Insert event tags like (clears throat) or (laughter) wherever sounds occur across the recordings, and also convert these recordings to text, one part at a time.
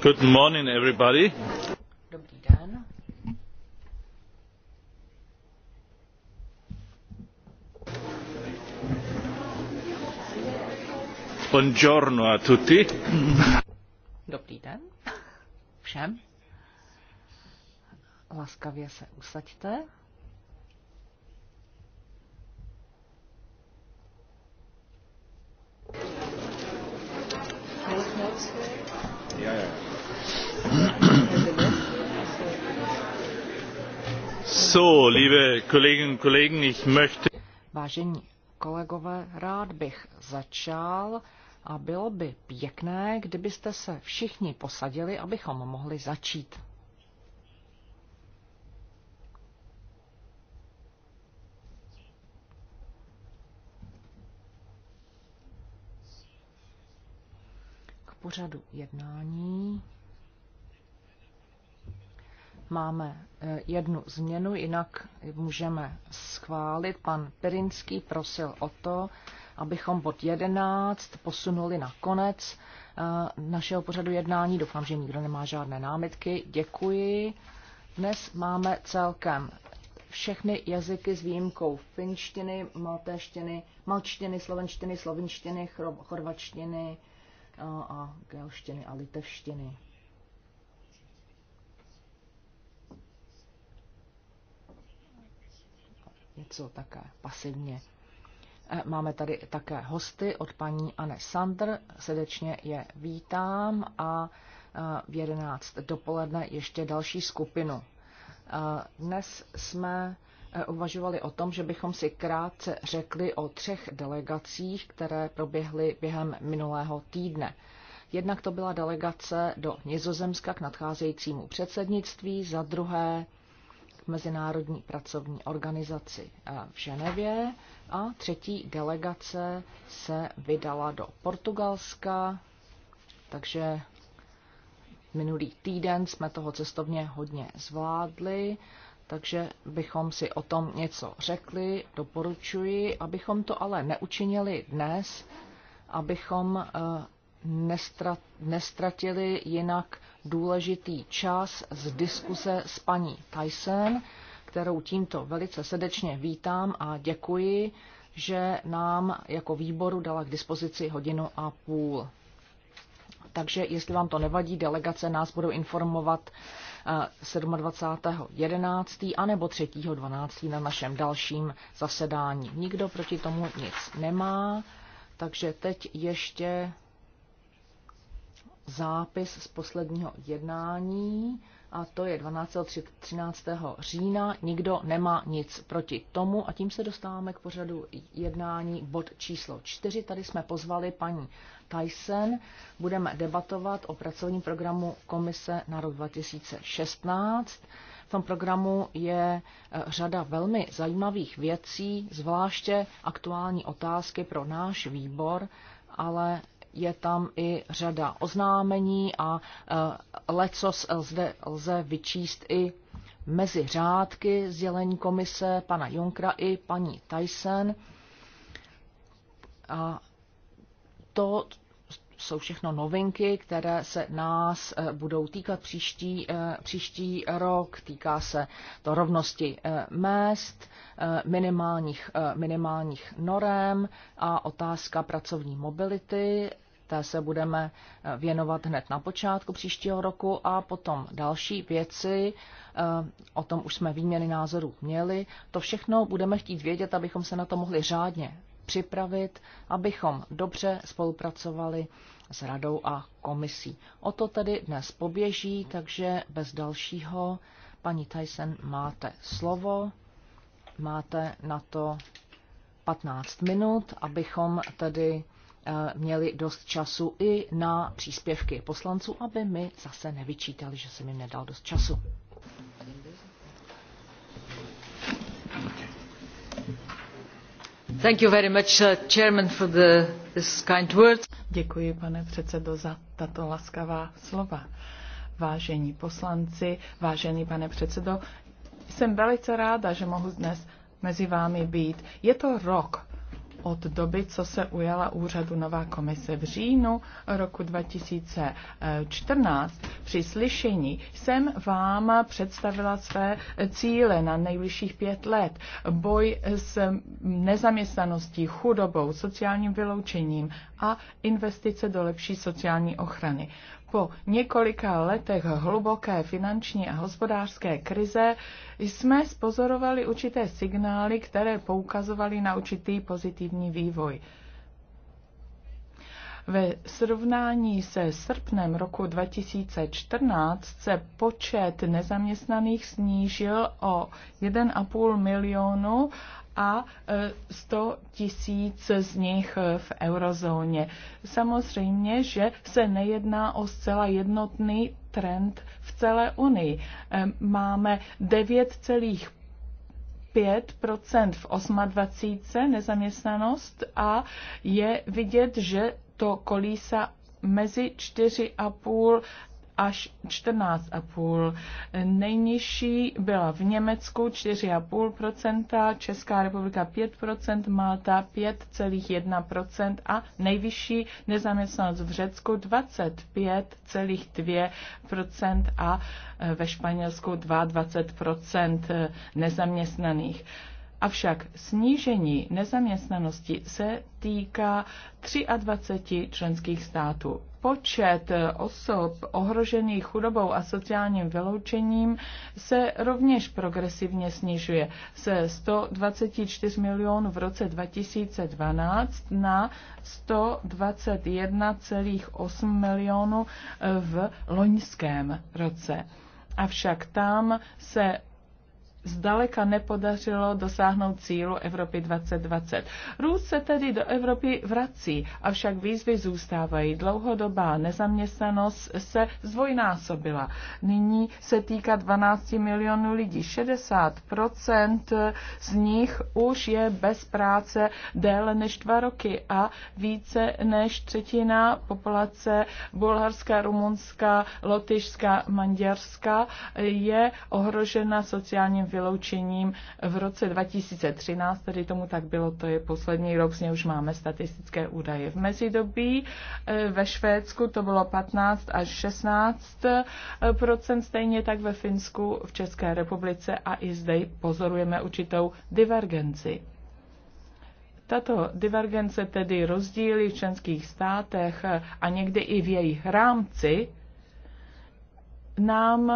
Good morning, everybody. Dobrý den. Buongiorno a tutti. Dobrý den všem. Laskavě se usaďte. Thank you. Vážení kolegové, rád bych začal a bylo by pěkné, kdybyste se všichni posadili, abychom mohli začít. K pořadu jednání máme eh, jednu změnu, jinak můžeme schválit. Pan Pirinský prosil o to, abychom bod 11 posunuli na konec eh, našeho pořadu jednání. Doufám, že nikdo nemá žádné námitky. Děkuji. Dnes máme celkem všechny jazyky s výjimkou finštiny, maltéštiny, malčtiny, slovenštiny, slovinštiny, chorvačtiny eh, a gelštiny a litevštiny. něco také pasivně. Eh, máme tady také hosty od paní Anne Sandr, srdečně je vítám a eh, v 11 dopoledne ještě další skupinu. Eh, dnes jsme uvažovali o tom, že bychom si krátce řekli o třech delegacích, které proběhly během minulého týdne. Jednak to byla delegace do Nizozemska k nadcházejícímu předsednictví, za druhé Mezinárodní pracovní organizaci eh, v Ženevě a třetí delegace se vydala do Portugalska, takže minulý týden jsme toho cestovně hodně zvládli, takže bychom si o tom něco řekli, doporučuji, abychom to ale neučinili dnes, abychom eh, nestratili jinak důležitý čas z diskuse s paní Tyson, kterou tímto velice srdečně vítám a děkuji, že nám jako výboru dala k dispozici hodinu a půl. Takže jestli vám to nevadí, delegace nás budou informovat 27.11. Eh, anebo 3.12. na našem dalším zasedání. Nikdo proti tomu nic nemá, takže teď ještě zápis z posledního jednání a to je 12. 13. října. Nikdo nemá nic proti tomu a tím se dostáváme k pořadu jednání bod číslo 4. Tady jsme pozvali paní Tyson. Budeme debatovat o pracovním programu Komise na rok 2016. V tom programu je e, řada velmi zajímavých věcí, zvláště aktuální otázky pro náš výbor, ale je tam i řada oznámení a e, lecos zde lze vyčíst i mezi řádky sdělení komise pana Junkra i paní Tyson. A to jsou všechno novinky, které se nás e, budou týkat příští, e, příští rok. Týká se to rovnosti mest, minimálních, minimálních norem a otázka pracovní mobility té se budeme eh, věnovat hned na počátku příštího roku a potom další věci, eh, o tom už jsme výměny názorů měli. To všechno budeme chtít vědět, abychom se na to mohli řádně připravit, abychom dobře spolupracovali s radou a komisí. O to tedy dnes poběží, takže bez dalšího, paní Tyson, máte slovo, máte na to 15 minut, abychom tedy Eh, měli dost času i na příspěvky poslanců, aby mi zase nevyčítali, že jsem jim nedal dost času. Thank you very much, uh, chairman, for the, this kind words. Děkuji, pane předsedo, za tato laskavá slova. Vážení poslanci, vážený pane předsedo, jsem velice ráda, že mohu dnes mezi vámi být. Je to rok od doby, co se ujala úřadu nová komise v říjnu roku 2014. Při slyšení jsem vám představila své cíle na nejbližších pět let. Boj s nezaměstnaností, chudobou, sociálním vyloučením a investice do lepší sociální ochrany po několika letech hluboké finanční a hospodářské krize jsme spozorovali určité signály, které poukazovaly na určitý pozitivní vývoj. Ve srovnání se srpnem roku 2014 se počet nezaměstnaných snížil o 1,5 milionu a 100 e, tisíc z nich e, v eurozóně. Samozřejmě, že se nejedná o zcela jednotný trend v celé Unii. E, máme 9,5 5% v 28 nezaměstnanost a je vidět, že to kolísa mezi 4,5 až 14,5. Nejnižší byla v Německu 4,5%, Česká republika 5%, Malta 5,1% a nejvyšší nezaměstnanost v Řecku 25,2% a e, ve Španělsku 22% e, nezaměstnaných. Avšak snížení nezaměstnanosti se týká 23 členských států počet osob ohrožených chudobou a sociálním vyloučením se rovněž progresivně snižuje se 124 milionů v roce 2012 na 121,8 milionů v loňském roce. Avšak tam se zdaleka nepodařilo dosáhnout cílu Evropy 2020. Růst se tedy do Evropy vrací, avšak výzvy zůstávají. Dlouhodobá nezaměstnanost se zvojnásobila. Nyní se týká 12 milionů lidí. 60% z nich už je bez práce déle než dva roky a více než třetina populace bulharská, rumunská, lotyšská, maďarská je ohrožena sociálním vylidněním vyloučením v roce 2013, tedy tomu tak bylo, to je poslední rok, z něj máme statistické údaje. V mezidobí eh, ve Švédsku to bylo 15 až 16 eh, stejně tak ve Finsku, v České republice a i zde pozorujeme určitou divergenci. Tato divergence, tedy rozdíly v členských státech eh, a někdy i v jejich rámci, nám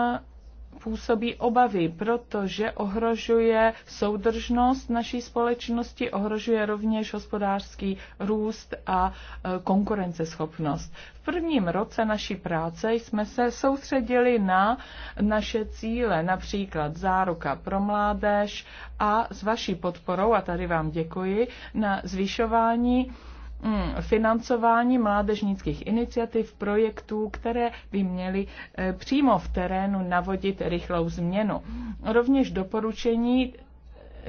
působí obavy, protože ohrožuje soudržnost naší společnosti, ohrožuje rovněž hospodářský růst a e, konkurenceschopnost. V prvním roce naší práce jsme se soustředili na naše cíle, například záruka pro mládež a s vaší podporou, a tady vám děkuji, na zvyšování Mm, financování mládežnických iniciativ, projektů, které by měly eh, přímo v terénu navodit rychlou změnu. Rovněž doporučení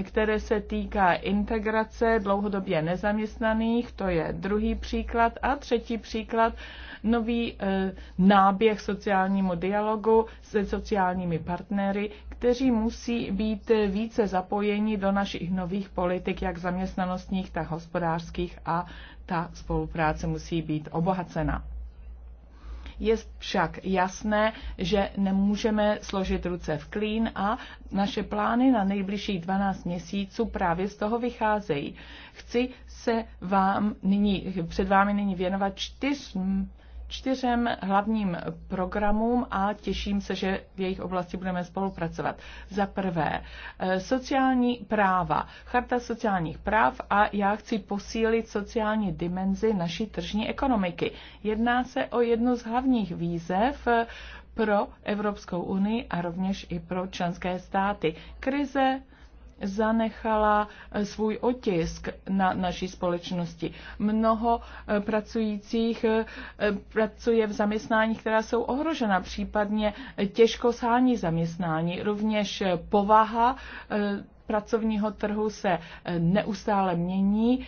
které se týká integrace dlouhodobě nezaměstnaných, to je druhý příklad. A třetí příklad, nový e, náběh sociálnímu dialogu se sociálními partnery, kteří musí být více zapojeni do našich nových politik, jak zaměstnanostních, tak hospodářských a ta spolupráce musí být obohacena. Je však jasné, že nemůžeme složit ruce v klín a naše plány na nejbližších 12 měsíců právě z toho vycházejí. Chci se vám nyní, před vámi nyní věnovat čtyř čtyřem hlavním programům a těším se, že v jejich oblasti budeme spolupracovat. Za prvé, eh, sociální práva, charta sociálních práv a já chci posílit sociální dimenzi naší tržní ekonomiky. Jedná se o jednu z hlavních výzev eh, pro Evropskou unii a rovněž i pro členské státy. Krize zanechala eh, svůj otisk na naší společnosti. Mnoho eh, pracujících eh, pracuje v zaměstnání, která jsou ohrožena, případně těžko sání zaměstnání. Rovněž povaha pracovního trhu se neustále mění,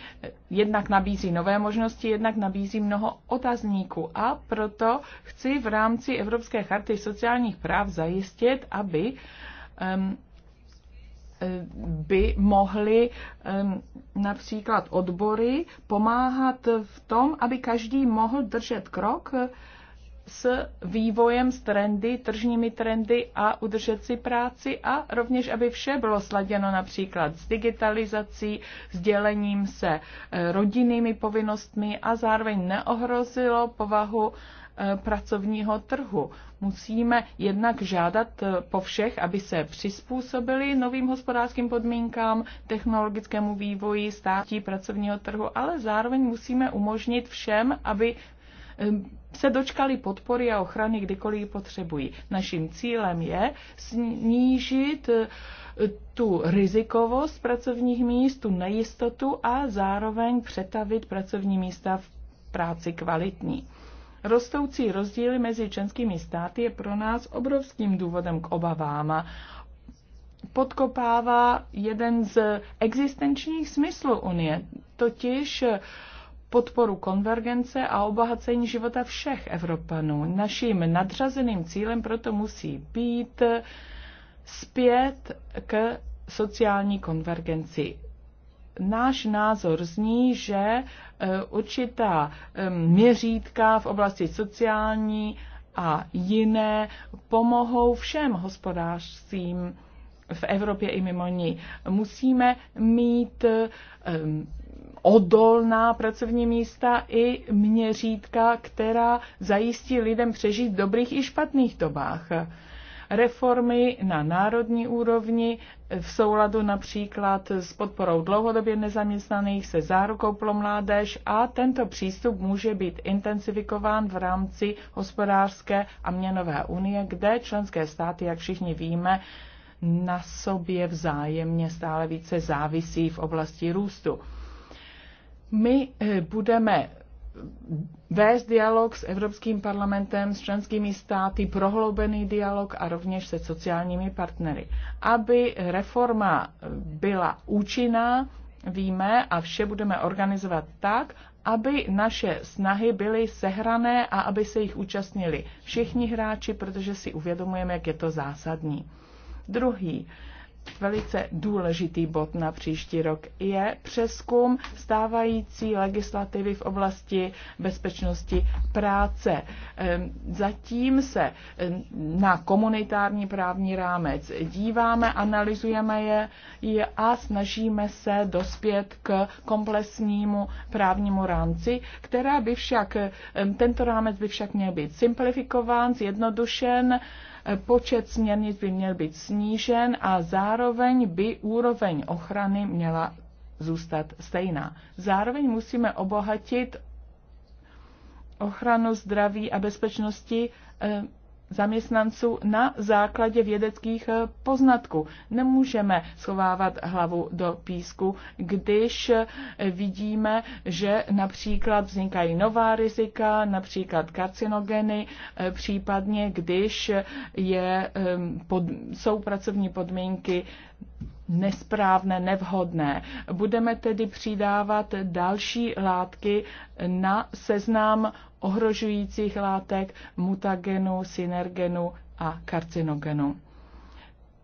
jednak nabízí nové možnosti, jednak nabízí mnoho otazníků a proto chci v rámci Evropské charty sociálních práv zajistit, aby um, by mohly například odbory pomáhat v tom, aby každý mohl držet krok eh, s vývojem, s trendy, tržními trendy a udržet si práci a rovněž, aby vše bylo sladěno například s digitalizací, s dělením se eh, rodinnými povinnostmi a zároveň neohrozilo povahu Eh, pracovního trhu. Musíme jednak žádat eh, po všech, aby se přizpůsobili novým hospodářským podmínkám, technologickému vývoji, státí pracovního trhu, ale zároveň musíme umožnit všem, aby eh, se dočkali podpory a ochrany, kdykoliv ji potřebují. Naším cílem je snížit tu rizikovost pracovních míst, tu nejistotu a zároveň přetavit pracovní místa v práci kvalitní. Rostoucí rozdíly mezi členskými státy je pro nás obrovským důvodem k obavám podkopává jeden z existenčních smyslů Unie, totiž podporu konvergence a obohacení života všech Evropanů. Naším nadřazeným cílem proto musí být zpět k sociální konvergenci náš názor zní, že e, určitá e, měřítka v oblasti sociální a jiné pomohou všem hospodářstvím v Evropě i mimo ní. Musíme mít e, odolná pracovní místa i měřítka, která zajistí lidem přežít v dobrých i špatných dobách. Reformy na národní úrovni v souladu například s podporou dlouhodobě nezaměstnaných se zárukou pro mládež a tento přístup může být intensifikován v rámci hospodářské a měnové unie, kde členské státy, jak všichni víme, na sobě vzájemně stále více závisí v oblasti růstu. My eh, budeme vést dialog s Evropským parlamentem, s členskými státy, prohloubený dialog a rovněž se sociálními partnery. Aby reforma byla účinná, víme a vše budeme organizovat tak, aby naše snahy byly sehrané a aby se jich účastnili všichni hráči, protože si uvědomujeme, jak je to zásadní. Druhý velice důležitý bod na příští rok je přeskum stávající legislativy v oblasti bezpečnosti práce. Ehm, zatím se ehm, na komunitární právní rámec díváme, analyzujeme je, a snažíme se dospět k komplexnímu právnímu rámci, která by však, ehm, tento rámec by však měl být simplifikován, zjednodušen, Počet směrnic by měl být snížen a zároveň by úroveň ochrany měla zůstat stejná. Zároveň musíme obohatit ochranu zdraví a bezpečnosti eh, zaměstnanců na základě vědeckých eh, poznatků. Nemůžeme schovávat hlavu do písku, když eh, vidíme, že například vznikají nová rizika, například karcinogeny, eh, případně když je, ehm, pod, jsou pracovní podmínky nesprávné, nevhodné. Budeme tedy přidávat další látky na seznam ohrožujících látek, mutagenu, synergenu a karcinogenu.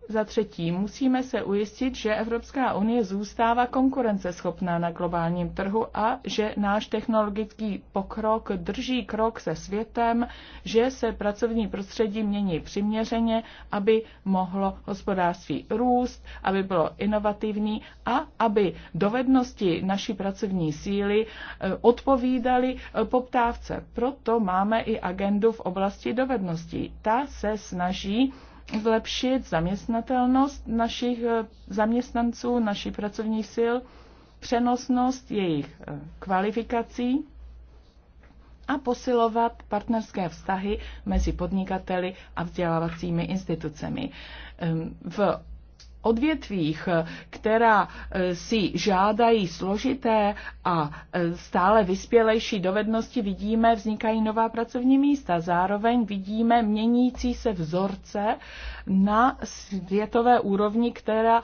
Za třetí, musíme se ujistit, že Evropská unie zůstává konkurenceschopná na globálním trhu a že náš technologický pokrok drží krok se světem, že se pracovní prostředí mění přiměřeně, aby mohlo hospodářství růst, aby bylo inovativní a aby dovednosti naší pracovní síly eh, odpovídaly eh, poptávce. Proto máme i agendu v oblasti dovedností. Ta se snaží zlepšit zaměstnatelnost našich eh, zaměstnanců, našich pracovních sil, přenosnost jejich eh, kvalifikací a posilovat partnerské vztahy mezi podnikateli a vzdělávacími institucemi. V odvětvích, která eh, si žádají složité a eh, stále vyspělejší dovednosti, vidíme, vznikají nová pracovní místa. Zároveň vidíme měnící se vzorce na světové úrovni, která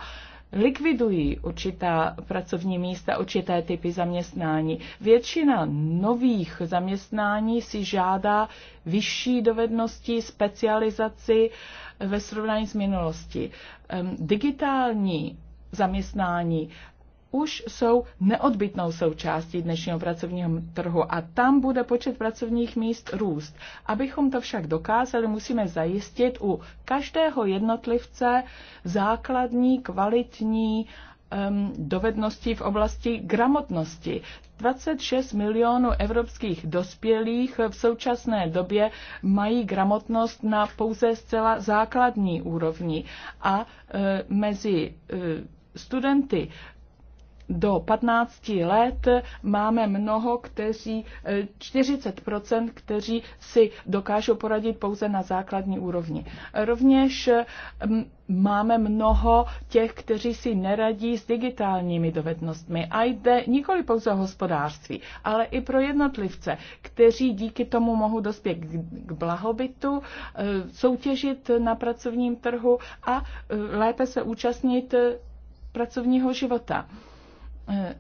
likvidují určitá pracovní místa, určité typy zaměstnání. Většina nových zaměstnání si žádá vyšší dovednosti, specializaci ve srovnání s minulostí. Digitální zaměstnání už jsou neodbytnou součástí dnešního pracovního trhu a tam bude počet pracovních míst růst. Abychom to však dokázali, musíme zajistit u každého jednotlivce základní kvalitní um, v oblasti gramotnosti. 26 milionů evropských dospělých v současné době mají gramotnost na pouze zcela základní úrovni a e, mezi e, studenty do 15 let máme mnoho, kteří 40%, eh, kteří si dokážou poradit pouze na základní úrovni. Rovněž mm, máme mnoho těch, kteří si neradí s digitálními dovednostmi. A jde nikoli pouze o hospodářství, ale i pro jednotlivce, kteří díky tomu mohou dospět k blahobytu, eh, soutěžit na pracovním trhu a eh, lépe se účastnit pracovního života. Eh,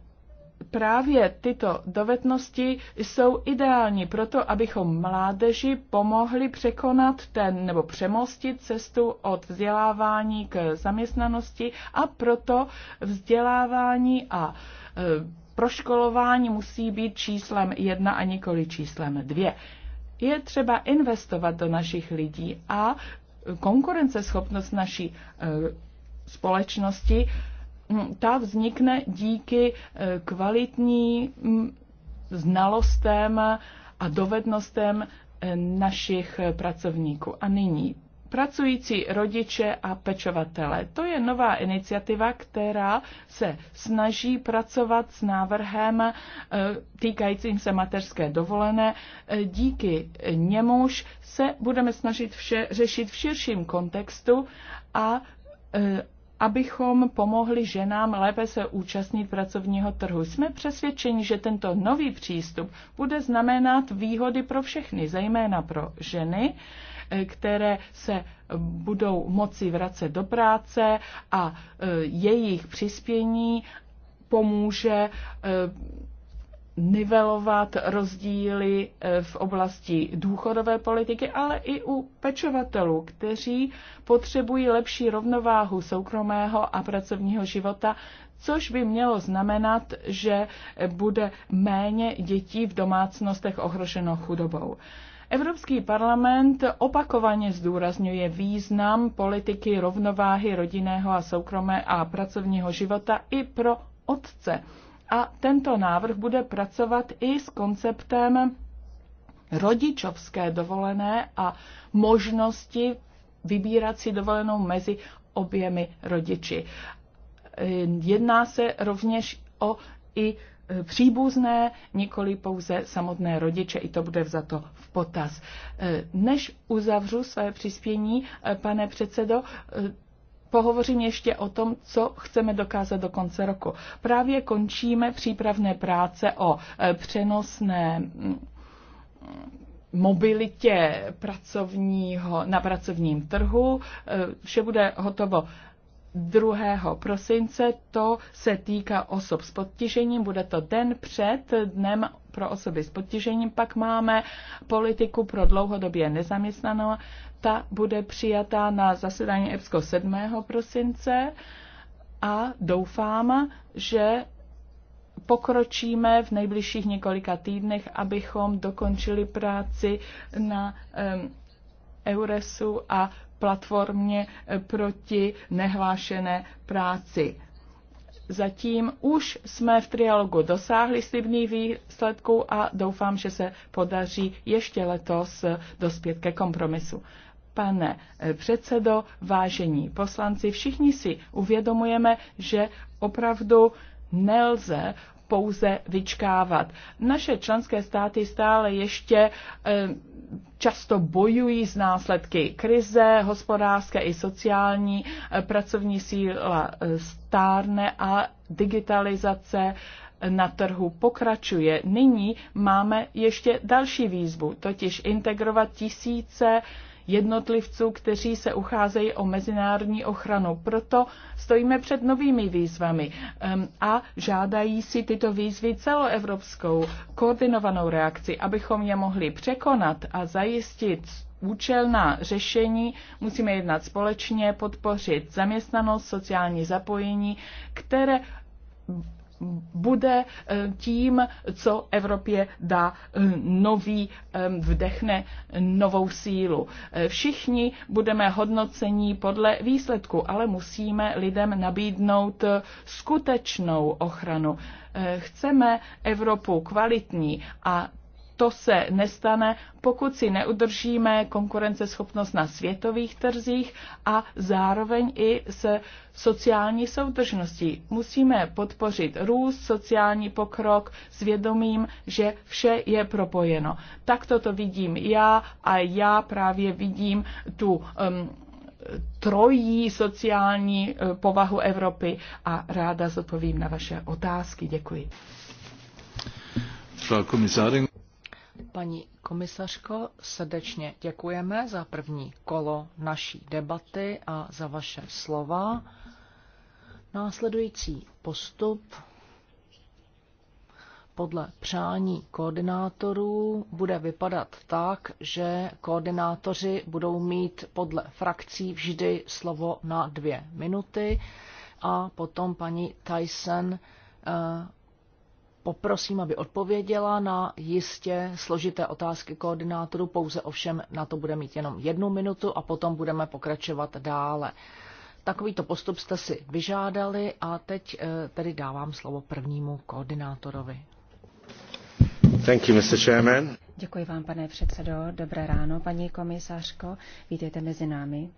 právě tyto dovednosti jsou ideální pro to, abychom mládeži pomohli překonat ten nebo přemostit cestu od vzdělávání k zaměstnanosti a proto vzdělávání a eh, proškolování musí být číslem jedna a nikoli číslem dvě. Je třeba investovat do našich lidí a konkurenceschopnost naší eh, společnosti Hm, ta vznikne díky eh, kvalitní hm, znalostem a dovednostem eh, našich eh, pracovníků. A nyní pracující rodiče a pečovatele. To je nová iniciativa, která se snaží pracovat s návrhem týkajícím se mateřské dovolené. Díky němuž se budeme snažit vše, řešit v širším kontextu a abychom pomohli ženám lépe se účastnit pracovního trhu. Jsme přesvědčeni, že tento nový přístup bude znamenat výhody pro všechny, zejména pro ženy, eh, které se budou moci vracet do práce a eh, jejich přispění pomůže eh, nivelovat rozdíly eh, v oblasti důchodové politiky, ale i u pečovatelů, kteří potřebují lepší rovnováhu soukromého a pracovního života, což by mělo znamenat, že bude méně dětí v domácnostech ohroženo chudobou. Evropský parlament opakovaně zdůrazňuje význam politiky rovnováhy rodinného a soukromé a pracovního života i pro otce a tento návrh bude pracovat i s konceptem rodičovské dovolené a možnosti vybírat si dovolenou mezi oběmi rodiči. Jedná se rovněž o i příbuzné, nikoli pouze samotné rodiče, i to bude vzato v potaz. Než uzavřu své přispění, pane předsedo, pohovořím ještě o tom, co chceme dokázat do konce roku. Právě končíme přípravné práce o e, přenosné mobilitě pracovního, na pracovním trhu. E, vše bude hotovo 2. prosince. To se týká osob s podtižením. Bude to den před dnem pro osoby s podtižením. Pak máme politiku pro dlouhodobě nezaměstnanou ta bude přijatá na zasedání EPSCO 7. prosince a doufám, že pokročíme v nejbližších několika týdnech, abychom dokončili práci na um, Euresu a platformě eh, proti nehlášené práci. Zatím už jsme v trialogu dosáhli slibných výsledků a doufám, že se podaří ještě letos eh, dospět ke kompromisu. Pane eh, předsedo, vážení poslanci, všichni si uvědomujeme, že opravdu nelze pouze vyčkávat. Naše členské státy stále ještě eh, často bojují s následky krize, hospodářské i sociální, eh, pracovní síla stárne a digitalizace na trhu pokračuje. Nyní máme ještě další výzvu, totiž integrovat tisíce jednotlivců, kteří se ucházejí o mezinárodní ochranu. Proto stojíme před novými výzvami a žádají si tyto výzvy celoevropskou koordinovanou reakci, abychom je mohli překonat a zajistit účelná řešení, musíme jednat společně, podpořit zaměstnanost, sociální zapojení, které bude eh, tím, co Evropě dá eh, nový, eh, vdechne novou sílu. Všichni budeme hodnocení podle výsledku, ale musíme lidem nabídnout skutečnou ochranu chceme Evropu kvalitní a to se nestane, pokud si neudržíme konkurenceschopnost na světových trzích a zároveň i se sociální soudržností. Musíme podpořit růst, sociální pokrok s vědomím, že vše je propojeno. Tak toto vidím já a já právě vidím tu um, trojí sociální eh, povahu Evropy a ráda zodpovím na vaše otázky. Děkuji. Frau Kommissarin. Paní komisařko, srdečně děkujeme za první kolo naší debaty a za vaše slova. Následující postup podle přání koordinátorů bude vypadat tak, že koordinátoři budou mít podle frakcí vždy slovo na dvě minuty a potom paní Tyson eh, poprosím, aby odpověděla na jistě složité otázky koordinátoru, pouze ovšem na to bude mít jenom jednu minutu a potom budeme pokračovat dále. Takovýto postup jste si vyžádali a teď eh, tedy dávám slovo prvnímu koordinátorovi. Thank you, Mr. Chairman. Děkuji vám, pane předsedo. Dobré ráno, paní komisařko. Vítejte mezi námi.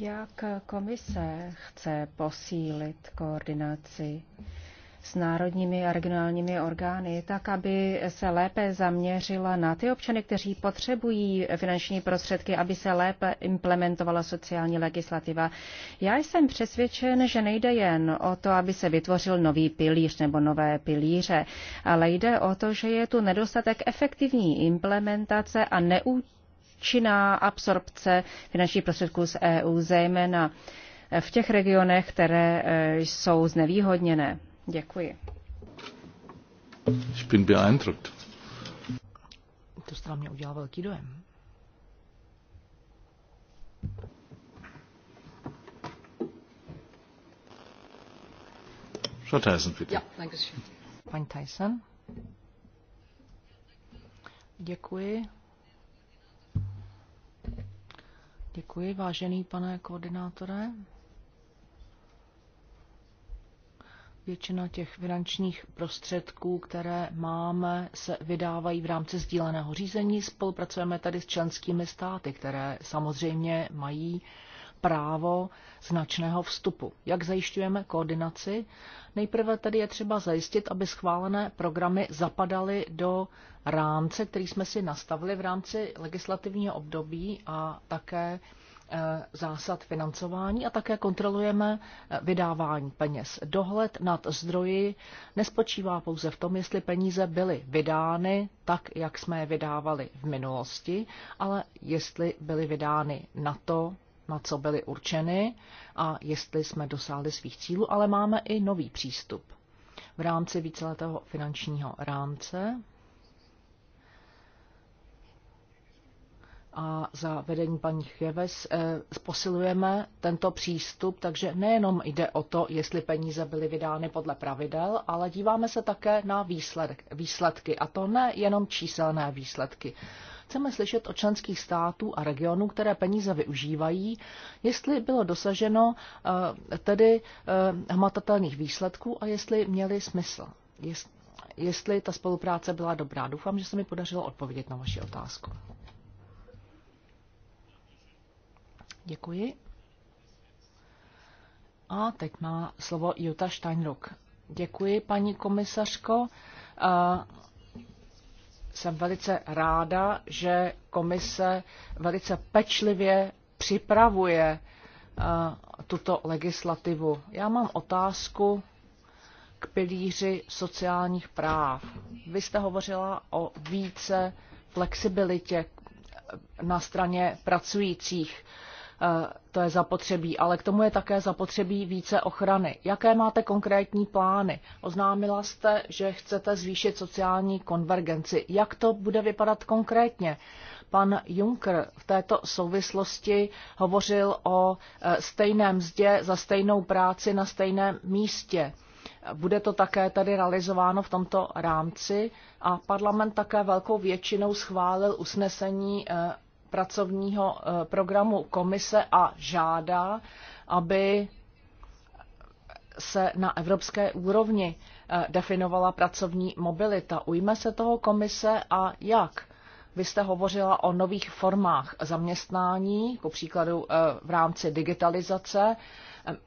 Jak komise chce posílit koordinaci s národními a regionálními orgány, tak aby se lépe zaměřila na ty občany, kteří potřebují finanční prostředky, aby se lépe implementovala sociální legislativa. Já jsem přesvědčen, že nejde jen o to, aby se vytvořil nový pilíř nebo nové pilíře, ale jde o to, že je tu nedostatek efektivní implementace a neúčinnosti účinná absorpce finančních prostředků z EU, zejména v těch regionech, které eh, jsou znevýhodněné. Děkuji. Ich bin beeindruckt. To jste mě udělal velký dojem. Frau Tyson, bitte. Ja, danke schön. Pani Tyson. Děkuji. Děkuji, vážený pane koordinátore. Většina těch finančních prostředků, které máme, se vydávají v rámci sdíleného řízení. Spolupracujeme tady s členskými státy, které samozřejmě mají uh, právo značného vstupu. Jak zajišťujeme koordinaci? Nejprve tedy je třeba zajistit, aby schválené programy zapadaly do rámce, který jsme si nastavili v rámci legislativního období a také eh, zásad financování a také kontrolujeme eh, vydávání peněz. Dohled nad zdroji nespočívá pouze v tom, jestli peníze byly vydány tak, jak jsme je vydávali v minulosti, ale jestli byly vydány na to, na co byly určeny a jestli jsme dosáhli svých cílů, ale máme i nový přístup. V rámci víceletého finančního rámce a za vedení paní Chjeves eh, posilujeme tento přístup, takže nejenom jde o to, jestli peníze byly vydány podle pravidel, ale díváme se také na výsledky, výsledky, a to ne jenom číselné výsledky. Chceme slyšet od členských států a regionů, které peníze využívají, jestli bylo dosaženo eh, tedy eh, hmatatelných výsledků a jestli měly smysl. Jestli ta spolupráce byla dobrá. Doufám, že se mi podařilo odpovědět na vaši otázku. Děkuji. A teď má slovo Jutta Steinruck. Děkuji, paní komisařko. Eh, jsem velice ráda, že komise velice pečlivě připravuje eh, tuto legislativu. Já mám otázku k pilíři sociálních práv. Vy jste hovořila o více flexibilitě na straně pracujících Eh, to je zapotřebí, ale k tomu je také zapotřebí více ochrany. Jaké máte konkrétní plány? Oznámila jste, že chcete zvýšit sociální konvergenci. Jak to bude vypadat konkrétně? Pan Juncker v této souvislosti hovořil o eh, stejném mzdě za stejnou práci na stejném místě. Bude to také tady realizováno v tomto rámci a parlament také velkou většinou schválil usnesení eh, pracovního eh, programu komise a žádá, aby se na evropské úrovni eh, definovala pracovní mobilita. Ujme se toho komise a jak? Vy jste hovořila o nových formách zaměstnání, ku příkladu eh, v rámci digitalizace.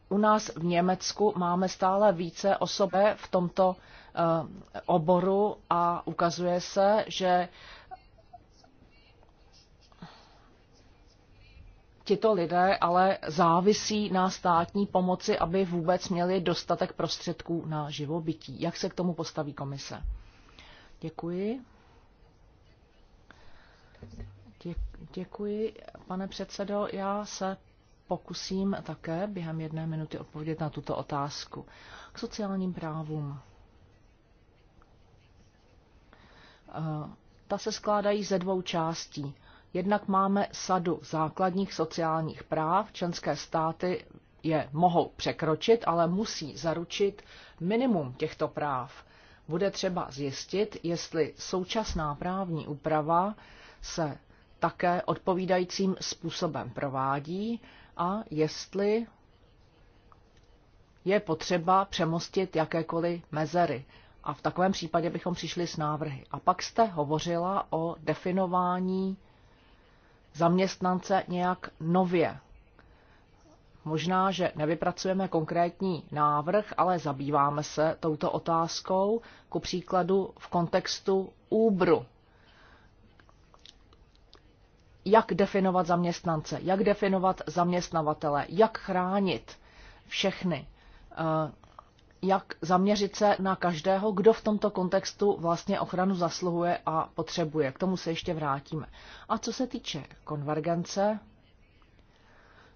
U nás v Německu máme stále více osob v tomto oboru a ukazuje se, že tito lidé ale závisí na státní pomoci, aby vůbec měli dostatek prostředků na živobytí. Jak se k tomu postaví komise? Děkuji. Děkuji, pane předsedo. Já se pokusím také během jedné minuty odpovědět na tuto otázku. K sociálním právům. Eh, ta se skládají ze dvou částí. Jednak máme sadu základních sociálních práv, členské státy je mohou překročit, ale musí zaručit minimum těchto práv. Bude třeba zjistit, jestli současná právní úprava se také odpovídajícím způsobem provádí a jestli je potřeba přemostit jakékoliv mezery. A v takovém případě bychom přišli s návrhy. A pak jste hovořila o definování zaměstnance nějak nově. Možná, že nevypracujeme konkrétní návrh, ale zabýváme se touto otázkou, ku příkladu v kontextu úbru. Jak definovat zaměstnance, jak definovat zaměstnavatele, jak chránit všechny eh, jak zaměřit se na každého, kdo v tomto kontextu vlastně ochranu zasluhuje a potřebuje. K tomu se ještě vrátíme. A co se týče konvergence,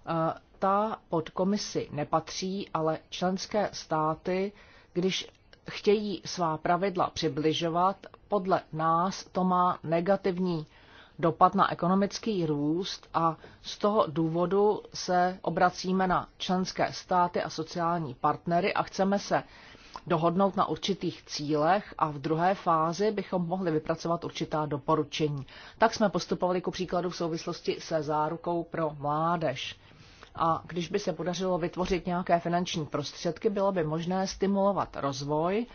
eh, ta pod komisi nepatří, ale členské státy, když chtějí svá pravidla přibližovat, podle nás to má negativní dopad na ekonomický růst a z toho důvodu se obracíme na členské státy a sociální partnery a chceme se dohodnout na určitých cílech a v druhé fázi bychom mohli vypracovat určitá doporučení. Tak jsme postupovali ku příkladu v souvislosti se zárukou pro mládež. A když by se podařilo vytvořit nějaké finanční prostředky, bylo by možné stimulovat rozvoj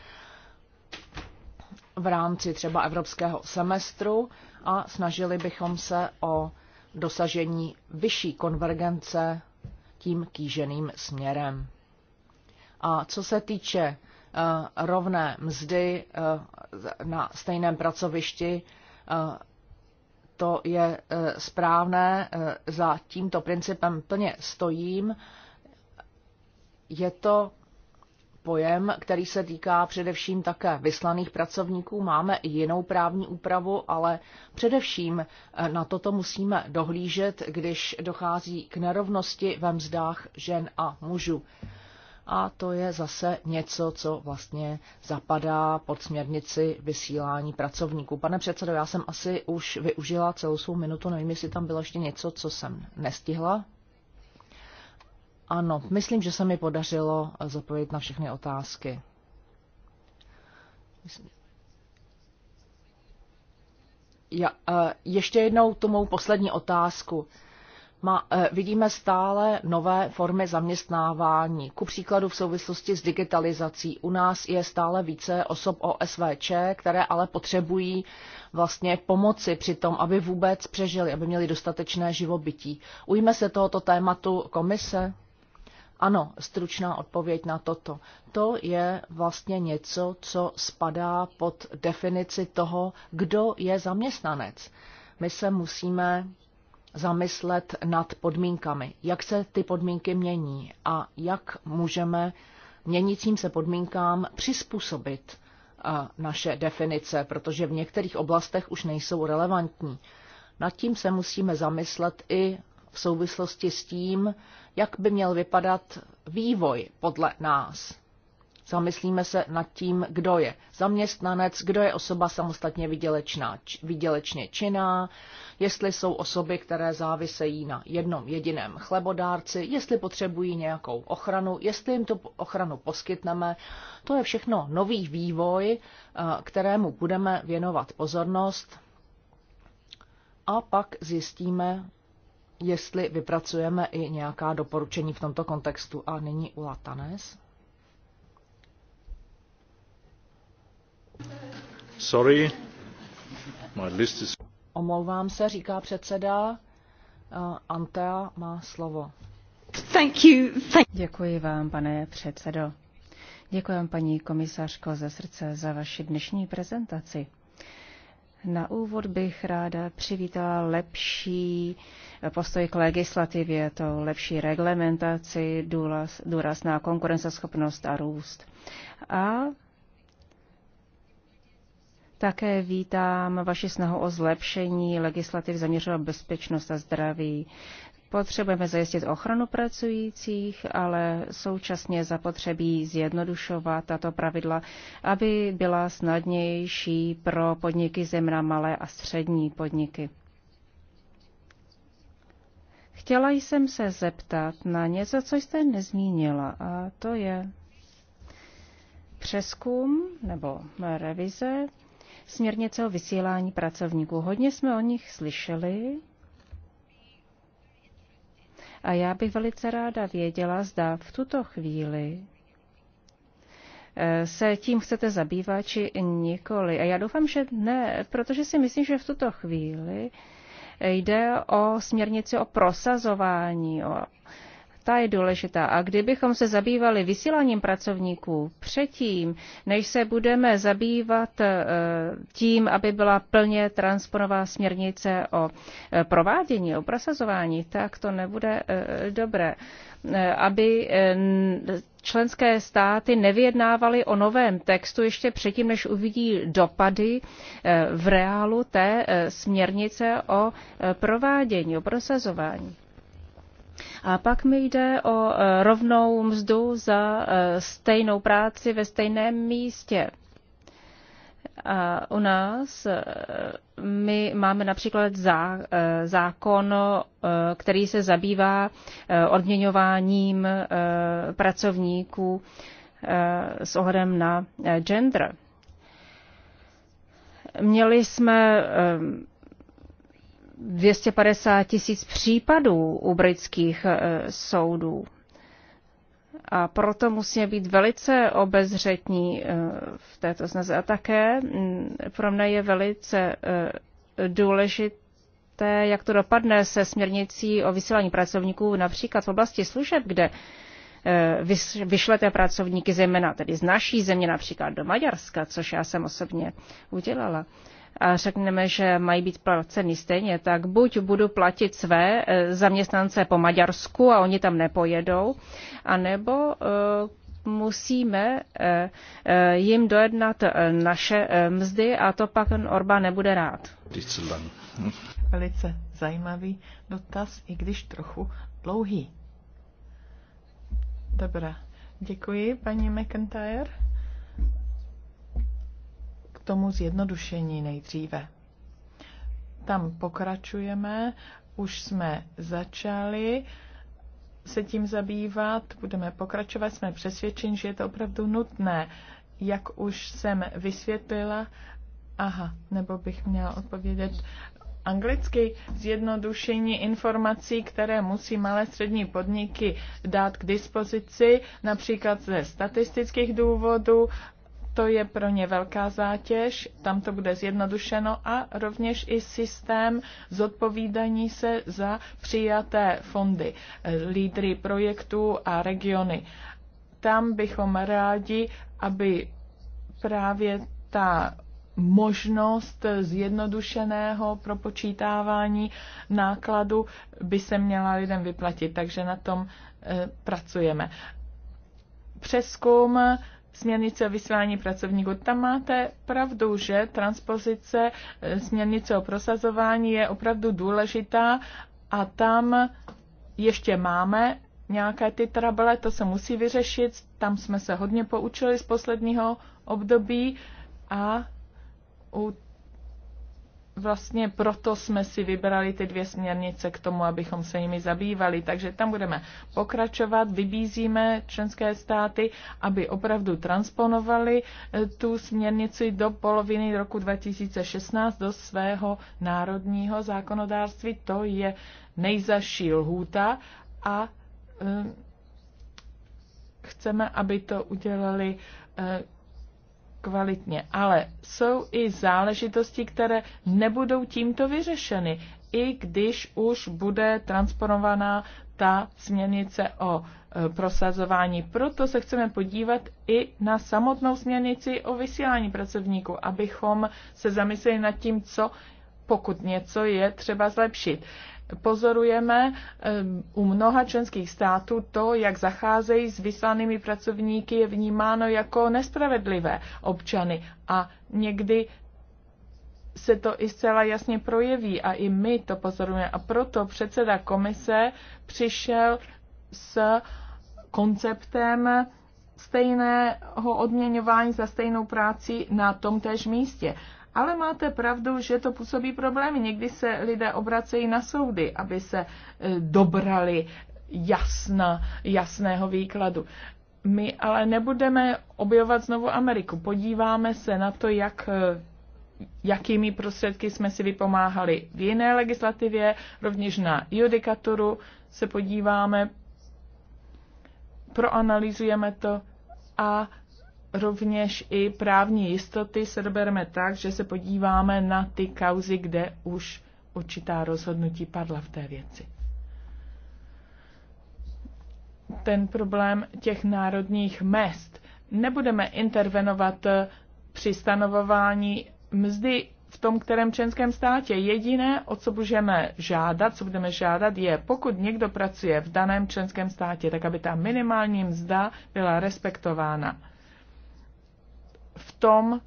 v rámci třeba evropského semestru a snažili bychom se o dosažení vyšší konvergence tím kýženým směrem. A co se týče eh, rovné mzdy eh, na stejném pracovišti, eh, to je správné, za tímto principem plně stojím. Je to pojem, který se týká především také vyslaných pracovníků. Máme i jinou právní úpravu, ale především eh, na toto musíme dohlížet, když dochází k nerovnosti ve mzdách žen a mužů. A to je zase něco, co vlastně zapadá pod směrnici vysílání pracovníků. Pane předsedo, já jsem asi už využila celou svou minutu, nevím, jestli tam bylo ještě něco, co jsem nestihla ano, myslím, že se mi podařilo eh, zapojit na všechny otázky. Ja, eh, ještě jednou tu mou poslední otázku. Ma, eh, vidíme stále nové formy zaměstnávání. Ku příkladu v souvislosti s digitalizací. U nás je stále více osob OSVČ, které ale potřebují vlastně pomoci při tom, aby vůbec přežili, aby měli dostatečné živobytí. Ujme se tohoto tématu komise? Ano, stručná odpověď na toto. To je vlastně něco, co spadá pod definici toho, kdo je zaměstnanec. My se musíme zamyslet nad podmínkami, jak se ty podmínky mění a jak můžeme měnícím se podmínkám přizpůsobit eh, naše definice, protože v některých oblastech už nejsou relevantní. Nad tím se musíme zamyslet i v souvislosti s tím, jak by měl vypadat vývoj podle nás. Zamyslíme se nad tím, kdo je zaměstnanec, kdo je osoba samostatně vydělečná, vydělečně činná, jestli jsou osoby, které závisejí na jednom jediném chlebodárci, jestli potřebují nějakou ochranu, jestli jim tu ochranu poskytneme. To je všechno nový vývoj, eh, kterému budeme věnovat pozornost. A pak zjistíme, jestli vypracujeme i nějaká doporučení v tomto kontextu. A nyní u Latanes. Sorry, my list is... Omlouvám se, říká předseda. Eh, Antea má slovo. Thank you. Thank... Děkuji vám, pane předsedo. Děkuji vám, paní komisařko, ze srdce za vaši dnešní prezentaci. Na úvod bych ráda přivítala lepší postoj k legislativě, to lepší reglementaci, důraz, důraz na konkurenceschopnost a růst. A také vítám vaši snahu o zlepšení legislativ zaměřovat bezpečnost a zdraví. Potřebujeme zajistit ochranu pracujících, ale současně zapotřebí zjednodušovat tato pravidla, aby byla snadnější pro podniky zemna malé a střední podniky. Chtěla jsem se zeptat na něco, co jste nezmínila, a to je přeskum nebo revize směrnice o vysílání pracovníků. Hodně jsme o nich slyšeli, a já bych velice ráda věděla, zda v tuto chvíli eh, se tím chcete zabývat, či nikoli. A já doufám, že ne, protože si myslím, že v tuto chvíli jde o směrnici o prosazování, o ta je důležitá. A kdybychom se zabývali vysíláním pracovníků předtím, než se budeme zabývat eh, tím, aby byla plně transponová směrnice o eh, provádění, o prosazování, tak to nebude eh, dobré. Aby členské státy nevyjednávaly o novém textu ještě předtím, než uvidí dopady v reálu té směrnice o provádění, o prosazování. A pak mi jde o e, rovnou mzdu za e, stejnou práci ve stejném místě. A u nás e, my máme například zá, zákon, který se zabývá odměňováním pracovníků s ohledem na gender. Měli jsme 250 tisíc případů u britských e, soudů. A proto musíme být velice obezřetní e, v této snaze. A také pro mě je velice e, důležité, jak to dopadne se směrnicí o vysílání pracovníků například v oblasti služeb, kde vyšlete pracovníky zejména tedy z naší země například do Maďarska, což já jsem osobně udělala a řekneme, že mají být placeny stejně, tak buď budu platit své e, zaměstnance po Maďarsku a oni tam nepojedou, anebo e, musíme e, jim dojednat naše mzdy a to pak Orba nebude rád. Velice zajímavý dotaz, i když trochu dlouhý. Dobrá, děkuji paní McIntyre k tomu zjednodušení nejdříve. Tam pokračujeme, už jsme začali se tím zabývat, budeme pokračovat, jsme přesvědčeni, že je to opravdu nutné. Jak už jsem vysvětlila, aha, nebo bych měla odpovědět anglicky, zjednodušení informací, které musí malé střední podniky dát k dispozici, například ze statistických důvodů, to je pro ně velká zátěž, tam to bude zjednodušeno a rovněž i systém zodpovídání se za přijaté fondy, eh, lídry projektů a regiony. Tam bychom rádi, aby právě ta možnost zjednodušeného propočítávání nákladu by se měla lidem vyplatit, takže na tom eh, pracujeme. Přeskum směrnice o vysílání pracovníků. Tam máte pravdu, že transpozice eh, směrnice o prosazování je opravdu důležitá a tam ještě máme nějaké ty trable, to se musí vyřešit. Tam jsme se hodně poučili z posledního období a u vlastně proto jsme si vybrali ty dvě směrnice k tomu, abychom se jimi zabývali. Takže tam budeme pokračovat, vybízíme členské státy, aby opravdu transponovali eh, tu směrnici do poloviny roku 2016 do svého národního zákonodárství. To je nejzaší lhůta a eh, chceme, aby to udělali eh, kvalitně. Ale jsou i záležitosti, které nebudou tímto vyřešeny, i když už bude transponovaná ta směrnice o e, prosazování. Proto se chceme podívat i na samotnou směrnici o vysílání pracovníků, abychom se zamysleli nad tím, co pokud něco je třeba zlepšit pozorujeme eh, u mnoha členských států to, jak zacházejí s vyslanými pracovníky, je vnímáno jako nespravedlivé občany a někdy se to i zcela jasně projeví a i my to pozorujeme. A proto předseda komise přišel s konceptem stejného odměňování za stejnou práci na tomtéž místě. Ale máte pravdu, že to působí problémy. Někdy se lidé obracejí na soudy, aby se e, dobrali jasna, jasného výkladu. My ale nebudeme objevovat znovu Ameriku. Podíváme se na to, jak e, jakými prostředky jsme si vypomáhali v jiné legislativě, rovněž na judikaturu se podíváme, proanalýzujeme to a rovněž i právní jistoty se dobereme tak, že se podíváme na ty kauzy, kde už určitá rozhodnutí padla v té věci. Ten problém těch národních mest. Nebudeme intervenovat při stanovování mzdy v tom kterém členském státě. Jediné, o co budeme žádat, co budeme žádat, je, pokud někdo pracuje v daném členském státě, tak aby ta minimální mzda byla respektována v tom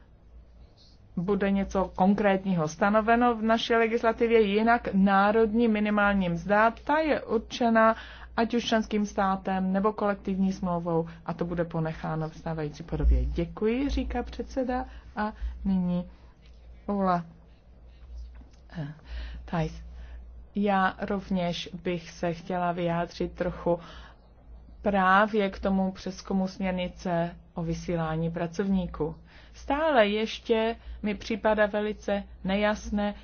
bude něco konkrétního stanoveno v naší legislativě, jinak národní minimální mzda, ta je určena ať už členským státem nebo kolektivní smlouvou a to bude ponecháno v stávající podobě. Děkuji, říká předseda a nyní Ola eh, Tajs. Já rovněž bych se chtěla vyjádřit trochu právě k tomu přeskumu směrnice o vysílání pracovníků. Stále ještě mi připadá velice nejasné,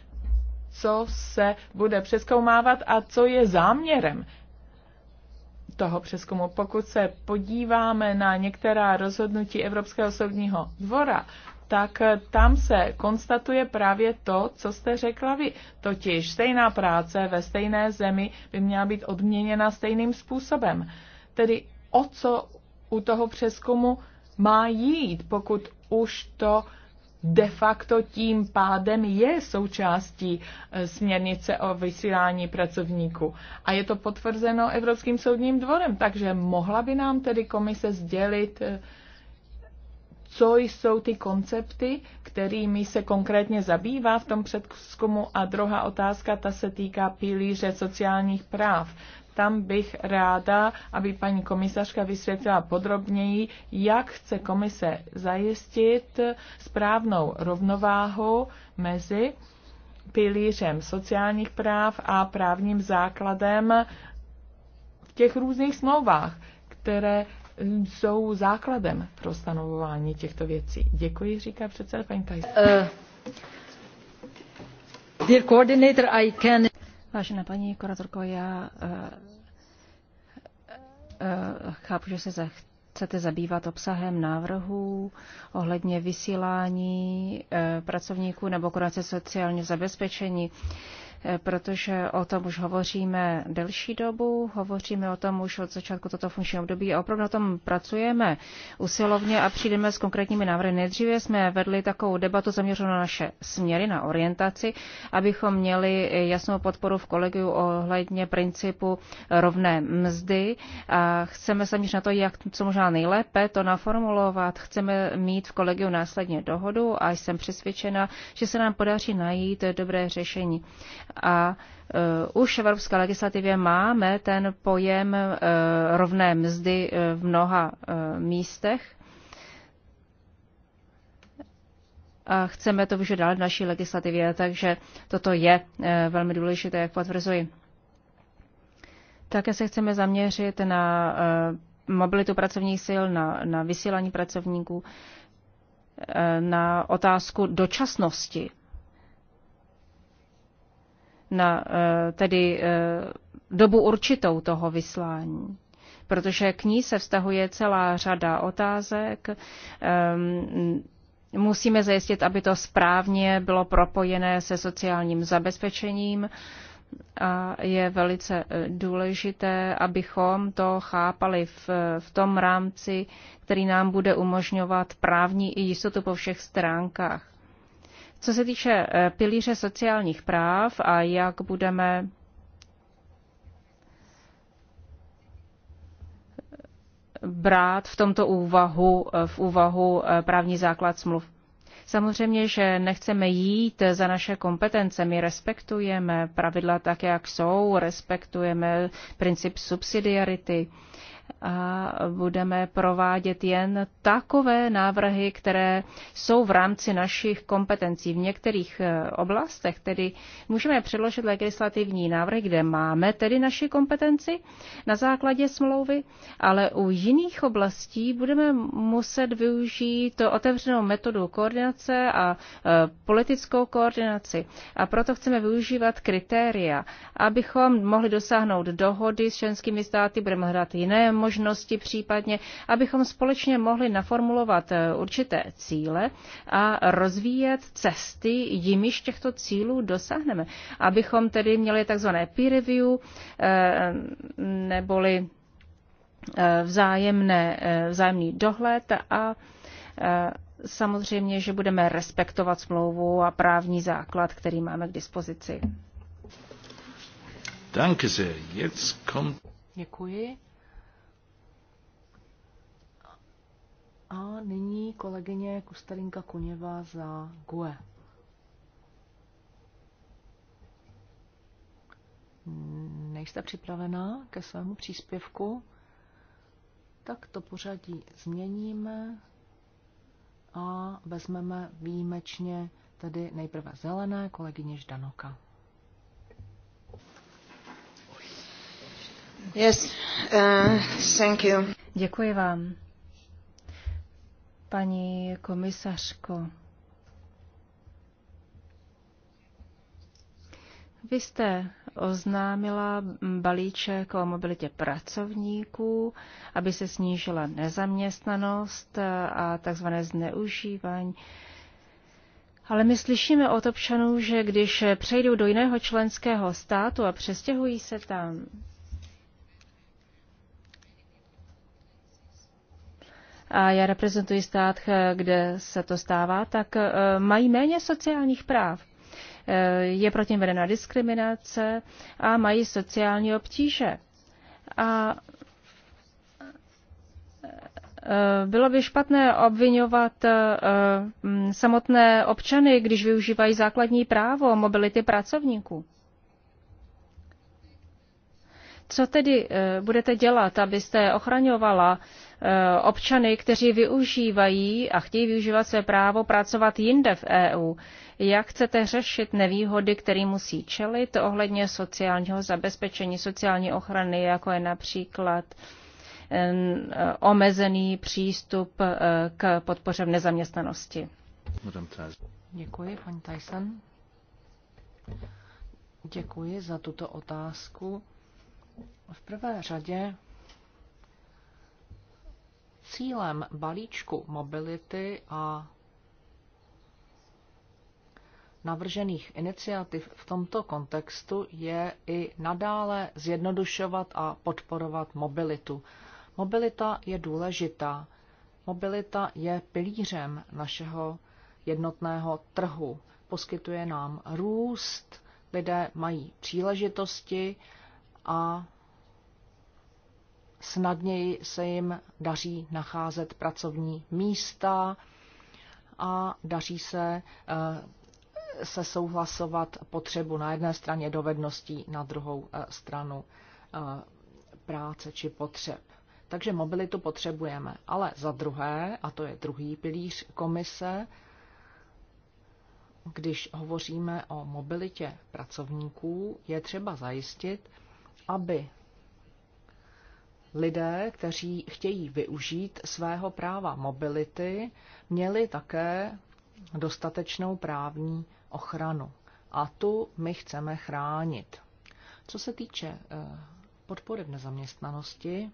co se bude přeskoumávat a co je záměrem toho přeskumu. Pokud se podíváme na některá rozhodnutí Evropského soudního dvora, tak tam se konstatuje právě to, co jste řekla vy. Totiž stejná práce ve stejné zemi by měla být odměněna stejným způsobem tedy o co u toho přeskumu má jít, pokud už to de facto tím pádem je součástí e, směrnice o vysílání pracovníků. A je to potvrzeno Evropským soudním dvorem, takže mohla by nám tedy komise sdělit, e, co jsou ty koncepty, kterými se konkrétně zabývá v tom předzkumu. A druhá otázka, ta se týká pilíře sociálních práv tam bych ráda, aby paní komisařka vysvětlila podrobněji, jak chce komise zajistit správnou rovnováhu mezi pilířem sociálních práv a právním základem v těch různých smlouvách, které jsou základem pro stanovování těchto věcí. Děkuji, říká předseda paní Kajs. Uh, eh, dear coordinator, I can... Vážená paní kuratorko, já eh, eh, chápu, že se chcete zabývat obsahem návrhů ohledně vysílání eh, pracovníků nebo kurace sociálně zabezpečení. Eh, protože o tom už hovoříme delší dobu, hovoříme o tom už od začátku toto funkční období a opravdu na tom pracujeme usilovně a přijdeme s konkrétními návrhy. Nejdříve jsme vedli takovou debatu zaměřenou na naše směry, na orientaci, abychom měli jasnou podporu v kolegiu ohledně principu rovné mzdy a chceme zaměřit na to, jak co možná nejlépe to naformulovat. Chceme mít v kolegiu následně dohodu a jsem přesvědčena, že se nám podaří najít dobré řešení a uh, už v evropské legislativě máme ten pojem uh, rovné mzdy e, v mnoha uh, místech. A chceme to vyžadovat dál v naší legislativě, takže toto je uh, velmi důležité, jak potvrzuji. Také se chceme zaměřit na uh, mobilitu pracovních sil, na, na vysílání pracovníků, na otázku dočasnosti na eh, tedy eh, dobu určitou toho vyslání. Protože k ní se vztahuje celá řada otázek. Ehm, musíme zajistit, aby to správně bylo propojené se sociálním zabezpečením a je velice eh, důležité, abychom to chápali v, v tom rámci, který nám bude umožňovat právní i jistotu po všech stránkách. Co se týče eh, pilíře sociálních práv a jak budeme eh, brát v tomto úvahu, eh, v úvahu právní základ smluv. Samozřejmě, že nechceme jít za naše kompetence. My respektujeme pravidla tak, jak jsou, respektujeme princip subsidiarity a budeme provádět jen takové návrhy, které jsou v rámci našich kompetencí. V některých eh, oblastech tedy můžeme předložit legislativní návrh, kde máme tedy naši kompetenci na základě smlouvy, ale u jiných oblastí budeme muset využít to otevřenou metodu koordinace a eh, politickou koordinaci. A proto chceme využívat kritéria, abychom mohli dosáhnout dohody s členskými státy, budeme hledat jiné možnosti případně, abychom společně mohli naformulovat eh, určité cíle a rozvíjet cesty, jimiž těchto cílů dosáhneme. Abychom tedy měli takzvané peer review, eh, neboli eh, vzájemné, vzájemný dohled a samozřejmě, že budeme respektovat smlouvu a právní základ, který máme k dispozici. Danke sehr. Jetzt kommt... Děkuji. A nyní kolegyně Kustelinka Koněva za GUE. Nejste připravená ke svému příspěvku? Tak to pořadí změníme a vezmeme výjimečně tedy nejprve zelené kolegyně Ždanoka. Yes, uh, thank you. Děkuji vám paní komisařko. Vy jste oznámila balíček o mobilitě pracovníků, aby se snížila nezaměstnanost a tzv. zneužívání. Ale my slyšíme od občanů, že když přejdou do jiného členského státu a přestěhují se tam, a já reprezentuji stát, eh, kde se to stává, tak eh, mají méně sociálních práv. Eh, je proti nim vedena diskriminace a mají sociální obtíže. A bylo by špatné obvinovat mm, samotné občany, když využívají základní právo mobility pracovníků. Co tedy eh, budete dělat, abyste ochraňovala eh, občany, kteří využívají a chtějí využívat své právo pracovat jinde v EU? Jak chcete řešit nevýhody, které musí čelit ohledně sociálního zabezpečení, sociální ochrany, jako je například eh, omezený přístup k podpoře v nezaměstnanosti? Děkuji, paní Tyson. Děkuji za tuto otázku. V prvé řadě cílem balíčku mobility a navržených iniciativ v tomto kontextu je i nadále zjednodušovat a podporovat mobilitu. Mobilita je důležitá. Mobilita je pilířem našeho jednotného trhu. Poskytuje nám růst, lidé mají příležitosti, a snadněji se jim daří nacházet pracovní místa a daří se eh, se souhlasovat potřebu na jedné straně dovedností, na druhou eh, stranu eh, práce či potřeb. Takže mobilitu potřebujeme. Ale za druhé, a to je druhý pilíř komise, když hovoříme o mobilitě pracovníků, je třeba zajistit, aby lidé, kteří chtějí využít svého práva mobility, měli také dostatečnou právní ochranu. A tu my chceme chránit. Co se týče eh, podpory v nezaměstnanosti,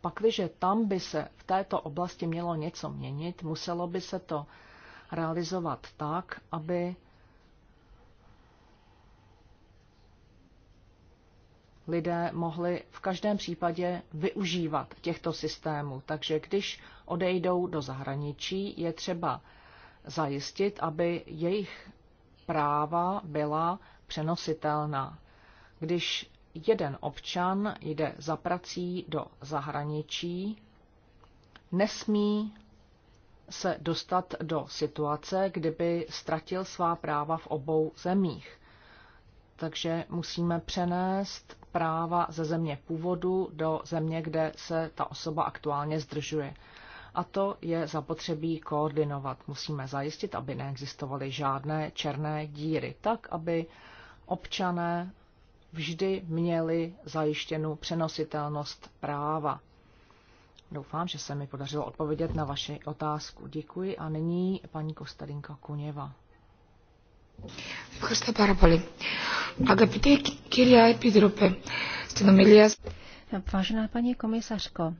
pakliže tam by se v této oblasti mělo něco měnit, muselo by se to realizovat tak, aby lidé mohli v každém případě využívat těchto systémů. Takže když odejdou do zahraničí, je třeba zajistit, aby jejich práva byla přenositelná. Když jeden občan jde za prací do zahraničí, nesmí se dostat do situace, kdyby ztratil svá práva v obou zemích. Takže musíme přenést práva ze země původu do země, kde se ta osoba aktuálně zdržuje. A to je zapotřebí koordinovat. Musíme zajistit, aby neexistovaly žádné černé díry, tak aby občané vždy měli zajištěnu přenositelnost práva. Doufám, že se mi podařilo odpovědět na vaši otázku. Děkuji a nyní paní Kostarinka Kuněva. paraboli. Vážená paní komisařko,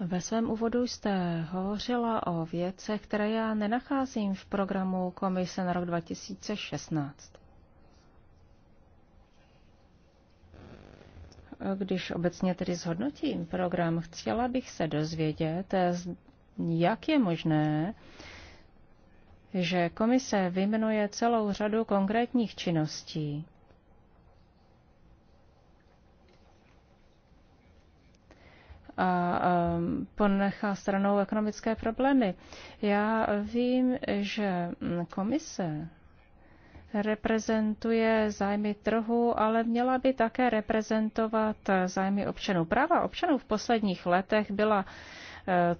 ve svém úvodu jste hovořila o věcech, které já nenacházím v programu Komise na rok 2016. Když obecně tedy zhodnotím program, chtěla bych se dozvědět, jak je možné, že komise vyjmenuje celou řadu konkrétních činností, a um, ponechá stranou ekonomické problémy. Já vím, že mm, komise reprezentuje zájmy trhu, ale měla by také reprezentovat zájmy občanů. Práva občanů v posledních letech byla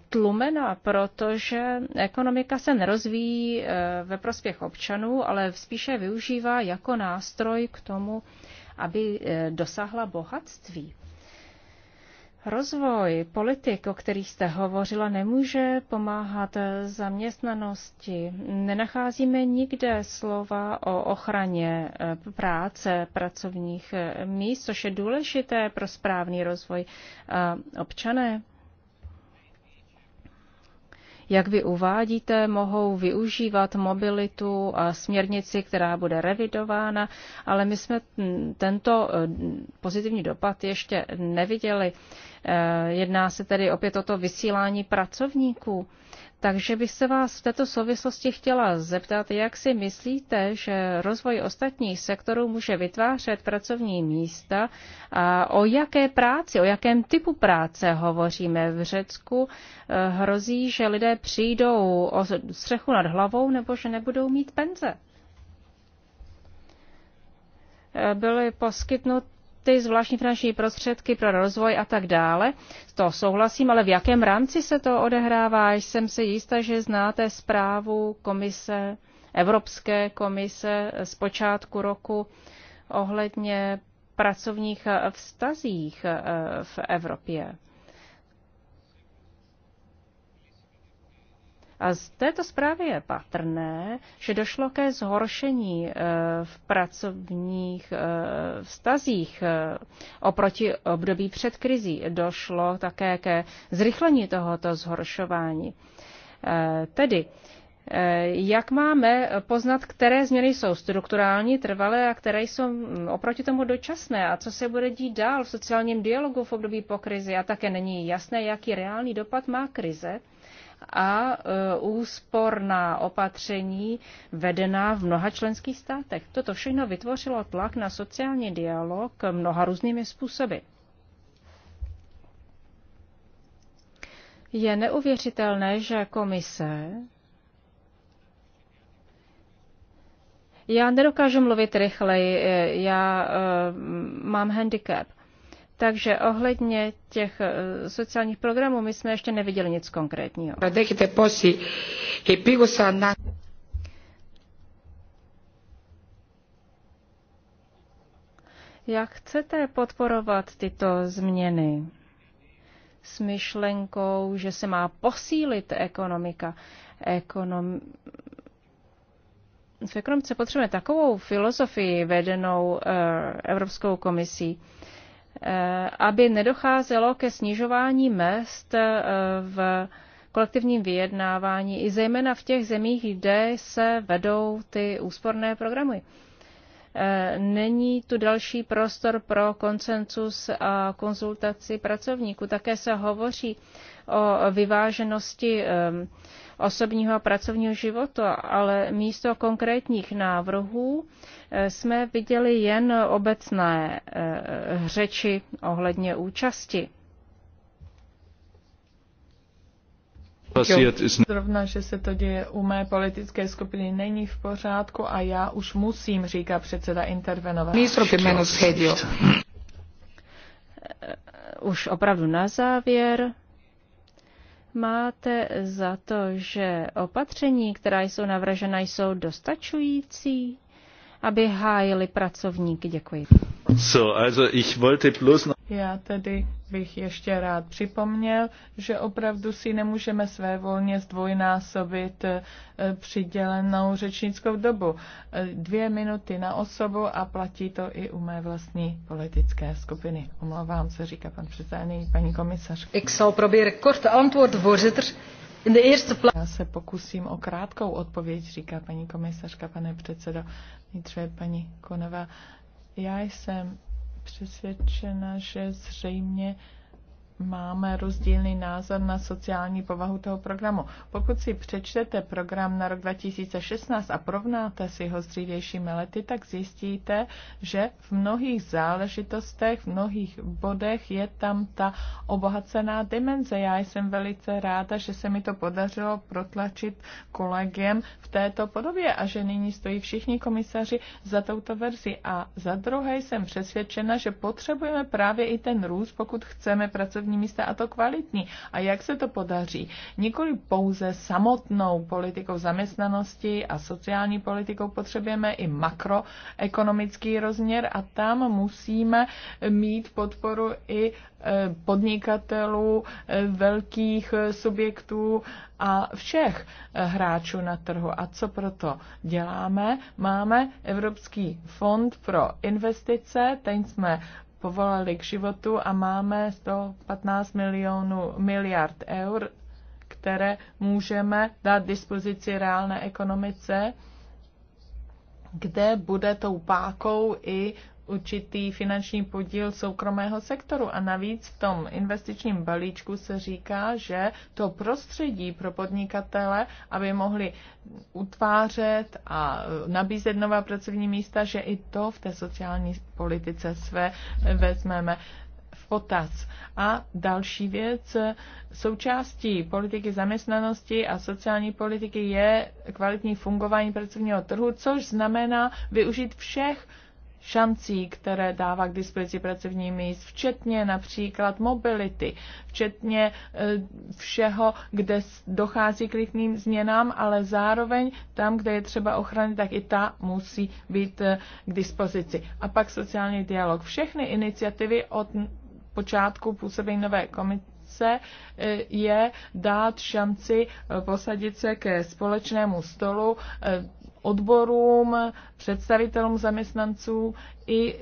tlumena, protože ekonomika se nerozvíjí eh, ve prospěch občanů, ale spíše využívá jako nástroj k tomu, aby eh, dosáhla bohatství. Rozvoj politik, o kterých jste hovořila, nemůže pomáhat zaměstnanosti. Nenacházíme nikde slova o ochraně eh, práce, pracovních míst, což je důležité pro správný rozvoj občané jak vy uvádíte, mohou využívat mobilitu a směrnici, která bude revidována, ale my jsme tento e, pozitivní dopad ještě neviděli. E, jedná se tedy opět o to vysílání pracovníků. Takže bych se vás v této souvislosti chtěla zeptat, jak si myslíte, že rozvoj ostatních sektorů může vytvářet pracovní místa a o jaké práci, o jakém typu práce hovoříme v Řecku. Eh, hrozí, že lidé přijdou o střechu nad hlavou nebo že nebudou mít penze. Eh, byly poskytnuty projekty, zvláštní finanční prostředky pro rozvoj a tak dále. To souhlasím, ale v jakém rámci se to odehrává? Jsem si jistá, že znáte zprávu komise, Evropské komise z počátku roku ohledně pracovních vztazích eh, v Evropě. A z této zprávy je patrné, že došlo ke zhoršení eh, v pracovních eh, vztazích eh, oproti období před krizí. Došlo také ke zrychlení tohoto zhoršování. Tedy, jak máme poznat, které změny jsou strukturální, trvalé a které jsou hm, oproti tomu dočasné a co se bude dít dál v sociálním dialogu v období po krizi a také není jasné, jaký reálný dopad má krize a e, úsporná opatření vedená v mnoha členských státech. Toto všechno vytvořilo tlak na sociální dialog mnoha různými způsoby. Je neuvěřitelné, že komise Já nedokážu mluvit rychleji, e, já uh, mám handicap. Takže ohledně těch eh, sociálních programů my jsme ještě neviděli nic konkrétního. Jak chcete podporovat tyto změny? S myšlenkou, že se má posílit ekonomika. Ekonom... V ekonomice potřebujeme takovou filozofii vedenou eh, Evropskou komisí, Eh, aby nedocházelo ke snižování mest eh, v kolektivním vyjednávání, i zejména v těch zemích, kde se vedou ty úsporné programy. Eh, není tu další prostor pro koncensus a konzultaci pracovníků. Také se hovoří o vyváženosti osobního a pracovního života, ale místo konkrétních návrhů eh, jsme viděli jen obecné eh, řeči ohledně účasti. Zrovna, že se to děje u mé politické skupiny, není v pořádku a já už musím, říká předseda intervenovat. Eh, už opravdu na závěr. Máte za to, že opatření, která jsou navržena, jsou dostačující, aby hájili pracovníky? Děkuji. So, also ich wollte bloß... Já tedy bych ještě rád připomněl, že opravdu si nemůžeme své volně zdvojnásobit eh, přidělenou řečnickou dobu. Eh, dvě minuty na osobu a platí to i u mé vlastní politické skupiny. Omlouvám se, říká pan předsedný, paní komisař. Já se pokusím o krátkou odpověď, říká paní komisařka, pane předsedo. Nejdříve paní Konova. Já jsem přesvědčena, že zřejmě máme rozdílný názor na sociální povahu toho programu. Pokud si přečtete program na rok 2016 a porovnáte si ho s dřívějšími lety, tak zjistíte, že v mnohých záležitostech, v mnohých bodech je tam ta obohacená dimenze. Já jsem velice ráda, že se mi to podařilo protlačit kolegiem v této podobě a že nyní stojí všichni komisaři za touto verzi. A za druhé jsem přesvědčena, že potřebujeme právě i ten růst, pokud chceme pracovní pracovní místa a to kvalitní. A jak se to podaří? Nikoli pouze samotnou politikou zaměstnanosti a sociální politikou potřebujeme i makroekonomický rozměr a tam musíme mít podporu i e, podnikatelů, e, velkých e, subjektů a všech hráčů na trhu. A co proto děláme? Máme Evropský fond pro investice, ten jsme povolali k životu a máme 115 milionů miliard eur, které můžeme dát dispozici reálné ekonomice, kde bude tou pákou i určitý finanční podíl soukromého sektoru. A navíc v tom investičním balíčku se říká, že to prostředí pro podnikatele, aby mohli utvářet a nabízet nová pracovní místa, že i to v té sociální politice své vezmeme v potaz. A další věc, součástí politiky zaměstnanosti a sociální politiky je kvalitní fungování pracovního trhu, což znamená využít všech šancí, které dává k dispozici pracovní míst, včetně například mobility, včetně e, všeho, kde dochází k rychlým změnám, ale zároveň tam, kde je třeba ochrany, tak i ta musí být e, k dispozici. A pak sociální dialog. Všechny iniciativy od počátku působení nové komise e, je dát šanci posadit se ke společnému stolu, odborům, představitelům zaměstnanců i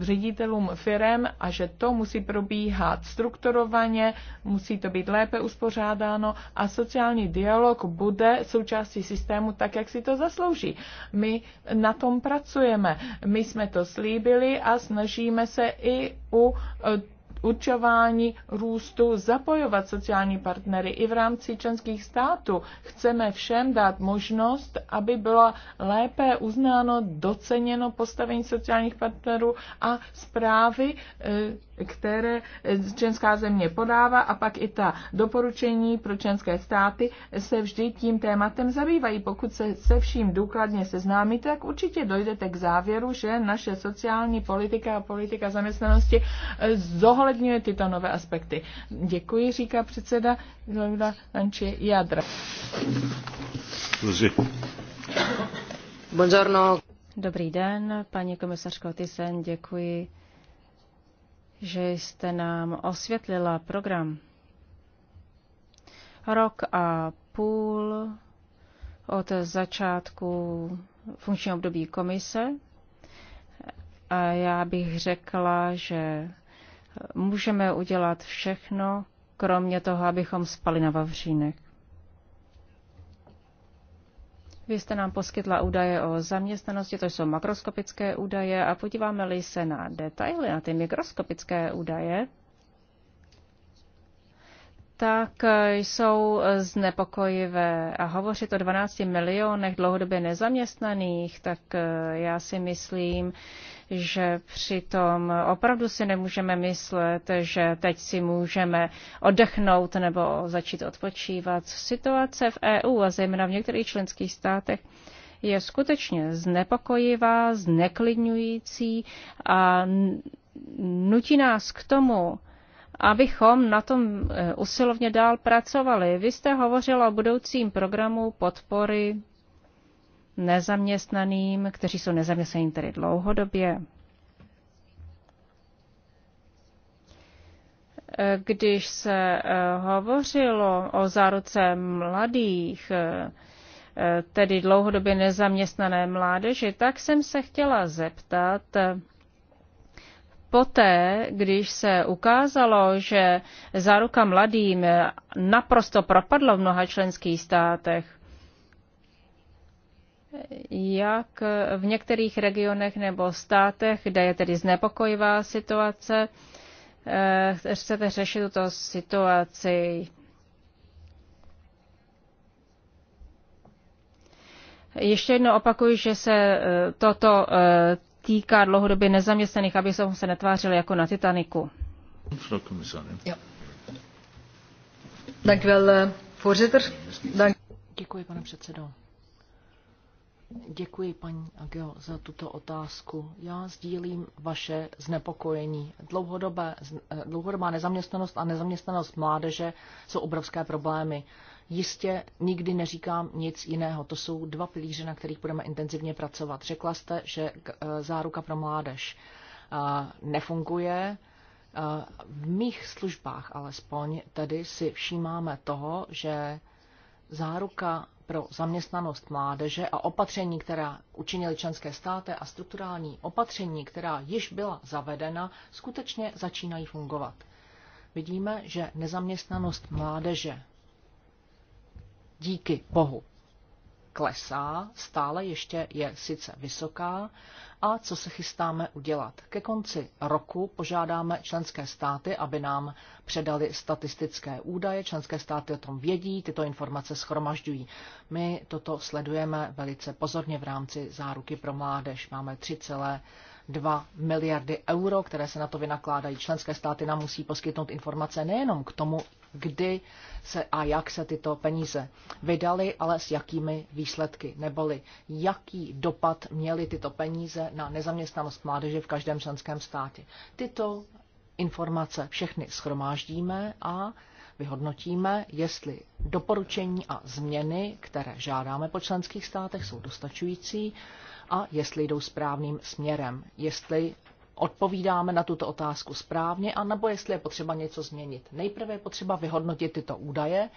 ředitelům firem a že to musí probíhat strukturovaně, musí to být lépe uspořádáno a sociální dialog bude součástí systému tak, jak si to zaslouží. My na tom pracujeme, my jsme to slíbili a snažíme se i u e, určování růstu zapojovat sociální partnery i v rámci členských států. Chceme všem dát možnost, aby bylo lépe uznáno, doceněno postavení sociálních partnerů a zprávy, eh, které eh, členská země podává a pak i ta doporučení pro členské státy se vždy tím tématem zabývají. Pokud se se vším důkladně seznámíte, tak určitě dojdete k závěru, že naše sociální politika a politika zaměstnanosti eh, zohledňuje zohledňuje tyto nové aspekty. Děkuji, říká předseda Zolda Lanči Jadra. Dobrý den, paní komisařko Tysen, děkuji, že jste nám osvětlila program. Rok a půl od začátku funkčního období komise. A já bych řekla, že můžeme udělat všechno, kromě toho, abychom spali na vavřínech. Vy jste nám poskytla údaje o zaměstnanosti, to jsou makroskopické údaje a podíváme-li se na detaily, na ty mikroskopické údaje, tak jsou znepokojivé. A hovořit o 12 milionech dlouhodobě nezaměstnaných, tak já si myslím, že přitom opravdu si nemůžeme myslet, že teď si můžeme oddechnout nebo začít odpočívat. Situace v EU a zejména v některých členských státech je skutečně znepokojivá, zneklidňující a nutí nás k tomu, abychom na tom e, usilovně dál pracovali. Vy jste hovořila o budoucím programu podpory nezaměstnaným, kteří jsou nezaměstnaní tedy dlouhodobě. Když se eh, hovořilo o záruce mladých, eh, tedy dlouhodobě nezaměstnané mládeže, tak jsem se chtěla zeptat, eh, Poté, když se ukázalo, že záruka mladým naprosto propadla v mnoha členských státech, jak v některých regionech nebo státech, kde je tedy znepokojivá situace, eh, chcete řešit tuto situaci. Ještě jednou opakuju, že se eh, toto eh, týká dlouhodobě nezaměstnaných, aby se netvářili jako na Titaniku. Děkuji, pane předsedo. Děkuji, paní Agio, za tuto otázku. Já sdílím vaše znepokojení. Dlouhodobé, dlouhodobá nezaměstnanost a nezaměstnanost mládeže jsou obrovské problémy. Jistě nikdy neříkám nic jiného. To jsou dva pilíře, na kterých budeme intenzivně pracovat. Řekla jste, že e, záruka pro mládež e, nefunguje. E, v mých službách alespoň tedy si všímáme toho, že záruka pro zaměstnanost mládeže a opatření, která učinily členské státy a strukturální opatření, která již byla zavedena, skutečně začínají fungovat. Vidíme, že nezaměstnanost mládeže díky Bohu klesá, stále ještě je sice vysoká, a co se chystáme udělat. Ke konci roku požádáme členské státy, aby nám předali statistické údaje. Členské státy o tom vědí, tyto informace schromažďují. My toto sledujeme velice pozorně v rámci záruky pro mládež. Máme 3,2 miliardy euro, které se na to vynakládají. Členské státy nám musí poskytnout informace nejenom k tomu, kdy se a jak se tyto peníze vydaly, ale s jakými výsledky, neboli jaký dopad měly tyto peníze na nezaměstnanost mládeže v každém členském státě. Tyto informace všechny schromáždíme a vyhodnotíme, jestli doporučení a změny, které žádáme po členských státech, jsou dostačující a jestli jdou správným směrem, jestli odpovídáme na tuto otázku správně, anebo jestli je potřeba něco změnit. Nejprve je potřeba vyhodnotit tyto údaje,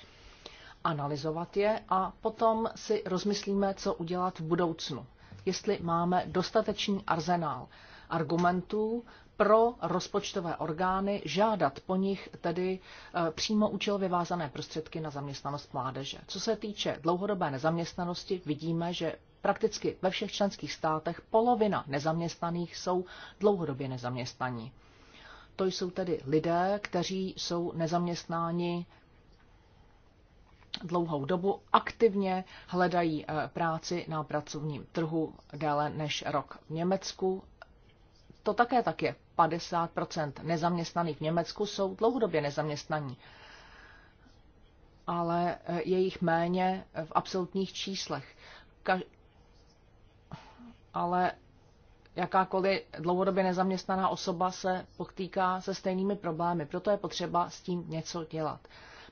analyzovat je a potom si rozmyslíme, co udělat v budoucnu. Jestli máme dostatečný arzenál argumentů pro rozpočtové orgány žádat po nich tedy e, přímo účelově vázané prostředky na zaměstnanost mládeže. Co se týče dlouhodobé nezaměstnanosti, vidíme, že prakticky ve všech členských státech polovina nezaměstnaných jsou dlouhodobě nezaměstnaní. To jsou tedy lidé, kteří jsou nezaměstnáni dlouhou dobu, aktivně hledají eh, práci na pracovním trhu déle než rok v Německu. To také tak je. 50 nezaměstnaných v Německu jsou dlouhodobě nezaměstnaní ale eh, je jich méně v absolutních číslech ale jakákoliv dlouhodobě nezaměstnaná osoba se potýká se stejnými problémy, proto je potřeba s tím něco dělat.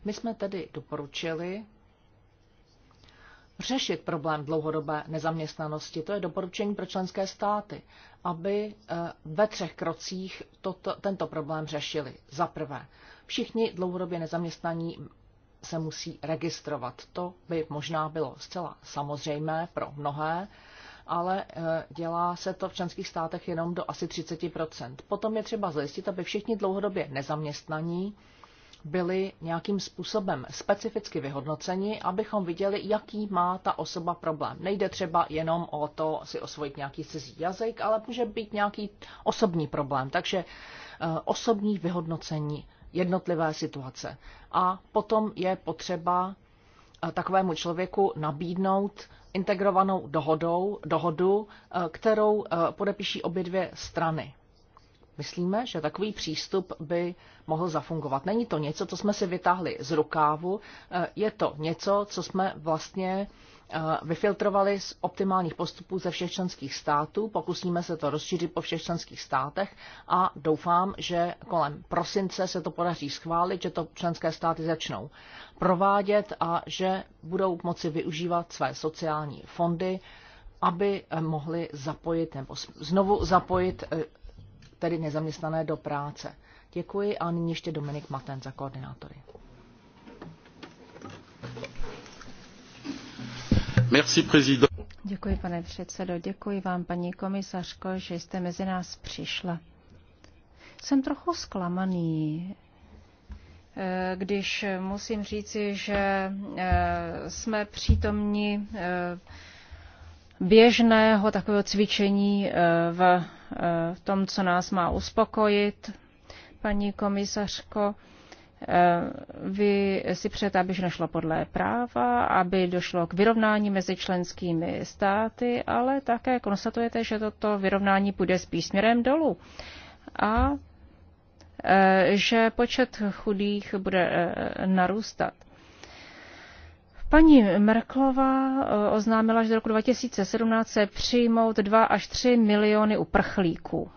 My jsme tedy doporučili řešit problém dlouhodobé nezaměstnanosti. To je doporučení pro členské státy, aby eh, ve třech krocích toto, tento problém řešili. Za prvé, všichni dlouhodobě nezaměstnaní se musí registrovat. To by možná bylo zcela samozřejmé pro mnohé, ale eh, dělá se to v členských státech jenom do asi 30 Potom je třeba zajistit, aby všichni dlouhodobě nezaměstnaní byli nějakým způsobem specificky vyhodnoceni, abychom viděli, jaký má ta osoba problém. Nejde třeba jenom o to si osvojit nějaký cizí jazyk, ale může být nějaký osobní problém. Takže eh, osobní vyhodnocení jednotlivé situace. A potom je potřeba Eh, takovému člověku nabídnout integrovanou dohodou, dohodu, eh, kterou eh, podepíší obě dvě strany. Myslíme, že takový přístup by mohl zafungovat. Není to něco, co jsme si vytáhli z rukávu, je to něco, co jsme vlastně Eh, vyfiltrovali z optimálních postupů ze všech členských států. Pokusíme se to rozšířit po všech členských státech a doufám, že kolem prosince se to podaří schválit, že to členské státy začnou provádět a že budou moci využívat své sociální fondy, aby eh, mohli zapojit nebo znovu zapojit eh, tedy nezaměstnané do práce. Děkuji a nyní ještě Dominik Maten za koordinátory. Děkuji, pane předsedo. Děkuji vám, paní komisařko, že jste mezi nás přišla. Jsem trochu zklamaný, eh, když musím říci, že eh, jsme přítomni eh, běžného takového cvičení v tom, co nás má uspokojit, paní komisařko. Eh, vy si přejete, aby nešlo podle práva, aby došlo k vyrovnání mezi členskými státy, ale také konstatujete, že toto vyrovnání půjde spíš směrem dolů. A eh, že počet chudých bude eh, narůstat. Paní Merklová oznámila, že do roku 2017 se přijmout 2 až 3 miliony uprchlíků.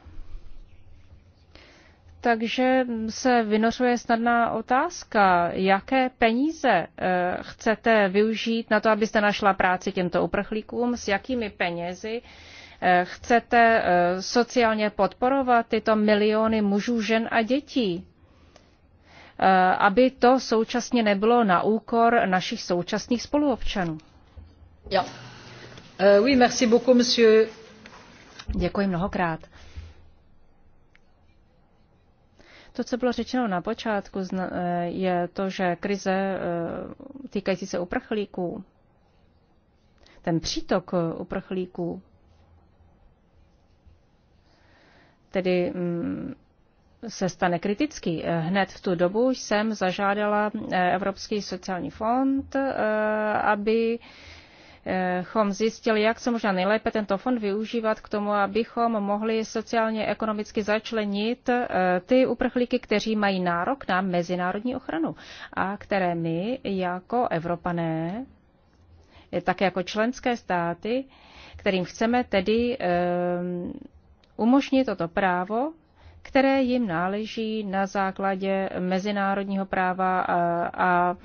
Takže se vynořuje snadná otázka, jaké peníze eh, chcete využít na to, abyste našla práci těmto uprchlíkům, s jakými penězi eh, chcete eh, sociálně podporovat tyto miliony mužů, žen a dětí, aby to současně nebylo na úkor našich současných spoluobčanů. Ja. Uh, oui, merci beaucoup, monsieur. Děkuji mnohokrát. To, co bylo řečeno na počátku, eh, je to, že krize eh, týkající se uprchlíků, ten přítok eh, uprchlíků, tedy mm, se stane kritický. Hned v tu dobu jsem zažádala Evropský sociální fond, aby chom zjistili, jak se možná nejlépe tento fond využívat k tomu, abychom mohli sociálně ekonomicky začlenit eh, ty uprchlíky, kteří mají nárok na mezinárodní ochranu a které my jako Evropané, eh, tak jako členské státy, kterým chceme tedy eh, umožnit toto právo které jim náleží na základě mezinárodního práva a, a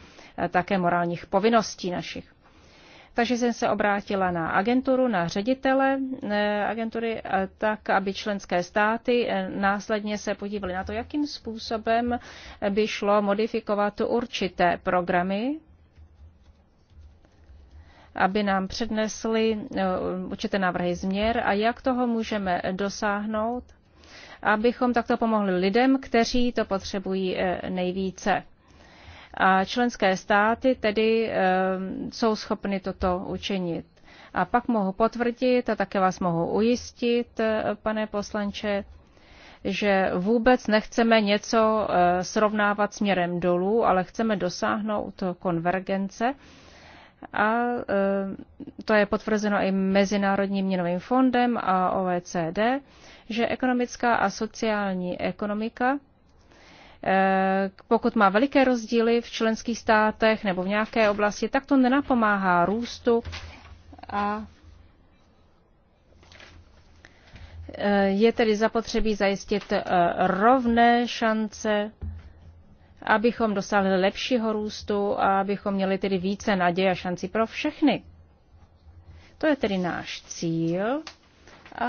také morálních povinností našich. Takže jsem se obrátila na agenturu, na ředitele eh, agentury, eh, tak aby členské státy eh, následně se podívaly na to, jakým způsobem by šlo modifikovat určité programy, aby nám přednesli určité návrhy změr a jak toho můžeme dosáhnout, abychom takto pomohli lidem, kteří to potřebují nejvíce a členské státy tedy eh, jsou schopny toto učinit. A pak mohu potvrdit a také vás mohu ujistit, eh, pane poslanče, že vůbec nechceme něco eh, srovnávat směrem dolů, ale chceme dosáhnout konvergence. A to je potvrzeno i Mezinárodním měnovým fondem a OECD, že ekonomická a sociální ekonomika Eh, pokud má veliké rozdíly v členských státech nebo v nějaké oblasti, tak to nenapomáhá růstu a eh, je tedy zapotřebí zajistit eh, rovné šance, abychom dosáhli lepšího růstu a abychom měli tedy více naděje a šanci pro všechny. To je tedy náš cíl a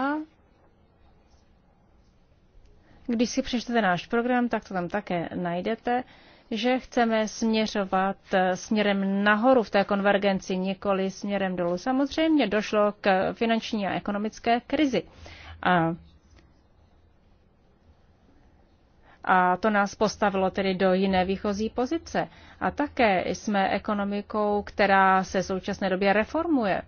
když si přečtete náš program, tak to tam také najdete, že chceme směřovat eh, směrem nahoru v té konvergenci, nikoli směrem dolů. Samozřejmě došlo k finanční a ekonomické krizi. A a to nás postavilo tedy do jiné výchozí pozice. A také jsme ekonomikou, která se v současné době reformuje.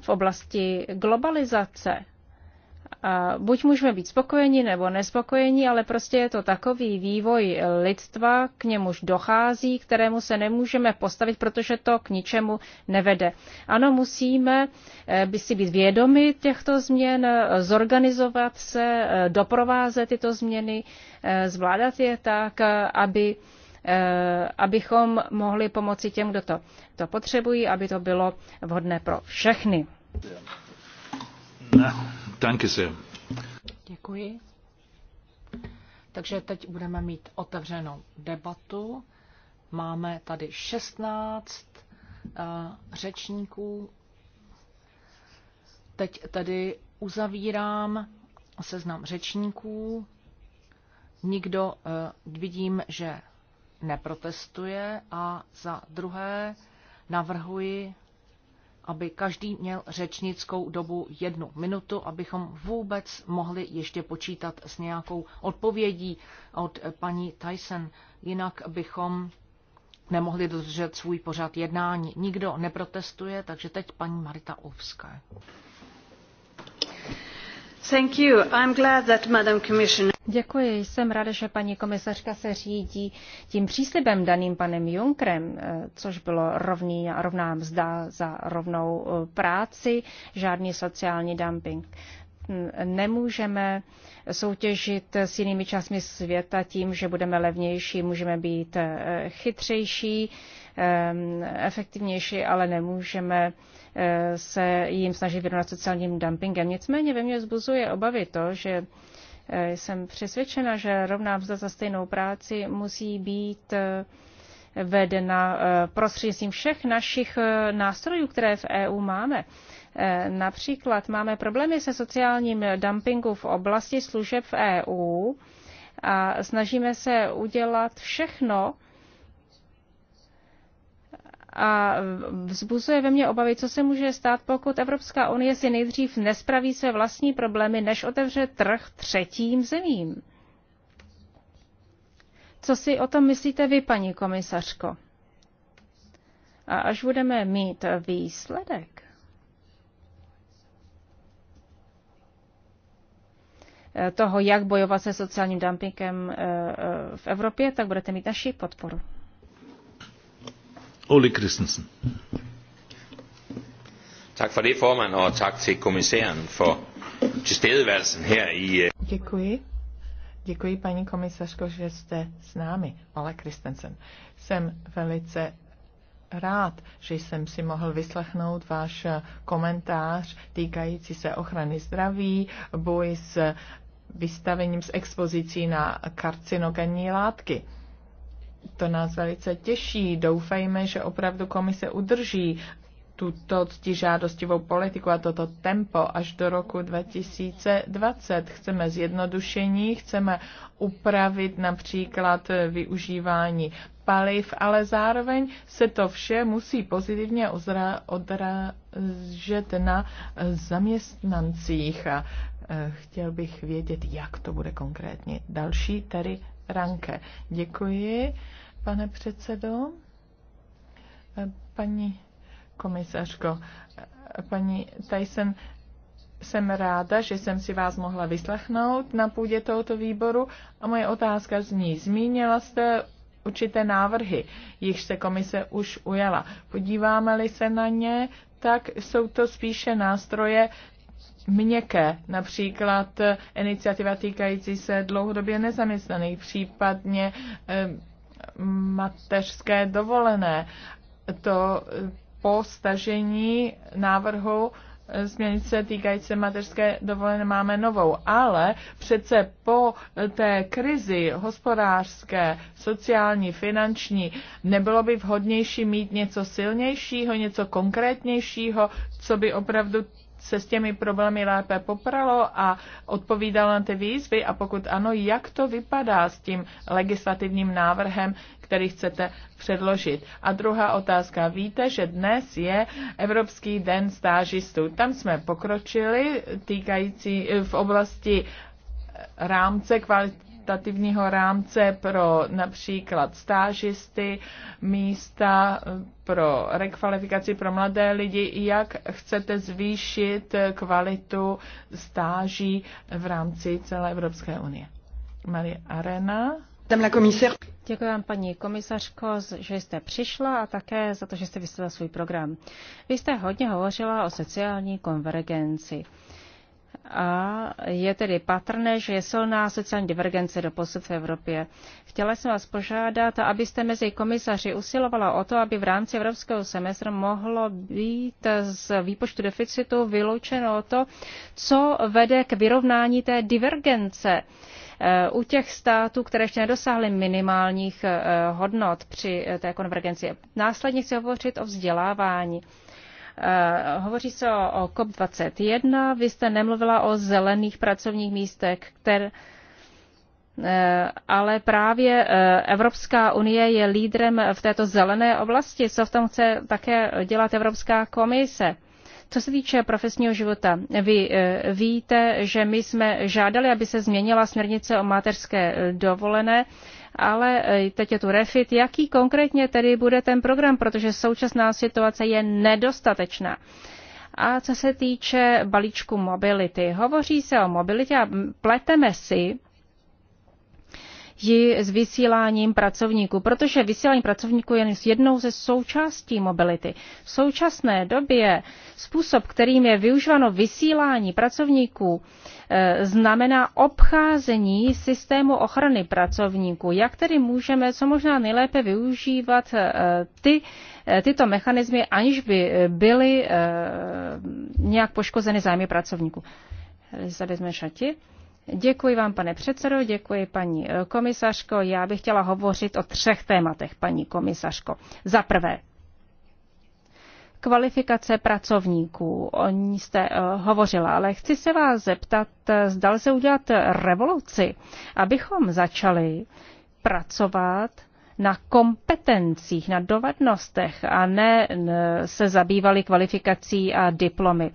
V oblasti globalizace a buď můžeme být spokojeni nebo nespokojeni, ale prostě je to takový vývoj lidstva, k němuž dochází, kterému se nemůžeme postavit, protože to k ničemu nevede. Ano, musíme eh, by si být vědomi těchto změn, zorganizovat se, eh, doprovázet tyto změny, eh, zvládat je tak, aby abychom mohli pomoci těm, kdo to, to potřebují, aby to bylo vhodné pro všechny. No. Děkuji. Takže teď budeme mít otevřenou debatu. Máme tady 16 uh, eh, řečníků. Teď tedy uzavírám seznam řečníků. Nikdo uh, vidím, že neprotestuje a za druhé navrhuji aby každý měl řečnickou dobu jednu minutu, abychom vůbec mohli ještě počítat s nějakou odpovědí od paní Tyson. Jinak bychom nemohli dodržet svůj pořad jednání. Nikdo neprotestuje, takže teď paní Marita Ovská. Děkuji, jsem ráda, že paní komisařka se řídí tím příslibem daným panem Junkrem, eh, což bylo rovný, rovná mzda za rovnou eh, práci, žádný sociální dumping nemůžeme soutěžit s jinými částmi světa tím, že budeme levnější, můžeme být eh, chytřejší, ehm, efektivnější, ale nemůžeme eh, se jim snažit vyrovnat sociálním dumpingem. Nicméně ve mně zbuzuje obavy to, že eh, jsem přesvědčena, že rovná mzda za stejnou práci musí být vedena prostřednictvím všech našich nástrojů, které v EU máme. Eh, například máme problémy se sociálním dumpingu v oblasti služeb v EU a snažíme se udělat všechno, a vzbuzuje ve mně obavy, co se může stát, pokud Evropská unie si nejdřív nespraví své vlastní problémy, než otevře trh třetím zemím. Co si o tom myslíte vy, paní komisařko? A až budeme mít výsledek, Eh, toho, jak bojovat se sociálním dumpingem eh, eh, v Evropě, tak budete mít naši podporu. Ole Christensen. Tak for det, formand, og tak til kommissæren for tilstedeværelsen her i... Øh, Děkuji. Děkuji, paní komisařko, že jste s námi, Ole Christensen. Jsem velice rád, že jsem si mohl vyslechnout váš komentář týkající se ochrany zdraví, boj s vystavením s expozicí na karcinogenní látky. To nás velice těší. Doufejme, že opravdu komise udrží tuto ctižádostivou politiku a toto tempo až do roku 2020. Chceme zjednodušení, chceme upravit například využívání paliv, ale zároveň se to vše musí pozitivně odrážet na zaměstnancích. A Eh, chtěl bych vědět, jak to bude konkrétně. Další tady Ranke. Děkuji, pane předsedo. Eh, paní komisařko, eh, paní Tyson, jsem ráda, že jsem si vás mohla vyslechnout na půdě tohoto výboru a moje otázka zní, zmínila jste určité návrhy, jichž se komise už ujala. Podíváme-li se na ně, tak jsou to spíše nástroje měkké, například eh, iniciativa týkající se dlouhodobě nezaměstnaných, případně eh, mateřské dovolené. To eh, po stažení návrhu změnice týkající mateřské dovolené máme novou, ale přece po té krizi hospodářské, sociální, finanční, nebylo by vhodnější mít něco silnějšího, něco konkrétnějšího, co by opravdu se s těmi problémy lépe popralo a odpovídalo na ty výzvy a pokud ano, jak to vypadá s tím legislativním návrhem, který chcete předložit. A druhá otázka. Víte, že dnes je Evropský den stážistů. Tam jsme pokročili týkající v oblasti rámce kvalit kvalitativního rámce pro například stážisty, místa eh, pro rekvalifikaci pro mladé lidi, jak chcete zvýšit kvalitu stáží v rámci celé Evropské unie. Marie Arena. Děkuji vám, paní komisařko, že jste přišla a také za to, že jste vysvětlila svůj program. Vy jste hodně hovořila o sociální konvergenci a je tedy patrné, že je silná sociální divergence do posud v Evropě. Chtěla jsem vás požádat, abyste mezi komisaři usilovala o to, aby v rámci evropského semestru mohlo být z výpočtu deficitu vyloučeno to, co vede k vyrovnání té divergence eh, u těch států, které ještě nedosáhly minimálních eh, hodnot při eh, té konvergenci. Následně chci hovořit o vzdělávání. Eh, hovoří se o, o COP21, vy jste nemluvila o zelených pracovních místech, které eh, ale právě eh, Evropská unie je lídrem v této zelené oblasti, co v tom chce také dělat Evropská komise. Co se týče profesního života, vy víte, že my jsme žádali, aby se změnila směrnice o mateřské dovolené ale e, teď je tu refit. Jaký konkrétně tedy bude ten program, protože současná situace je nedostatečná. A co se týče balíčku mobility, hovoří se o mobilitě a pleteme si, ji s vysíláním pracovníků, protože vysílání pracovníků je jen jednou ze součástí mobility. V současné době způsob, kterým je využíváno vysílání pracovníků, eh, znamená obcházení systému ochrany pracovníků. Jak tedy můžeme co možná nejlépe využívat eh, ty, eh, tyto mechanismy, aniž by byly nějak poškozeny zájmy pracovníků? Elizabeth Mešati. Děkuji vám, pane předsedo, děkuji paní eh, komisařko. Já bych chtěla hovořit o třech tématech, paní komisařko. Za prvé, kvalifikace pracovníků. O ní jste eh, hovořila, ale chci se vás zeptat, eh, zdal se udělat revoluci, abychom začali pracovat na kompetencích, na dovednostech a ne se zabývali kvalifikací a diplomy.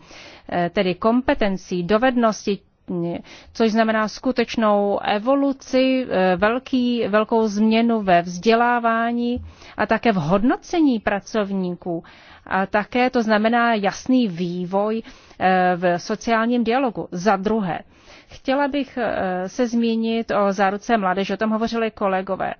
Tedy kompetencí, dovednosti což znamená skutečnou evoluci, e, velký, velkou změnu ve vzdělávání a také v hodnocení pracovníků. A také to znamená jasný vývoj e, v sociálním dialogu. Za druhé, chtěla bych e, se zmínit o záruce mládeže, o tom hovořili kolegové.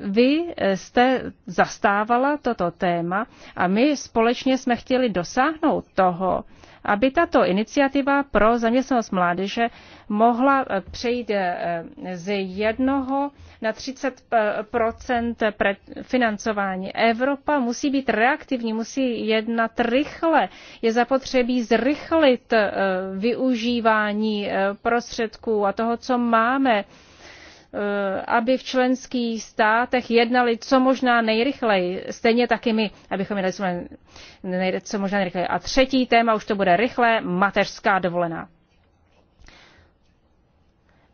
Vy jste zastávala toto téma a my společně jsme chtěli dosáhnout toho, aby tato iniciativa pro zaměstnanost mládeže mohla přejít eh, z jednoho na 30 eh, financování. Evropa musí být reaktivní, musí jednat rychle. Je zapotřebí zrychlit eh, využívání prostředků a toho, co máme Eh, aby v členských státech jednali co možná nejrychleji. Stejně taky my, abychom jednali co možná nejrychleji. A třetí téma, už to bude rychle, mateřská dovolená.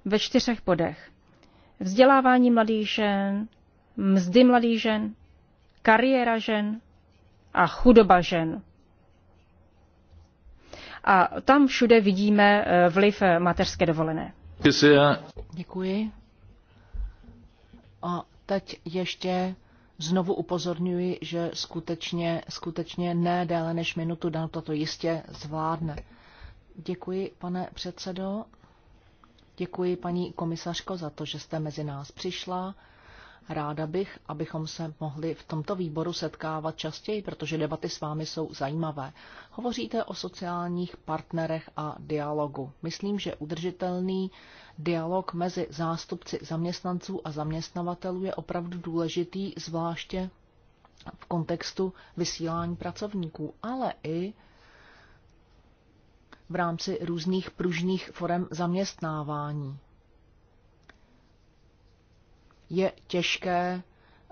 Ve čtyřech bodech. Vzdělávání mladých žen, mzdy mladých žen, kariéra žen a chudoba žen. A tam všude vidíme eh, vliv eh, mateřské dovolené. Děkuji. A teď ještě znovu upozorňuji, že skutečně, skutečně ne déle než minutu, Dan toto jistě zvládne. Děkuji, pane předsedo. Děkuji, paní komisařko, za to, že jste mezi nás přišla. Ráda bych, abychom se mohli v tomto výboru setkávat častěji, protože debaty s vámi jsou zajímavé. Hovoříte o sociálních partnerech a dialogu. Myslím, že udržitelný dialog mezi zástupci zaměstnanců a zaměstnavatelů je opravdu důležitý, zvláště v kontextu vysílání pracovníků, ale i v rámci různých pružných forem zaměstnávání je těžké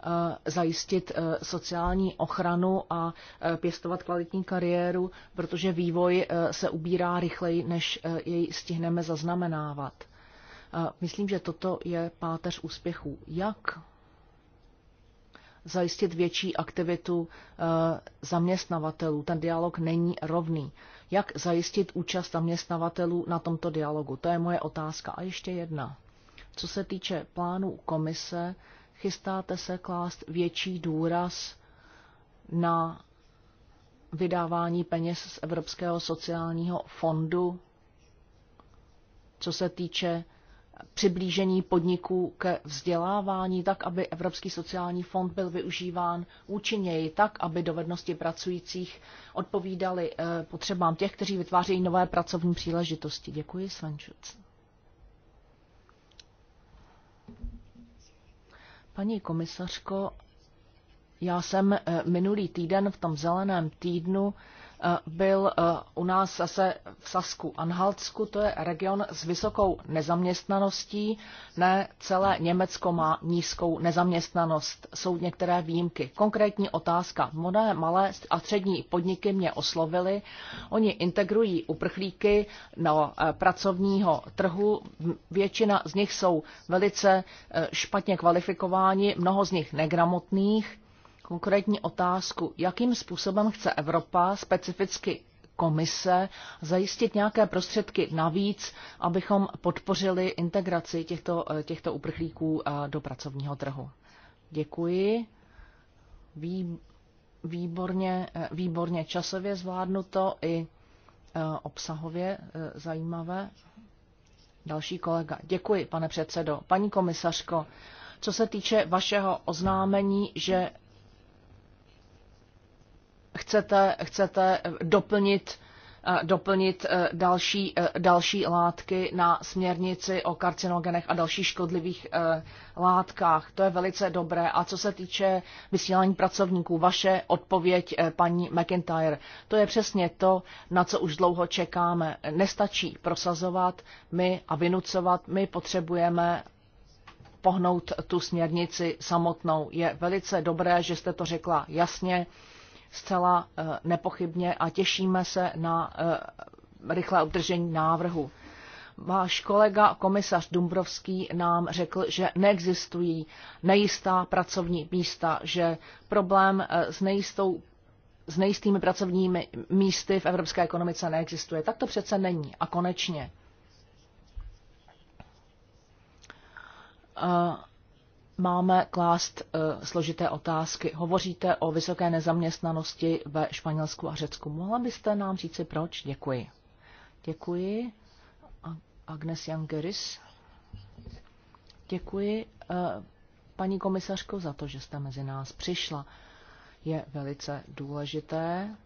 eh, zajistit eh, sociální ochranu a eh, pěstovat kvalitní kariéru, protože vývoj se ubírá rychleji, než jej stihneme zaznamenávat. Myslím, že toto je páteř úspěchů. Jak zajistit větší aktivitu zaměstnavatelů? Ten dialog není rovný. Jak zajistit účast zaměstnavatelů na tomto dialogu? To je moje otázka. A ještě jedna. Co se týče plánu komise, chystáte se klást větší důraz na vydávání peněz z Evropského sociálního fondu, co se týče přiblížení podniků ke vzdělávání, tak aby Evropský sociální fond byl využíván účinněji, tak aby dovednosti pracujících odpovídaly eh, potřebám těch, kteří vytvářejí nové pracovní příležitosti. Děkuji, Svenčuc. Paní komisařko, já jsem eh, minulý týden v tom zeleném týdnu Eh, byl eh, u nás zase v Sasku Anhaltsku, to je region s vysokou nezaměstnaností, ne celé Německo má nízkou nezaměstnanost, jsou některé výjimky. Konkrétní otázka. Moné malé a střední podniky mě oslovili. oni integrují uprchlíky na eh, pracovního trhu, většina z nich jsou velice špatně kvalifikováni, mnoho z nich negramotných, konkrétní otázku, jakým způsobem chce Evropa, specificky komise, zajistit nějaké prostředky navíc, abychom podpořili integraci těchto, eh, těchto uprchlíků eh, do pracovního trhu. Děkuji. Vý, výborně, eh, výborně časově zvládnuto i obsahově zajímavé. Další kolega. Děkuji, pane předsedo. Paní komisařko, co se týče vašeho oznámení, že chcete, chcete eh, doplnit, eh, doplnit eh, další, další látky na směrnici o karcinogenech a dalších škodlivých látkách. To je velice dobré. A co se týče vysílání pracovníků, vaše odpověď, paní McIntyre, to je přesně to, na co už dlouho čekáme. Nestačí prosazovat my a vynucovat, my potřebujeme pohnout tu směrnici samotnou. Je velice dobré, že jste to řekla jasně zcela eh, nepochybně a těšíme se na eh, rychlé obdržení návrhu. Váš kolega komisař Dumbrovský nám řekl, že neexistují nejistá pracovní místa, že problém eh, s nejistou s nejistými pracovními místy v evropské ekonomice neexistuje. Tak to přece není. A konečně. Uh, máme klást e, složité otázky. Hovoříte o vysoké nezaměstnanosti ve Španělsku a Řecku. Mohla byste nám říci proč? Děkuji. Děkuji. Agnes Jangeris. Děkuji, e, paní komisařko, za to, že jste mezi nás přišla. Je velice důležité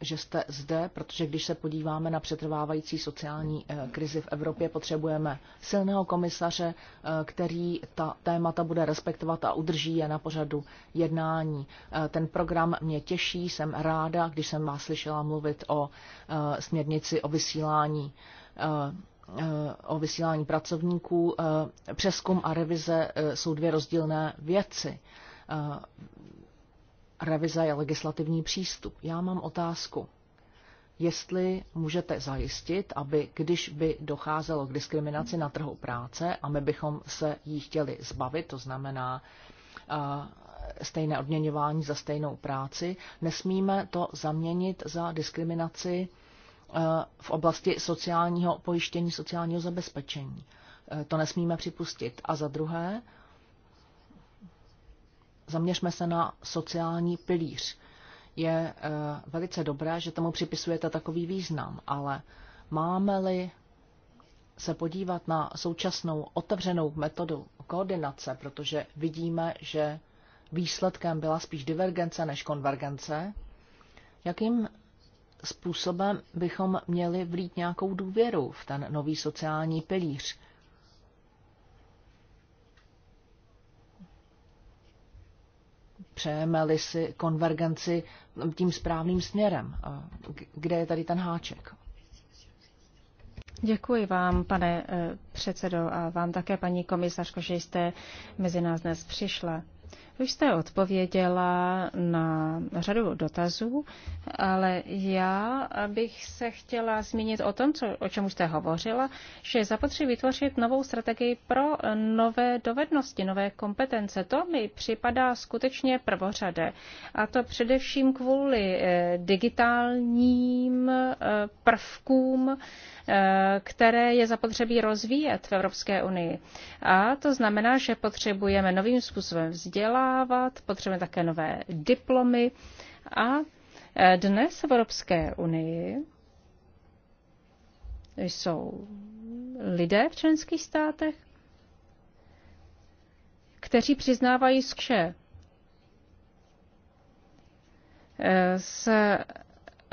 že jste zde, protože když se podíváme na přetrvávající sociální eh, krizi v Evropě, potřebujeme silného komisaře, eh, který ta témata bude respektovat a udrží je na pořadu jednání. Eh, ten program mě těší, jsem ráda, když jsem vás slyšela mluvit o směrnici o vysílání o vysílání pracovníků. Přeskum a revize jsou dvě rozdílné věci revize je legislativní přístup. Já mám otázku. Jestli můžete zajistit, aby když by docházelo k diskriminaci na trhu práce a my bychom se jí chtěli zbavit, to znamená stejné odměňování za stejnou práci, nesmíme to zaměnit za diskriminaci v oblasti sociálního pojištění, sociálního zabezpečení. E, to nesmíme připustit. A za druhé, zaměřme se na sociální pilíř. Je eh, velice dobré, že tomu připisujete takový význam, ale máme-li se podívat na současnou otevřenou metodu koordinace, protože vidíme, že výsledkem byla spíš divergence než konvergence, jakým způsobem bychom měli vlít nějakou důvěru v ten nový sociální pilíř, přejeme-li si konvergenci tím správným směrem. Kde je tady ten háček? Děkuji vám, pane eh, předsedo, a vám také, paní komisařko, že jste mezi nás dnes přišla. Už jste odpověděla na řadu dotazů, ale já bych se chtěla zmínit o tom, co, o čem jste hovořila, že zapotřebí vytvořit novou strategii pro nové dovednosti, nové kompetence. To mi připadá skutečně prvořadé. A to především kvůli eh, digitálním eh, prvkům, Eh, které je zapotřebí rozvíjet v Evropské unii. A to znamená, že potřebujeme novým způsobem vzdělávat, potřebujeme také nové diplomy a eh, dnes v Evropské unii jsou lidé v členských státech, kteří přiznávají skše eh,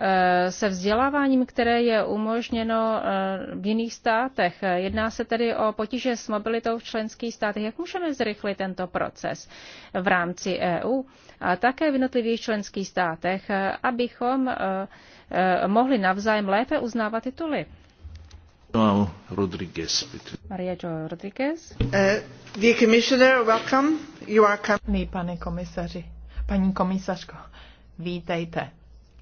Eh, se vzděláváním, které je umožněno eh, v jiných státech. Jedná se tedy o potíže s mobilitou v členských státech. Jak můžeme zrychlit tento proces v rámci EU a také v jednotlivých členských státech, eh, abychom mohli navzájem lépe uznávat tituly? Maria Jo Rodriguez. dear Commissioner, welcome. You are coming. Pane komisaři, paní komisařko, vítejte.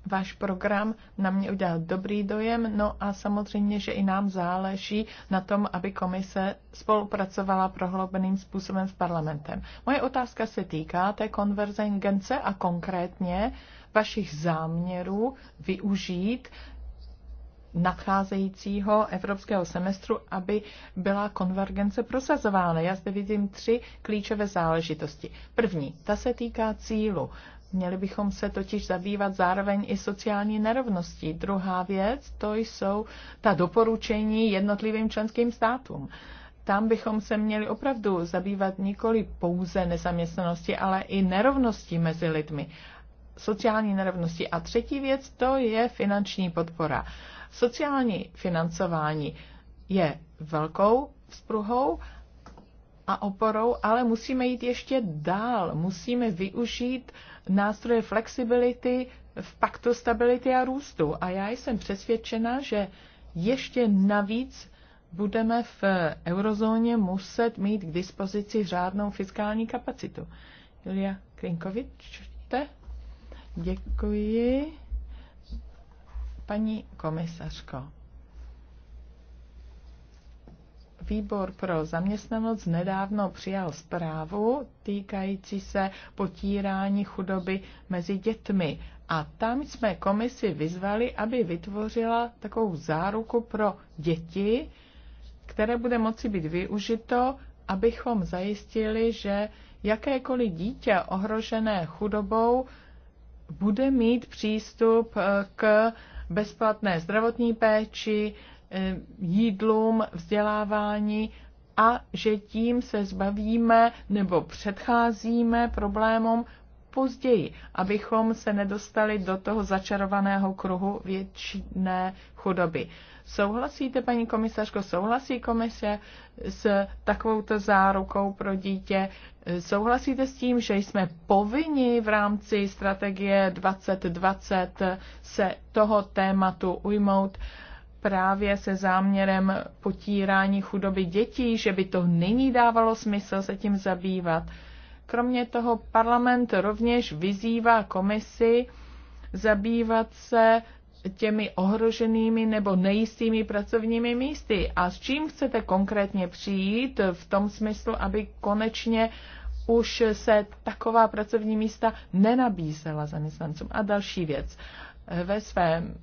Váš program na mě udělal dobrý dojem, no a samozřejmě, že i nám záleží na tom, aby komise spolupracovala prohloubeným způsobem s parlamentem. Moje otázka se týká té konvergence a konkrétně vašich záměrů využít nadcházejícího evropského semestru, aby byla konvergence prosazována. Já zde vidím tři klíčové záležitosti. První, ta se týká cílu. Měli bychom se totiž zabývat zároveň i sociální nerovností. Druhá věc, to jsou ta doporučení jednotlivým členským státům. Tam bychom se měli opravdu zabývat nikoli pouze nezaměstnanosti, ale i nerovností mezi lidmi. Sociální nerovnosti. A třetí věc, to je finanční podpora. Sociální financování je velkou vzpruhou, a oporou, ale musíme jít ještě dál. Musíme využít nástroje flexibility v paktu stability a růstu. A já jsem přesvědčena, že ještě navíc budeme v eurozóně muset mít k dispozici řádnou fiskální kapacitu. Julia Krinkovič, te? Děkuji. Paní komisařko, výbor pro zaměstnanost nedávno přijal zprávu týkající se potírání chudoby mezi dětmi. A tam jsme komisi vyzvali, aby vytvořila takovou záruku pro děti, které bude moci být využito, abychom zajistili, že jakékoliv dítě ohrožené chudobou bude mít přístup eh, k bezplatné zdravotní péči, Eh, jídlům, vzdělávání a že tím se zbavíme nebo předcházíme problémům později, abychom se nedostali do toho začarovaného kruhu většiné chudoby. Souhlasíte, paní komisařko, souhlasí komise s takovouto zárukou pro dítě? Souhlasíte s tím, že jsme povinni v rámci strategie 2020 se toho tématu ujmout? právě se záměrem potírání chudoby dětí, že by to nyní dávalo smysl se tím zabývat. Kromě toho parlament rovněž vyzývá komisi zabývat se těmi ohroženými nebo nejistými pracovními místy. A s čím chcete konkrétně přijít v tom smyslu, aby konečně už se taková pracovní místa nenabízela zaměstnancům. A další věc. Ve svém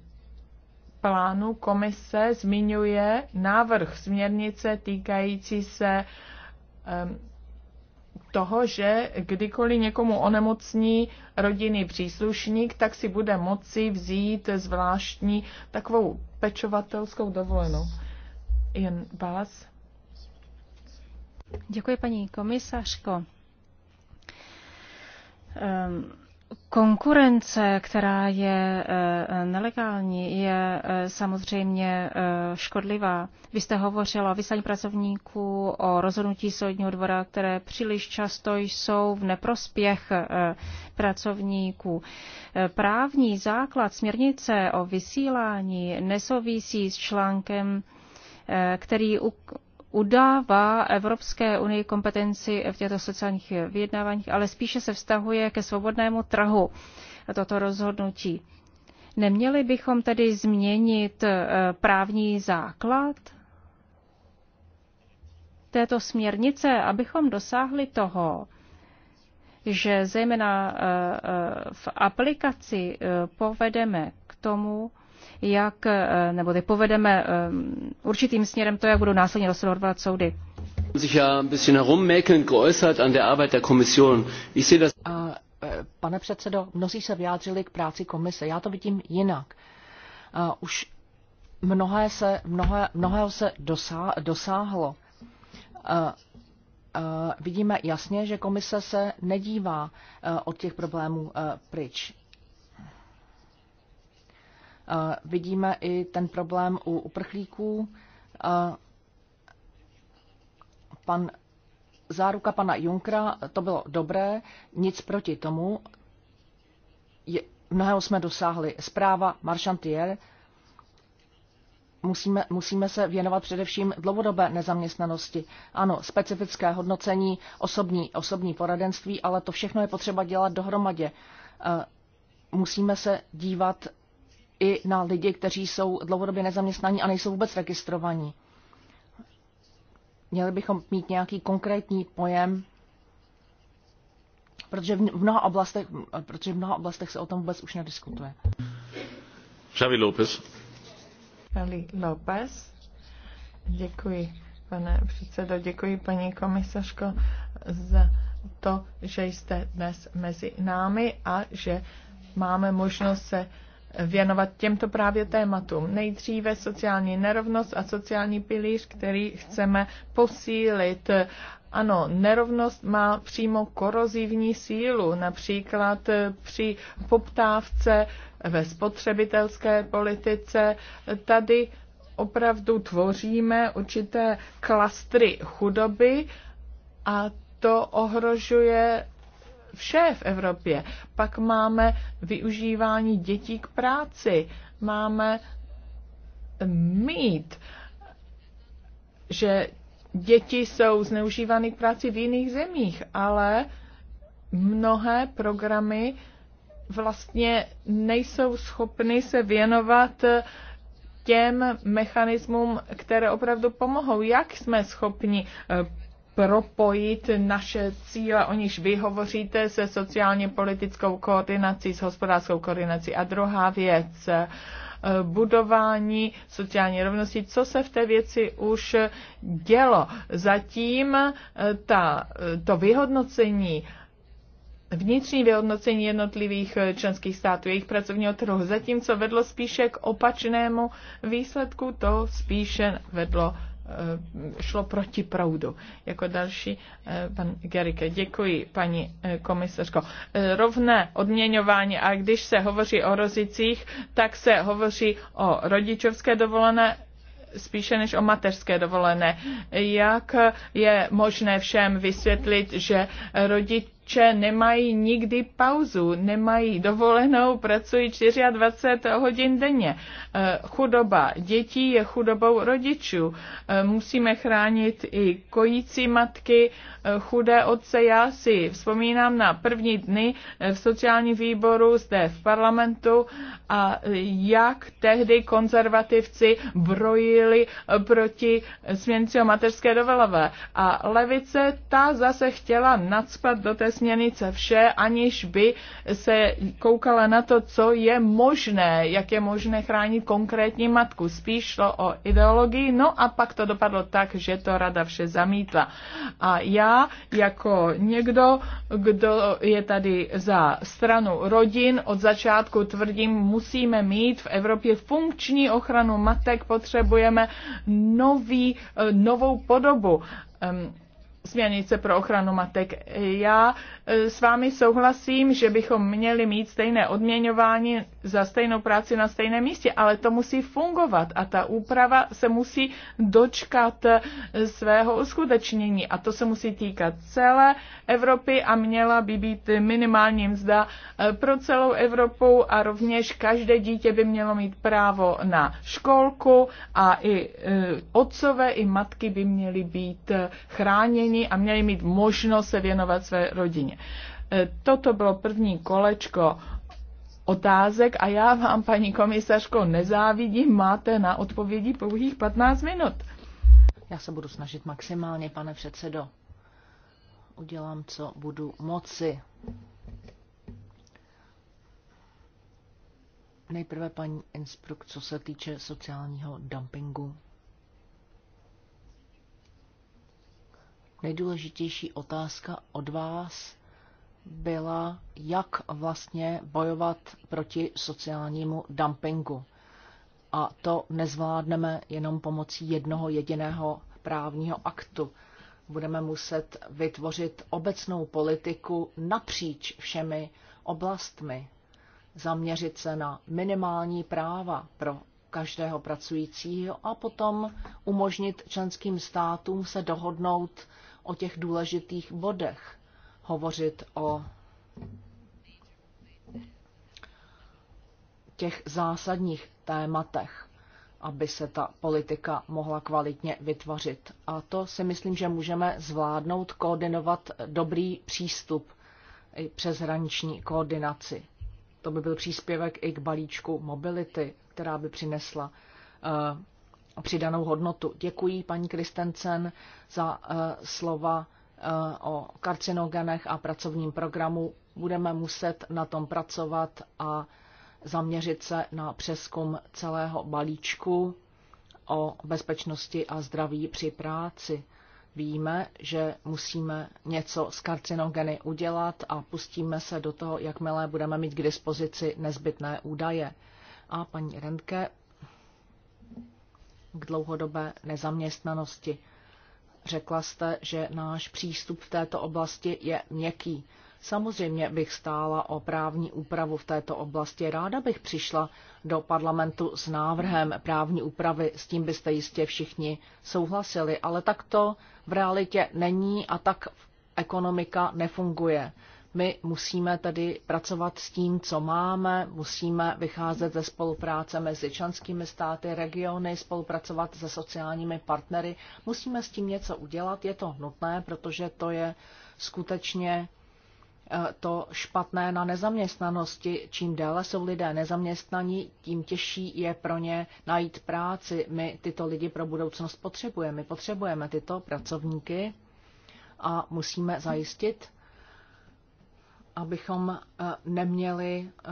plánu komise zmiňuje návrh směrnice týkající se um, toho, že kdykoliv někomu onemocní rodinný příslušník, tak si bude moci vzít zvláštní takovou pečovatelskou dovolenou. Jen vás. Děkuji, paní komisařko. Um, Konkurence, která je eh, nelegální, je eh, samozřejmě eh, škodlivá. Vy jste hovořila o vysání pracovníků, o rozhodnutí soudního dvora, které příliš často jsou v neprospěch pracovníků. Právní základ směrnice o vysílání nesouvisí s článkem který udává Evropské unii kompetenci v těchto sociálních vyjednáváních, ale spíše se vztahuje ke svobodnému trhu toto rozhodnutí. Neměli bychom tedy změnit eh, právní základ této směrnice, abychom dosáhli toho, že zejména eh, eh, v aplikaci povedeme k tomu, jak, eh, nebo ty povedeme eh, určitým směrem to, jak budou následně rozhodovat soudy. Eh, pane předsedo, mnozí se vyjádřili k práci komise. Já to vidím jinak. Už mnohé se, mnohé, mnohého se dosá, dosáhlo. Vidíme jasně, že komise se nedívá od těch problémů pryč Eh, vidíme i ten problém u uprchlíků. Eh, pan záruka pana Junkra, to bylo dobré, nic proti tomu. Je, mnohého jsme dosáhli. Zpráva Marchantier, musíme, musíme se věnovat především dlouhodobé nezaměstnanosti. Ano, specifické hodnocení, osobní, osobní poradenství, ale to všechno je potřeba dělat dohromadě. Eh, musíme se dívat i na lidi, kteří jsou dlouhodobě nezaměstnaní a nejsou vůbec registrovaní. Měli bychom mít nějaký konkrétní pojem, protože v mnoha oblastech, protože v mnoha oblastech se o tom vůbec už nediskutuje. Xavi López. Xavi López. Děkuji, pane předsedo, děkuji, paní komisařko, za to, že jste dnes mezi námi a že máme možnost se věnovat těmto právě tématům. Nejdříve sociální nerovnost a sociální pilíř, který chceme posílit. Ano, nerovnost má přímo korozivní sílu, například při poptávce ve spotřebitelské politice. Tady opravdu tvoříme určité klastry chudoby a to ohrožuje vše v Evropě. Pak máme využívání dětí k práci, máme mít, že děti jsou zneužívány k práci v jiných zemích, ale mnohé programy vlastně nejsou schopny se věnovat těm mechanismům, které opravdu pomohou. Jak jsme schopni eh, propojit naše cíle, o nichž vy hovoříte, se sociálně politickou koordinací, s hospodářskou koordinací. A druhá věc, eh, budování sociální rovnosti, co se v té věci už dělo. Zatím eh, ta, eh, to vyhodnocení vnitřní vyhodnocení jednotlivých členských států, jejich pracovního trhu. Zatímco vedlo spíše k opačnému výsledku, to spíše vedlo Eh, šlo proti proudu. Jako další eh, pan Gerike. Děkuji, paní eh, komisařko. Rovné odměňování a když se hovoří o rozicích, tak se hovoří o rodičovské dovolené spíše než o mateřské dovolené. Jak je možné všem vysvětlit, že rodič rodiče nemají nikdy pauzu, nemají dovolenou, pracují 24 hodin denně. Eh, chudoba dětí je chudobou rodičů. Eh, musíme chránit i kojící matky, eh, chudé otce. Já si vzpomínám na první dny v sociálním výboru zde v parlamentu a jak tehdy konzervativci brojili proti směnci o mateřské dovolové. A levice ta zase chtěla nadspat do té směrnice vše, aniž by se koukala na to, co je možné, jak je možné chránit konkrétní matku. Spíš šlo o ideologii, no a pak to dopadlo tak, že to rada vše zamítla. A já jako někdo, kdo je tady za stranu rodin, od začátku tvrdím, musíme mít v Evropě funkční ochranu matek, potřebujeme nový, eh, novou podobu. Um, směrnice pro ochranu matek. Já e, s vámi souhlasím, že bychom měli mít stejné odměňování za stejnou práci na stejném místě, ale to musí fungovat a ta úprava se musí dočkat e, svého uskutečnění a to se musí týkat celé Evropy a měla by být minimální mzda e, pro celou Evropu a rovněž každé dítě by mělo mít právo na školku a i otcové i matky by měly být chráněni vzdělání a měli mít možnost se věnovat své rodině. E, toto bylo první kolečko otázek a já vám, paní komisařko, nezávidím, máte na odpovědi pouhých 15 minut. Já se budu snažit maximálně, pane předsedo. Udělám, co budu moci. Nejprve paní Insprukt, co se týče sociálního dumpingu nejdůležitější otázka od vás byla, jak vlastně bojovat proti sociálnímu dumpingu. A to nezvládneme jenom pomocí jednoho jediného právního aktu. Budeme muset vytvořit obecnou politiku napříč všemi oblastmi, zaměřit se na minimální práva pro každého pracujícího a potom umožnit členským státům se dohodnout o těch důležitých bodech, hovořit o těch zásadních tématech, aby se ta politika mohla kvalitně vytvořit. A to si myslím, že můžeme zvládnout, koordinovat dobrý přístup i přeshraniční koordinaci. To by byl příspěvek i k balíčku mobility, která by přinesla eh, přidanou hodnotu. Děkuji paní Kristensen za eh, slova eh, o karcinogenech a pracovním programu. Budeme muset na tom pracovat a zaměřit se na přeskum celého balíčku o bezpečnosti a zdraví při práci. Víme, že musíme něco s karcinogeny udělat a pustíme se do toho, jakmile budeme mít k dispozici nezbytné údaje. A paní Rentke k dlouhodobé nezaměstnanosti. Řekla jste, že náš přístup v této oblasti je měkký. Samozřejmě bych stála o právní úpravu v této oblasti. Ráda bych přišla do parlamentu s návrhem právní úpravy, s tím byste jistě všichni souhlasili, ale tak to v realitě není a tak ekonomika nefunguje. My musíme tedy pracovat s tím, co máme, musíme vycházet ze spolupráce mezi členskými státy, regiony, spolupracovat se sociálními partnery. Musíme s tím něco udělat, je to nutné, protože to je skutečně eh, to špatné na nezaměstnanosti. Čím déle jsou lidé nezaměstnaní, tím těžší je pro ně najít práci. My tyto lidi pro budoucnost potřebujeme. My potřebujeme tyto pracovníky a musíme zajistit, abychom eh, neměli eh,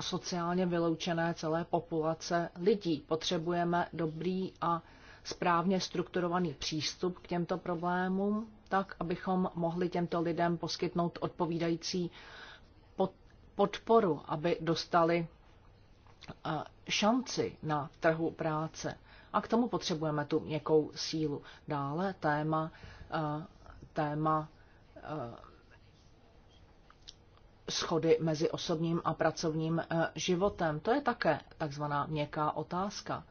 sociálně vyloučené celé populace lidí. Potřebujeme dobrý a správně strukturovaný přístup k těmto problémům, tak abychom mohli těmto lidem poskytnout odpovídající podporu, aby dostali eh, šanci na trhu práce. A k tomu potřebujeme tu měkkou sílu. Dále téma, téma schody mezi osobním a pracovním eh, životem. To je také takzvaná měkká otázka.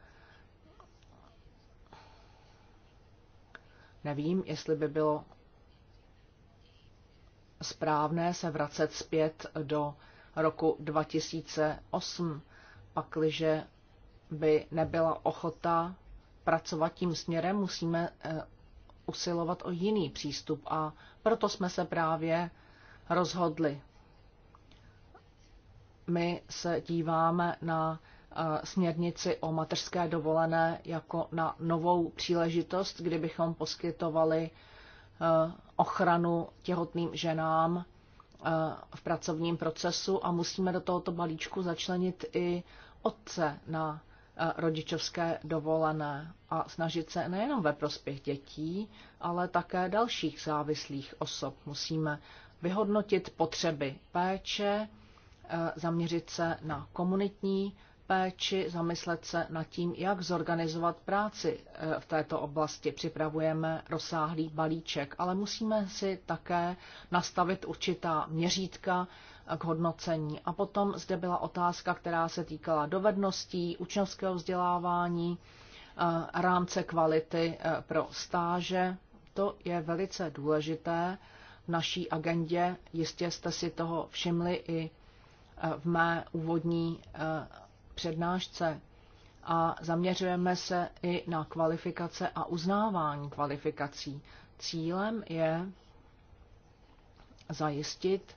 Nevím, jestli by bylo správné se vracet zpět do roku 2008, pakliže by nebyla ochota pracovat tím směrem, musíme eh, usilovat o jiný přístup a proto jsme se právě rozhodli my se díváme na eh, směrnici o mateřské dovolené jako na novou příležitost, kdybychom poskytovali eh, ochranu těhotným ženám eh, v pracovním procesu a musíme do tohoto balíčku začlenit i otce na rodičovské dovolené a snažit se nejenom ve prospěch dětí, ale také dalších závislých osob. Musíme vyhodnotit potřeby péče, Eh, zaměřit se na komunitní péči, zamyslet se nad tím, jak zorganizovat práci eh, v této oblasti. Připravujeme rozsáhlý balíček, ale musíme si také nastavit určitá měřítka eh, k hodnocení. A potom zde byla otázka, která se týkala dovedností, učňovského vzdělávání, rámce kvality pro stáže. To je velice důležité v naší agendě. Jistě jste si toho všimli i Eh, v mé úvodní eh, přednášce a zaměřujeme se i na kvalifikace a uznávání kvalifikací. Cílem je zajistit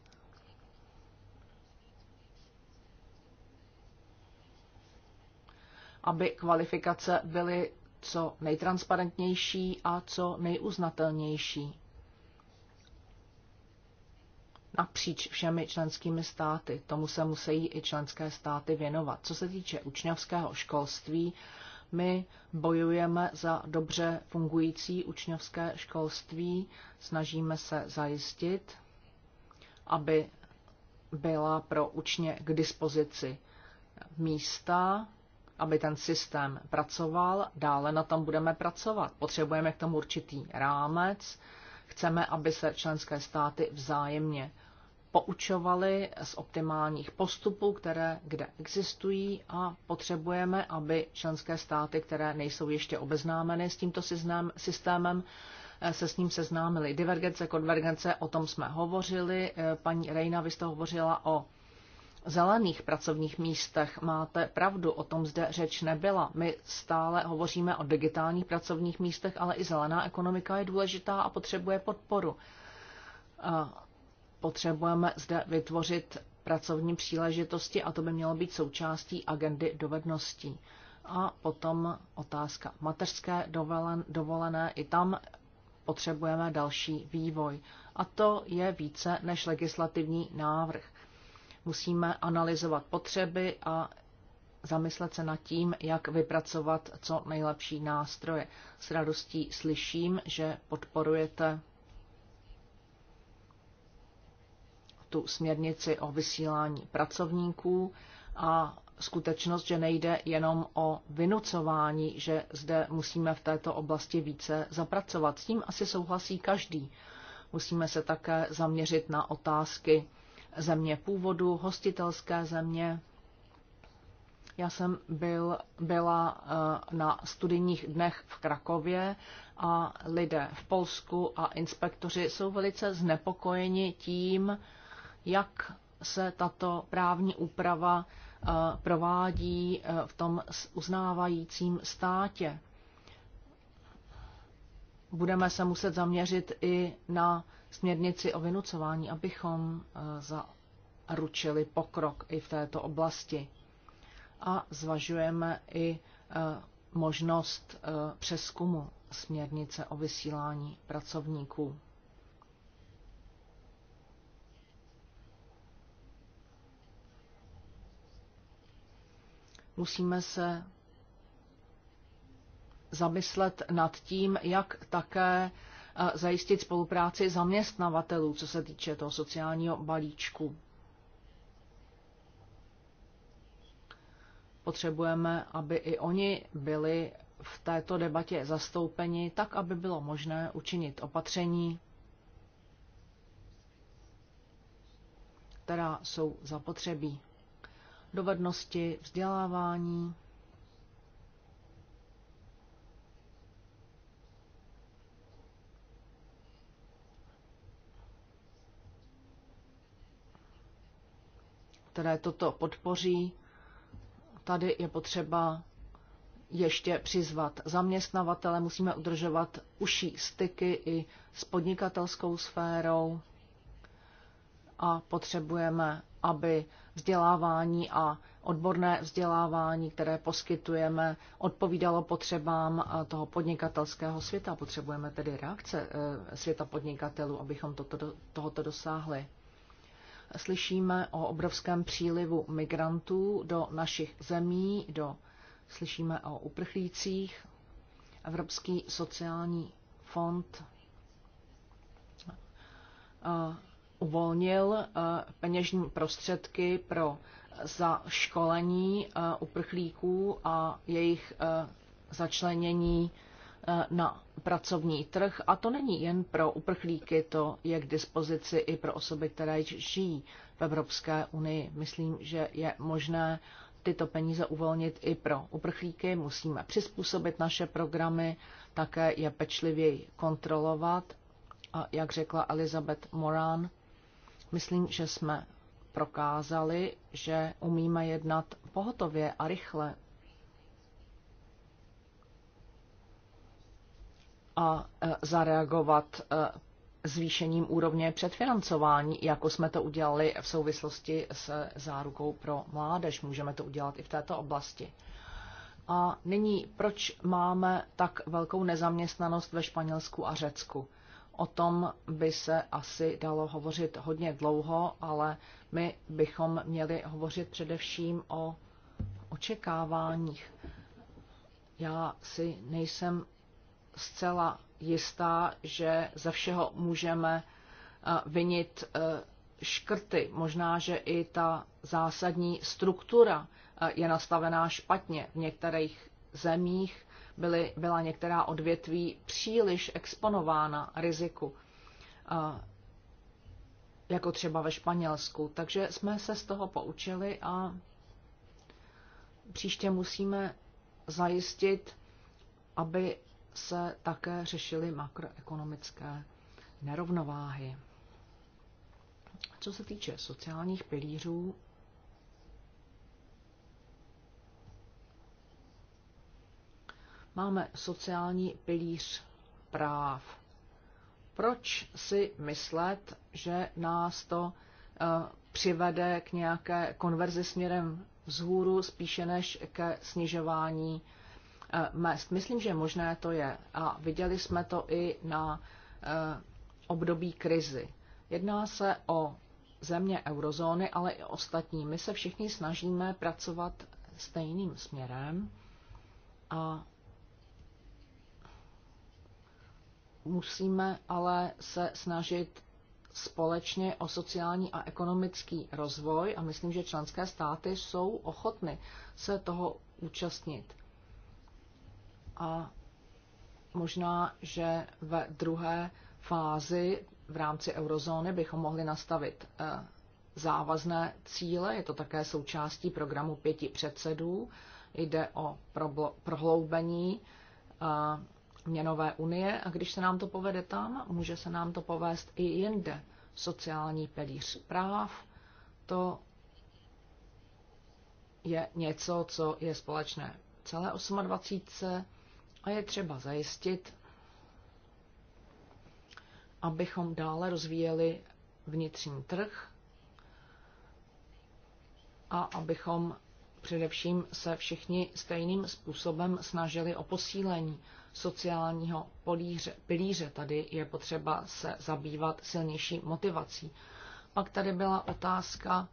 aby kvalifikace byly co nejtransparentnější a co nejuznatelnější napříč všemi členskými státy. Tomu se musí i členské státy věnovat. Co se týče učňovského školství, my bojujeme za dobře fungující učňovské školství, snažíme se zajistit, aby byla pro učně k dispozici místa, aby ten systém pracoval, dále na tom budeme pracovat. Potřebujeme k tomu určitý rámec, chceme, aby se členské státy vzájemně poučovali z optimálních postupů, které kde existují a potřebujeme, aby členské státy, které nejsou ještě obeznámeny s tímto systémem, eh, se s ním seznámili. Divergence, konvergence, o tom jsme hovořili. Eh, paní Rejna, vy jste hovořila o zelených pracovních místech. Máte pravdu, o tom zde řeč nebyla. My stále hovoříme o digitálních pracovních místech, ale i zelená ekonomika je důležitá a potřebuje podporu. Eh, potřebujeme zde vytvořit pracovní příležitosti a to by mělo být součástí agendy dovedností. A potom otázka mateřské dovolené. I tam potřebujeme další vývoj. A to je více než legislativní návrh. Musíme analyzovat potřeby a zamyslet se nad tím, jak vypracovat co nejlepší nástroje. S radostí slyším, že podporujete tu směrnici o vysílání pracovníků a skutečnost, že nejde jenom o vynucování, že zde musíme v této oblasti více zapracovat. S tím asi souhlasí každý. Musíme se také zaměřit na otázky země původu, hostitelské země. Já jsem byl, byla eh, na studijních dnech v Krakově a lidé v Polsku a inspektoři jsou velice znepokojeni tím, jak se tato právní úprava eh, provádí eh, v tom uznávajícím státě. Budeme se muset zaměřit i na směrnici o vynucování, abychom eh, zaručili pokrok i v této oblasti. A zvažujeme i možnost přeskumu směrnice o vysílání pracovníků. Musíme se zamyslet nad tím, jak také eh, zajistit spolupráci zaměstnavatelů, co se týče toho sociálního balíčku. Potřebujeme, aby i oni byli v této debatě zastoupeni, tak aby bylo možné učinit opatření, která jsou zapotřebí dovednosti, vzdělávání. které toto podpoří. Tady je potřeba ještě přizvat zaměstnavatele, musíme udržovat užší styky i s podnikatelskou sférou a potřebujeme, aby vzdělávání a odborné vzdělávání, které poskytujeme, odpovídalo potřebám eh, toho podnikatelského světa. Potřebujeme tedy reakce eh, světa podnikatelů, abychom toto, tohoto dosáhli. Slyšíme o obrovském přílivu migrantů do našich zemí, do, slyšíme o uprchlících. Evropský sociální fond eh, uvolnil eh, peněžní prostředky pro za školení eh, uprchlíků a jejich eh, začlenění na pracovní trh. A to není jen pro uprchlíky, to je k dispozici i pro osoby, které žijí v Evropské unii. Myslím, že je možné tyto peníze uvolnit i pro uprchlíky. Musíme přizpůsobit naše programy, také je pečlivěji kontrolovat. A jak řekla Elizabeth Moran, Myslím, že jsme prokázali, že umíme jednat pohotově a rychle. A e, zareagovat e, zvýšením úrovně předfinancování, jako jsme to udělali v souvislosti s zárukou pro mládež. Můžeme to udělat i v této oblasti. A nyní, proč máme tak velkou nezaměstnanost ve Španělsku a Řecku? O tom by se asi dalo hovořit hodně dlouho, ale my bychom měli hovořit především o očekáváních. Já si nejsem zcela jistá, že ze všeho můžeme eh, vinit eh, škrty. Možná, že i ta zásadní struktura eh, je nastavená špatně. V některých zemích byly, byla některá odvětví příliš exponována riziku, jako třeba ve Španělsku. Takže jsme se z toho poučili a příště musíme zajistit, aby se také řešily makroekonomické nerovnováhy. Co se týče sociálních pilířů, Máme sociální pilíř práv. Proč si myslet, že nás to eh, přivede k nějaké konverzi směrem vzhůru spíše než ke snižování eh, mest. Myslím, že možné to je a viděli jsme to i na eh, období krizi. Jedná se o země eurozóny, ale i ostatní. My se všichni snažíme pracovat stejným směrem a Musíme ale se snažit společně o sociální a ekonomický rozvoj a myslím, že členské státy jsou ochotny se toho účastnit. A možná, že ve druhé fázi v rámci eurozóny bychom mohli nastavit eh, závazné cíle. Je to také součástí programu pěti předsedů. Jde o prohloubení eh, měnové unie a když se nám to povede tam, může se nám to povést i jinde. Sociální pilíř práv, to je něco, co je společné celé 28 a je třeba zajistit, abychom dále rozvíjeli vnitřní trh a abychom především se všichni stejným způsobem snažili o posílení sociálního políře, pilíře. Tady je potřeba se zabývat silnější motivací. Pak tady byla otázka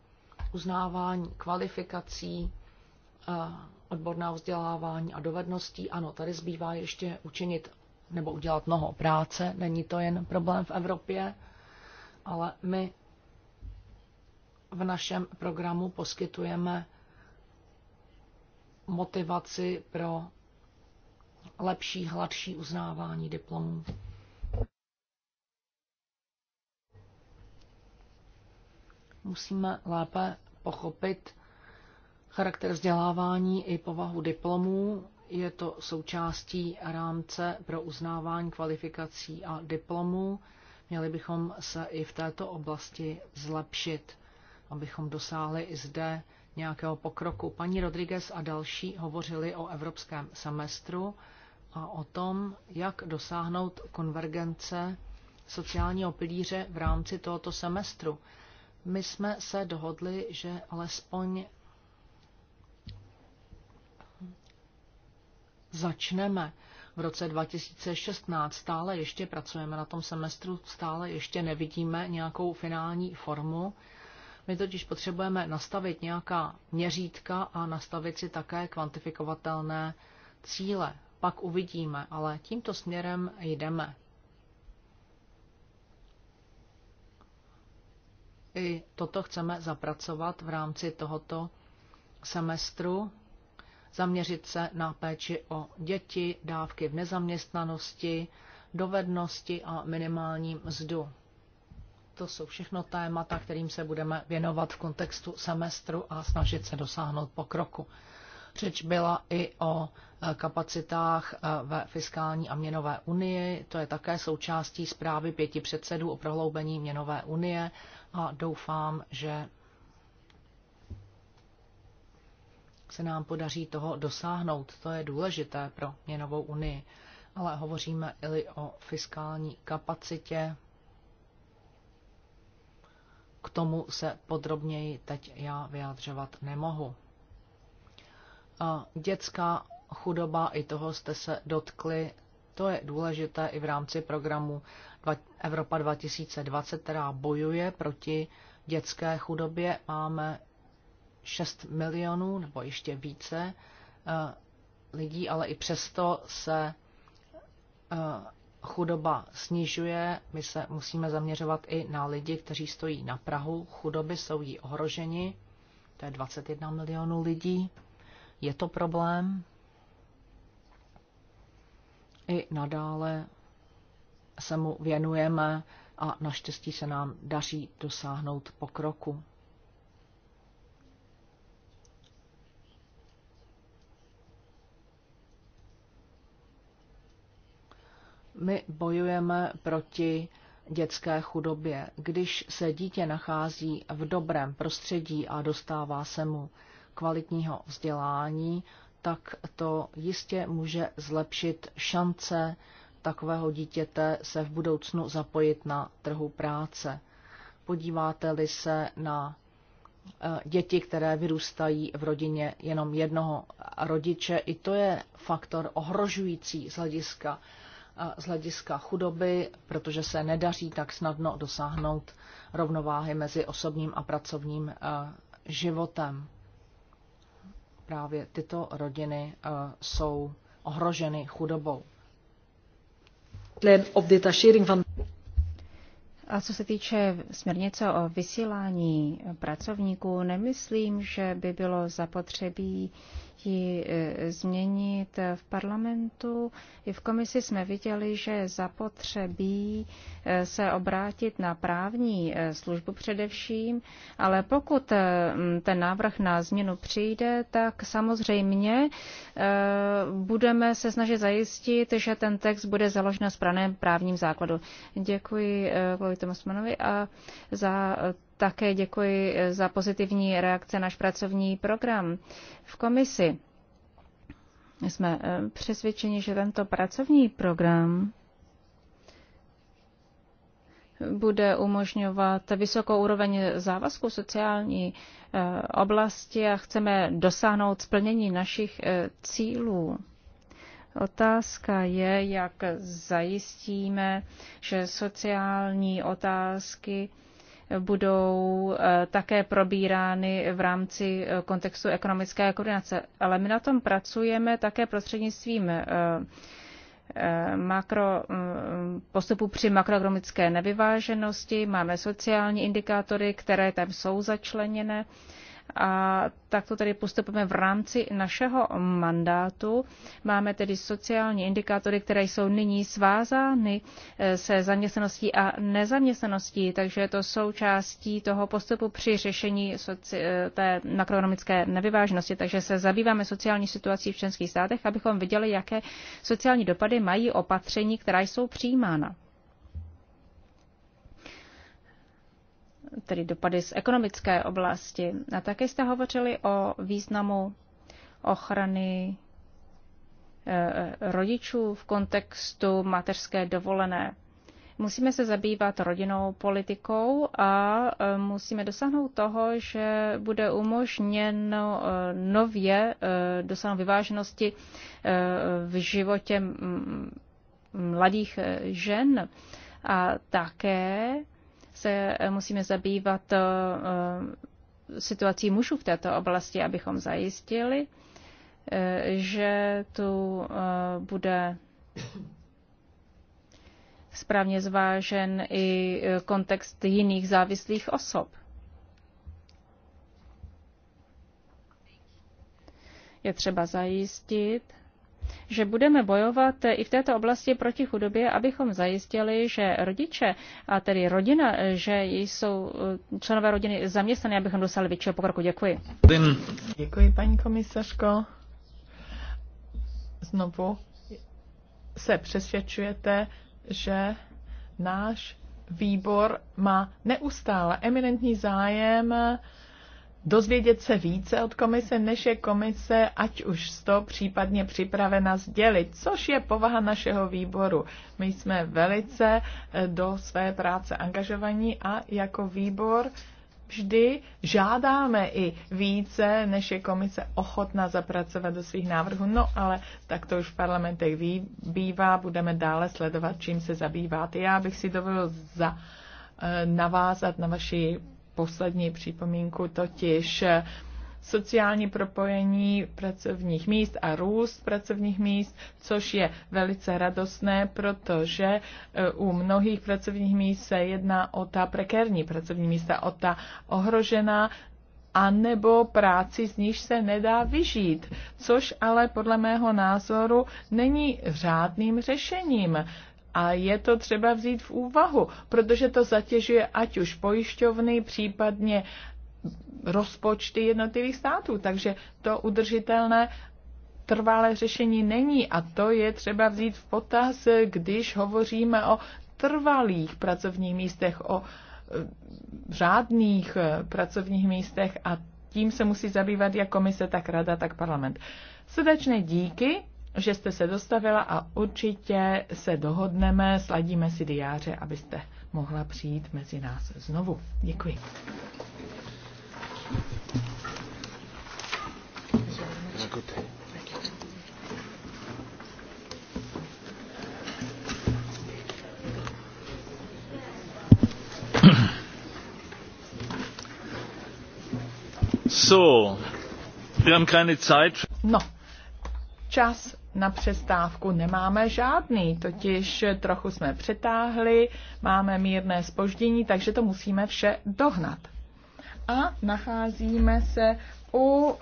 uznávání kvalifikací, eh, odborného vzdělávání a dovedností. Ano, tady zbývá ještě učinit nebo udělat mnoho práce. Není to jen problém v Evropě, ale my v našem programu poskytujeme motivaci pro lepší, hladší uznávání diplomů. Musíme lépe pochopit charakter vzdělávání i povahu diplomů. Je to součástí rámce pro uznávání kvalifikací a diplomů. Měli bychom se i v této oblasti zlepšit, abychom dosáhli i zde nějakého pokroku. Paní Rodriguez a další hovořili o evropském semestru a o tom, jak dosáhnout konvergence sociálního pilíře v rámci tohoto semestru. My jsme se dohodli, že alespoň začneme v roce 2016. Stále ještě pracujeme na tom semestru, stále ještě nevidíme nějakou finální formu. My totiž potřebujeme nastavit nějaká měřítka a nastavit si také kvantifikovatelné cíle pak uvidíme, ale tímto směrem jdeme. I toto chceme zapracovat v rámci tohoto semestru, zaměřit se na péči o děti, dávky v nezaměstnanosti, dovednosti a minimální mzdu. To jsou všechno témata, kterým se budeme věnovat v kontextu semestru a snažit se dosáhnout pokroku. Řeč byla i o e, kapacitách e, ve fiskální a měnové unii. To je také součástí zprávy pěti předsedů o prohloubení měnové unie a doufám, že se nám podaří toho dosáhnout. To je důležité pro měnovou unii. Ale hovoříme i o fiskální kapacitě. K tomu se podrobněji teď já vyjadřovat nemohu. A dětská chudoba, i toho jste se dotkli, to je důležité i v rámci programu Evropa 2020, která bojuje proti dětské chudobě. Máme 6 milionů nebo ještě více eh, lidí, ale i přesto se eh, chudoba snižuje. My se musíme zaměřovat i na lidi, kteří stojí na Prahu. Chudoby jsou jí ohroženi. To je 21 milionů lidí. Je to problém. I nadále se mu věnujeme a naštěstí se nám daří dosáhnout pokroku. My bojujeme proti dětské chudobě. Když se dítě nachází v dobrém prostředí a dostává se mu kvalitního vzdělání, tak to jistě může zlepšit šance takového dítěte se v budoucnu zapojit na trhu práce. Podíváte-li se na e, děti, které vyrůstají v rodině jenom jednoho rodiče, i to je faktor ohrožující z hlediska, e, z hlediska chudoby, protože se nedaří tak snadno dosáhnout rovnováhy mezi osobním a pracovním e, životem právě tyto rodiny eh, jsou ohroženy chudobou. A co se týče směrnice o vysílání pracovníků, nemyslím, že by bylo zapotřebí ji e, změnit v parlamentu. I v komisi jsme viděli, že zapotřebí e, se obrátit na právní e, službu především, ale pokud ten návrh na změnu přijde, tak samozřejmě budeme se snažit zajistit, že ten text bude založen na správném právním základu. Děkuji Klovi Smanovi a za také děkuji eh, za pozitivní reakce naš pracovní program v komisi. Jsme eh, přesvědčeni, že tento pracovní program bude umožňovat vysokou úroveň závazku sociální eh, oblasti a chceme dosáhnout splnění našich cílů. Otázka je, jak zajistíme, že sociální otázky budou eh, také probírány v rámci eh, kontextu ekonomické koordinace. Ale my na tom pracujeme také prostřednictvím eh, makro, mm, postupu při makroekonomické nevyváženosti. Máme sociální indikátory, které tam jsou začleněné a takto tedy postupujeme v rámci našeho mandátu. Máme tedy sociální indikátory, které jsou nyní svázány eh, se zaměstnaností a nezaměstnaností, takže je to součástí toho postupu při řešení eh, té makroekonomické nevyvážnosti. Takže se zabýváme sociální situací v členských státech, abychom viděli, jaké sociální dopady mají opatření, která jsou přijímána. tedy dopady z ekonomické oblasti. A také jste hovořili o významu ochrany eh, rodičů v kontextu mateřské dovolené. Musíme se zabývat rodinnou politikou a eh, musíme dosáhnout toho, že bude umožněno eh, nově dosáhnout vyváženosti v životě mm, mladých žen a také se eh, musíme zabývat eh, eh, situací mužů v této oblasti, abychom zajistili, že tu bude správně zvážen i kontext jiných závislých osob. Je třeba zajistit, že budeme bojovat i v této oblasti proti chudobě, abychom zajistili, že rodiče, a tedy rodina, že jsou eh, členové rodiny zaměstnané, abychom dosáhli většího pokroku. Děkuji. Děkuji, paní komisařko. Znovu se přesvědčujete, že náš výbor má neustále eminentní zájem dozvědět se více od komise, než je komise, ať už z to případně připravena sdělit, což je povaha našeho výboru. My jsme velice eh, do své práce angažovaní a jako výbor vždy žádáme i více, než je komise ochotná zapracovat do svých návrhů. No ale tak to už v parlamentech bývá, budeme dále sledovat, čím se zabýváte. Já bych si dovolil za, eh, navázat na vaši poslední připomínku, totiž sociální propojení pracovních míst a růst pracovních míst, což je velice radostné, protože eh, u mnohých pracovních míst se jedná o ta prekérní pracovní místa, o ta ohrožená anebo práci, z níž se nedá vyžít, což ale podle mého názoru není řádným řešením. A je to třeba vzít v úvahu, protože to zatěžuje ať už pojišťovny, případně rozpočty jednotlivých států. Takže to udržitelné trvalé řešení není a to je třeba vzít v potaz, když hovoříme o trvalých pracovních místech, o e, řádných e, pracovních místech a tím se musí zabývat jak komise, tak rada, tak parlament. Srdečné díky že jste se dostavila a určitě se dohodneme, sladíme si diáře, abyste mohla přijít mezi nás znovu. Děkuji. Děkuji. So, wir haben keine Zeit. No, čas na přestávku nemáme žádný, totiž trochu jsme přetáhli, máme mírné spoždění, takže to musíme vše dohnat. A nacházíme se u uh,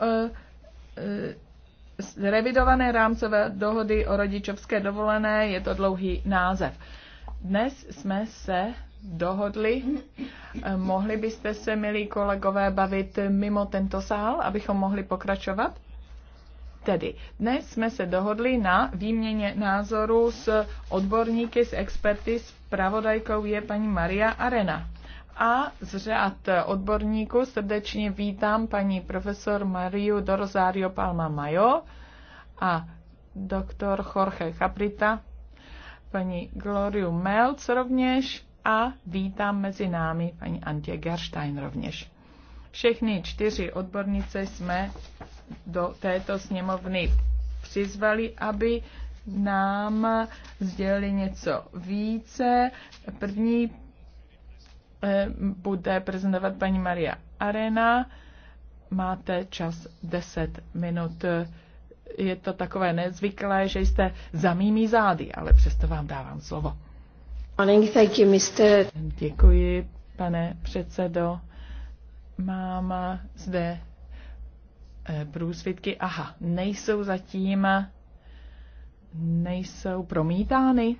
uh, revidované rámcové dohody o rodičovské dovolené, je to dlouhý název. Dnes jsme se dohodli. E, mohli byste se, milí kolegové, bavit mimo tento sál, abychom mohli pokračovat? Tedy dnes jsme se dohodli na výměně názoru s odborníky, s experty, s pravodajkou je paní Maria Arena. A z řad odborníků srdečně vítám paní profesor Mariu Dorozario Palma Mayo a doktor Jorge Caprita, paní Gloriu Melc rovněž a vítám mezi námi paní Antje Gerstein rovněž. Všechny čtyři odbornice jsme do této sněmovny přizvali, aby nám sdělili něco více. První eh, bude prezentovat paní Maria Arena. Máte čas 10 minut. Je to takové nezvyklé, že jste za mými zády, ale přesto vám dávám slovo. thank you, Děkuji, pane předsedo. Mám zde eh, průsvitky. Aha, nejsou zatím nejsou promítány.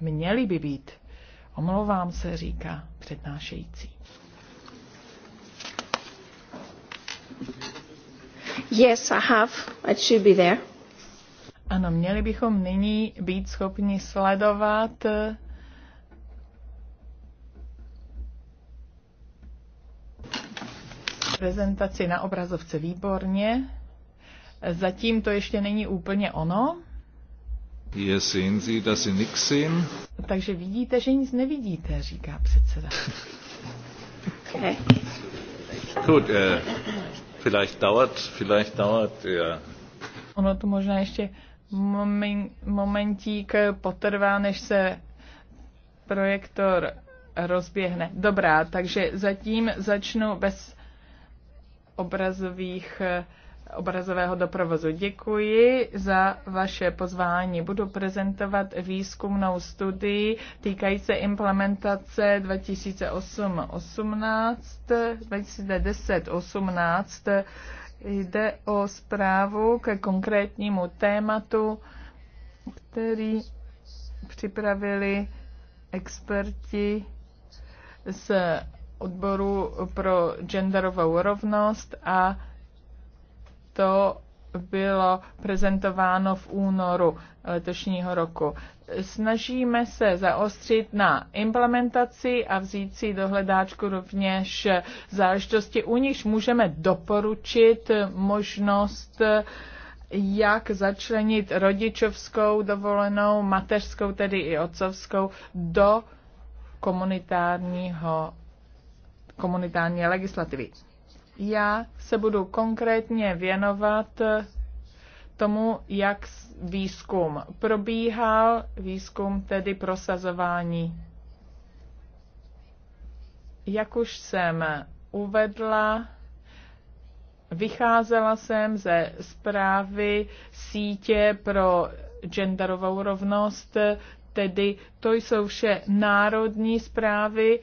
Měly by být. Omlouvám se, říká přednášející. Yes, I have. It should be there. Ano, měli bychom nyní být schopni sledovat eh, prezentaci na obrazovce výborně. Zatím to ještě není úplně ono. Hier sehen Sie, dass Sie nix sehen. Takže vidíte, že nic nevidíte, říká předseda. Gut, äh, vielleicht dauert, vielleicht dauert, ja. Ono to možná ještě momen, momentík potrvá, než se projektor rozběhne. Dobrá, takže zatím začnu bez obrazových eh, obrazového doprovozu. Děkuji za vaše pozvání. Budu prezentovat výzkumnou studii týkající implementace 2008-18, 2010-18. Jde o zprávu ke konkrétnímu tématu, který připravili experti z odboru pro genderovou rovnost a to bylo prezentováno v únoru letošního roku. Snažíme se zaostřit na implementaci a vzít si do hledáčku rovněž záležitosti, u nichž můžeme doporučit možnost jak začlenit rodičovskou dovolenou, mateřskou, tedy i otcovskou, do komunitárního komunitární legislativy. Já se budu konkrétně věnovat tomu, jak výzkum probíhal, výzkum tedy prosazování. Jak už jsem uvedla, vycházela jsem ze zprávy sítě pro genderovou rovnost, tedy to jsou vše národní zprávy,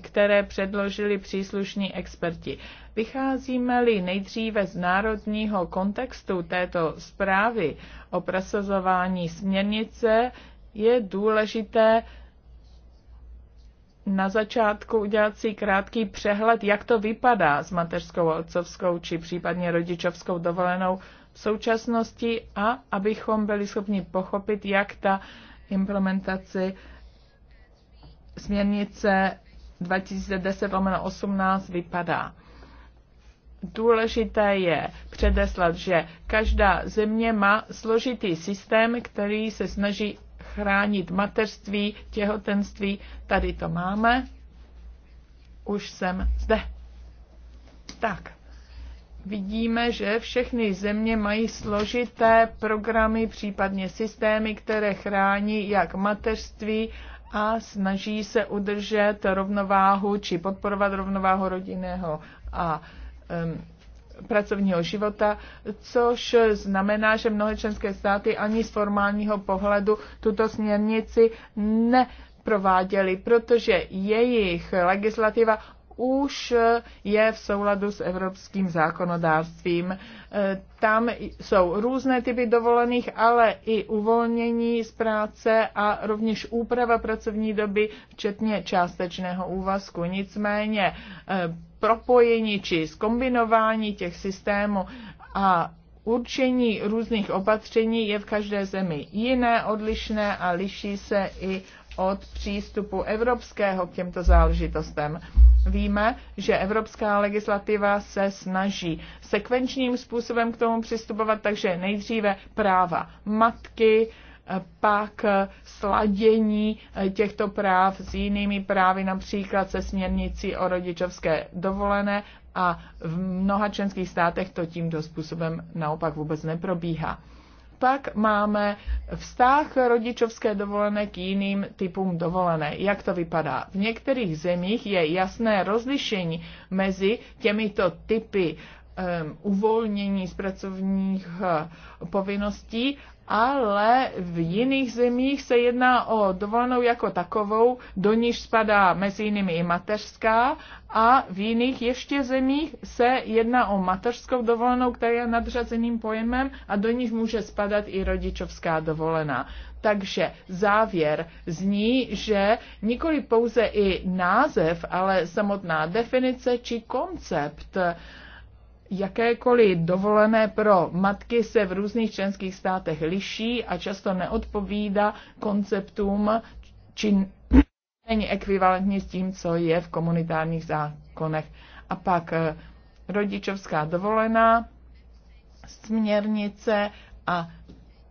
které předložili příslušní experti. Vycházíme-li nejdříve z národního kontextu této zprávy o prosazování směrnice, je důležité na začátku udělat si krátký přehled, jak to vypadá s mateřskou, otcovskou či případně rodičovskou dovolenou v současnosti a abychom byli schopni pochopit, jak ta implementaci směrnice 2010-18 vypadá. Důležité je předeslat, že každá země má složitý systém, který se snaží chránit mateřství, těhotenství. Tady to máme. Už jsem zde. Tak. Vidíme, že všechny země mají složité programy, případně systémy, které chrání jak mateřství a snaží se udržet rovnováhu či podporovat rovnováhu rodinného a um, pracovního života, což znamená, že mnohé členské státy ani z formálního pohledu tuto směrnici ne prováděli, protože jejich legislativa už je v souladu s evropským zákonodárstvím. E, tam jsou různé typy dovolených, ale i uvolnění z práce a rovněž úprava pracovní doby, včetně částečného úvazku. Nicméně e, propojení či zkombinování těch systémů a určení různých opatření je v každé zemi jiné, odlišné a liší se i od přístupu evropského k těmto záležitostem. Víme, že evropská legislativa se snaží sekvenčním způsobem k tomu přistupovat, takže nejdříve práva matky, pak sladění těchto práv s jinými právy, například se směrnicí o rodičovské dovolené a v mnoha členských státech to tímto způsobem naopak vůbec neprobíhá. Pak máme vztah rodičovské dovolené k jiným typům dovolené. Jak to vypadá? V některých zemích je jasné rozlišení mezi těmito typy um, uvolnění z pracovních uh, povinností ale v jiných zemích se jedná o dovolenou jako takovou, do níž spadá mezi jinými i mateřská a v jiných ještě zemích se jedná o mateřskou dovolenou, která je nadřazeným pojmem a do níž může spadat i rodičovská dovolená. Takže závěr zní, že nikoli pouze i název, ale samotná definice či koncept uh, Jakékoliv dovolené pro matky se v různých členských státech liší a často neodpovídá konceptům či není ekvivalentní s tím, co je v komunitárních zákonech. A pak eh, rodičovská dovolená, směrnice a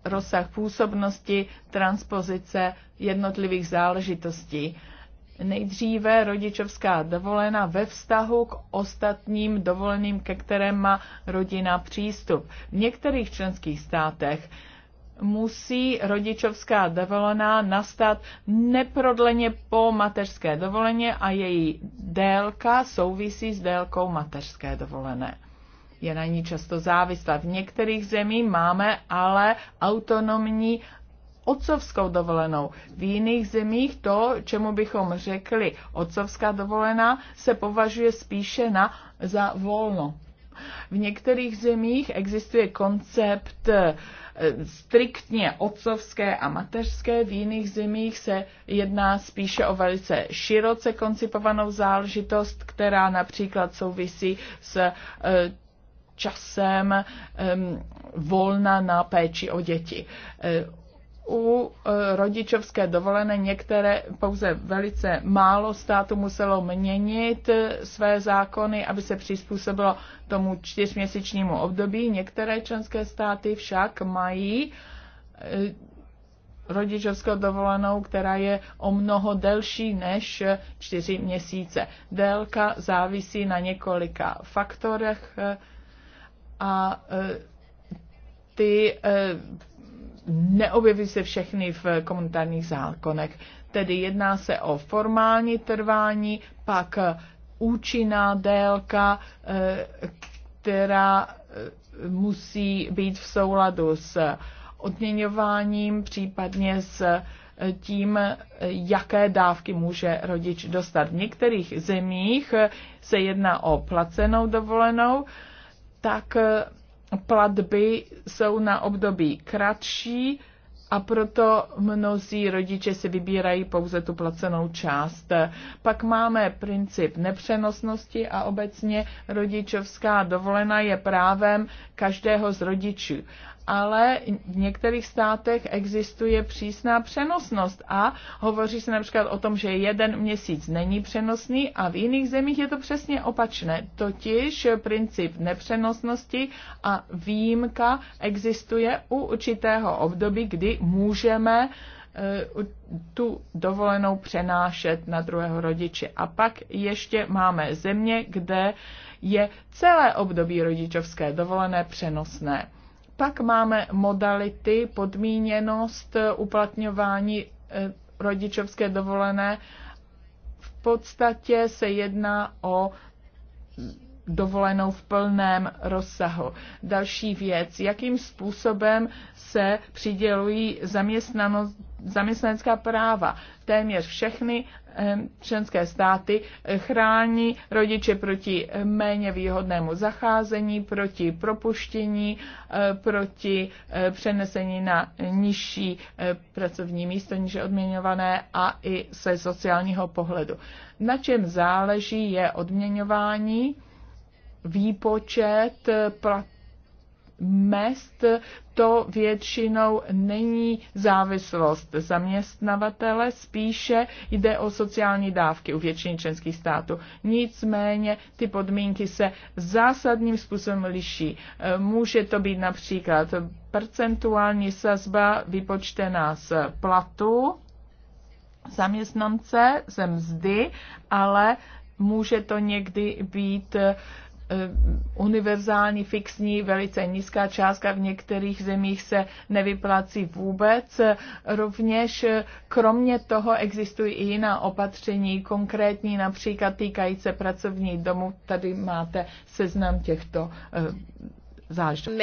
rozsah působnosti, transpozice jednotlivých záležitostí nejdříve rodičovská dovolená ve vztahu k ostatním dovoleným, ke kterém má rodina přístup. V některých členských státech musí rodičovská dovolená nastat neprodleně po mateřské dovoleně a její délka souvisí s délkou mateřské dovolené. Je na ní často závislá. V některých zemích máme ale autonomní otcovskou dovolenou. V jiných zemích to, čemu bychom řekli otcovská dovolená, se považuje spíše na, za volno. V některých zemích existuje koncept eh, striktně otcovské a mateřské, v jiných zemích se jedná spíše o velice široce koncipovanou záležitost, která například souvisí s eh, časem volna na péči o děti eh, u e, rodičovské dovolené některé, pouze velice málo států muselo měnit e, své zákony, aby se přizpůsobilo tomu čtyřměsíčnímu období. Některé členské státy však mají e, rodičovskou dovolenou, která je o mnoho delší než čtyři měsíce. Délka závisí na několika faktorech a ty neobjeví se všechny v komunitárních zákonech. Tedy jedná se o formální trvání, pak účinná délka, eh, která eh, musí být v souladu s odměňováním, případně s eh, tím, jaké dávky může rodič dostat. V některých zemích se jedná o placenou dovolenou, tak platby jsou na období kratší a proto mnozí rodiče si vybírají pouze tu placenou část. Pak máme princip nepřenosnosti a obecně rodičovská dovolena je právem každého z rodičů ale v některých státech existuje přísná přenosnost a hovoří se například o tom, že jeden měsíc není přenosný a v jiných zemích je to přesně opačné. Totiž princip nepřenosnosti a výjimka existuje u určitého období, kdy můžeme eh, tu dovolenou přenášet na druhého rodiče. A pak ještě máme země, kde je celé období rodičovské dovolené přenosné. Pak máme modality, podmíněnost uplatňování e, rodičovské dovolené. V podstatě se jedná o dovolenou v plném rozsahu. Další věc, jakým způsobem se přidělují zaměstnanecká práva. Téměř všechny ehm, členské státy chrání rodiče proti ehm, méně výhodnému zacházení, proti propuštění, ehm, proti přenesení na nižší pracovní místo, níže odměňované a i se sociálního pohledu. Na čem záleží je odměňování výpočet plat mest to většinou není závislost zaměstnavatele, spíše jde o sociální dávky u většiny členských států. Nicméně ty podmínky se zásadním způsobem liší. Může to být například percentuální sazba vypočtená z platu zaměstnance, ze mzdy, ale může to někdy být Eh, univerzální, fixní, velice nízká částka, v některých zemích se nevyplácí vůbec. Rovněž eh, kromě toho existují i jiná opatření, konkrétní například týkající pracovní domu. Tady máte seznam těchto eh, zážitků.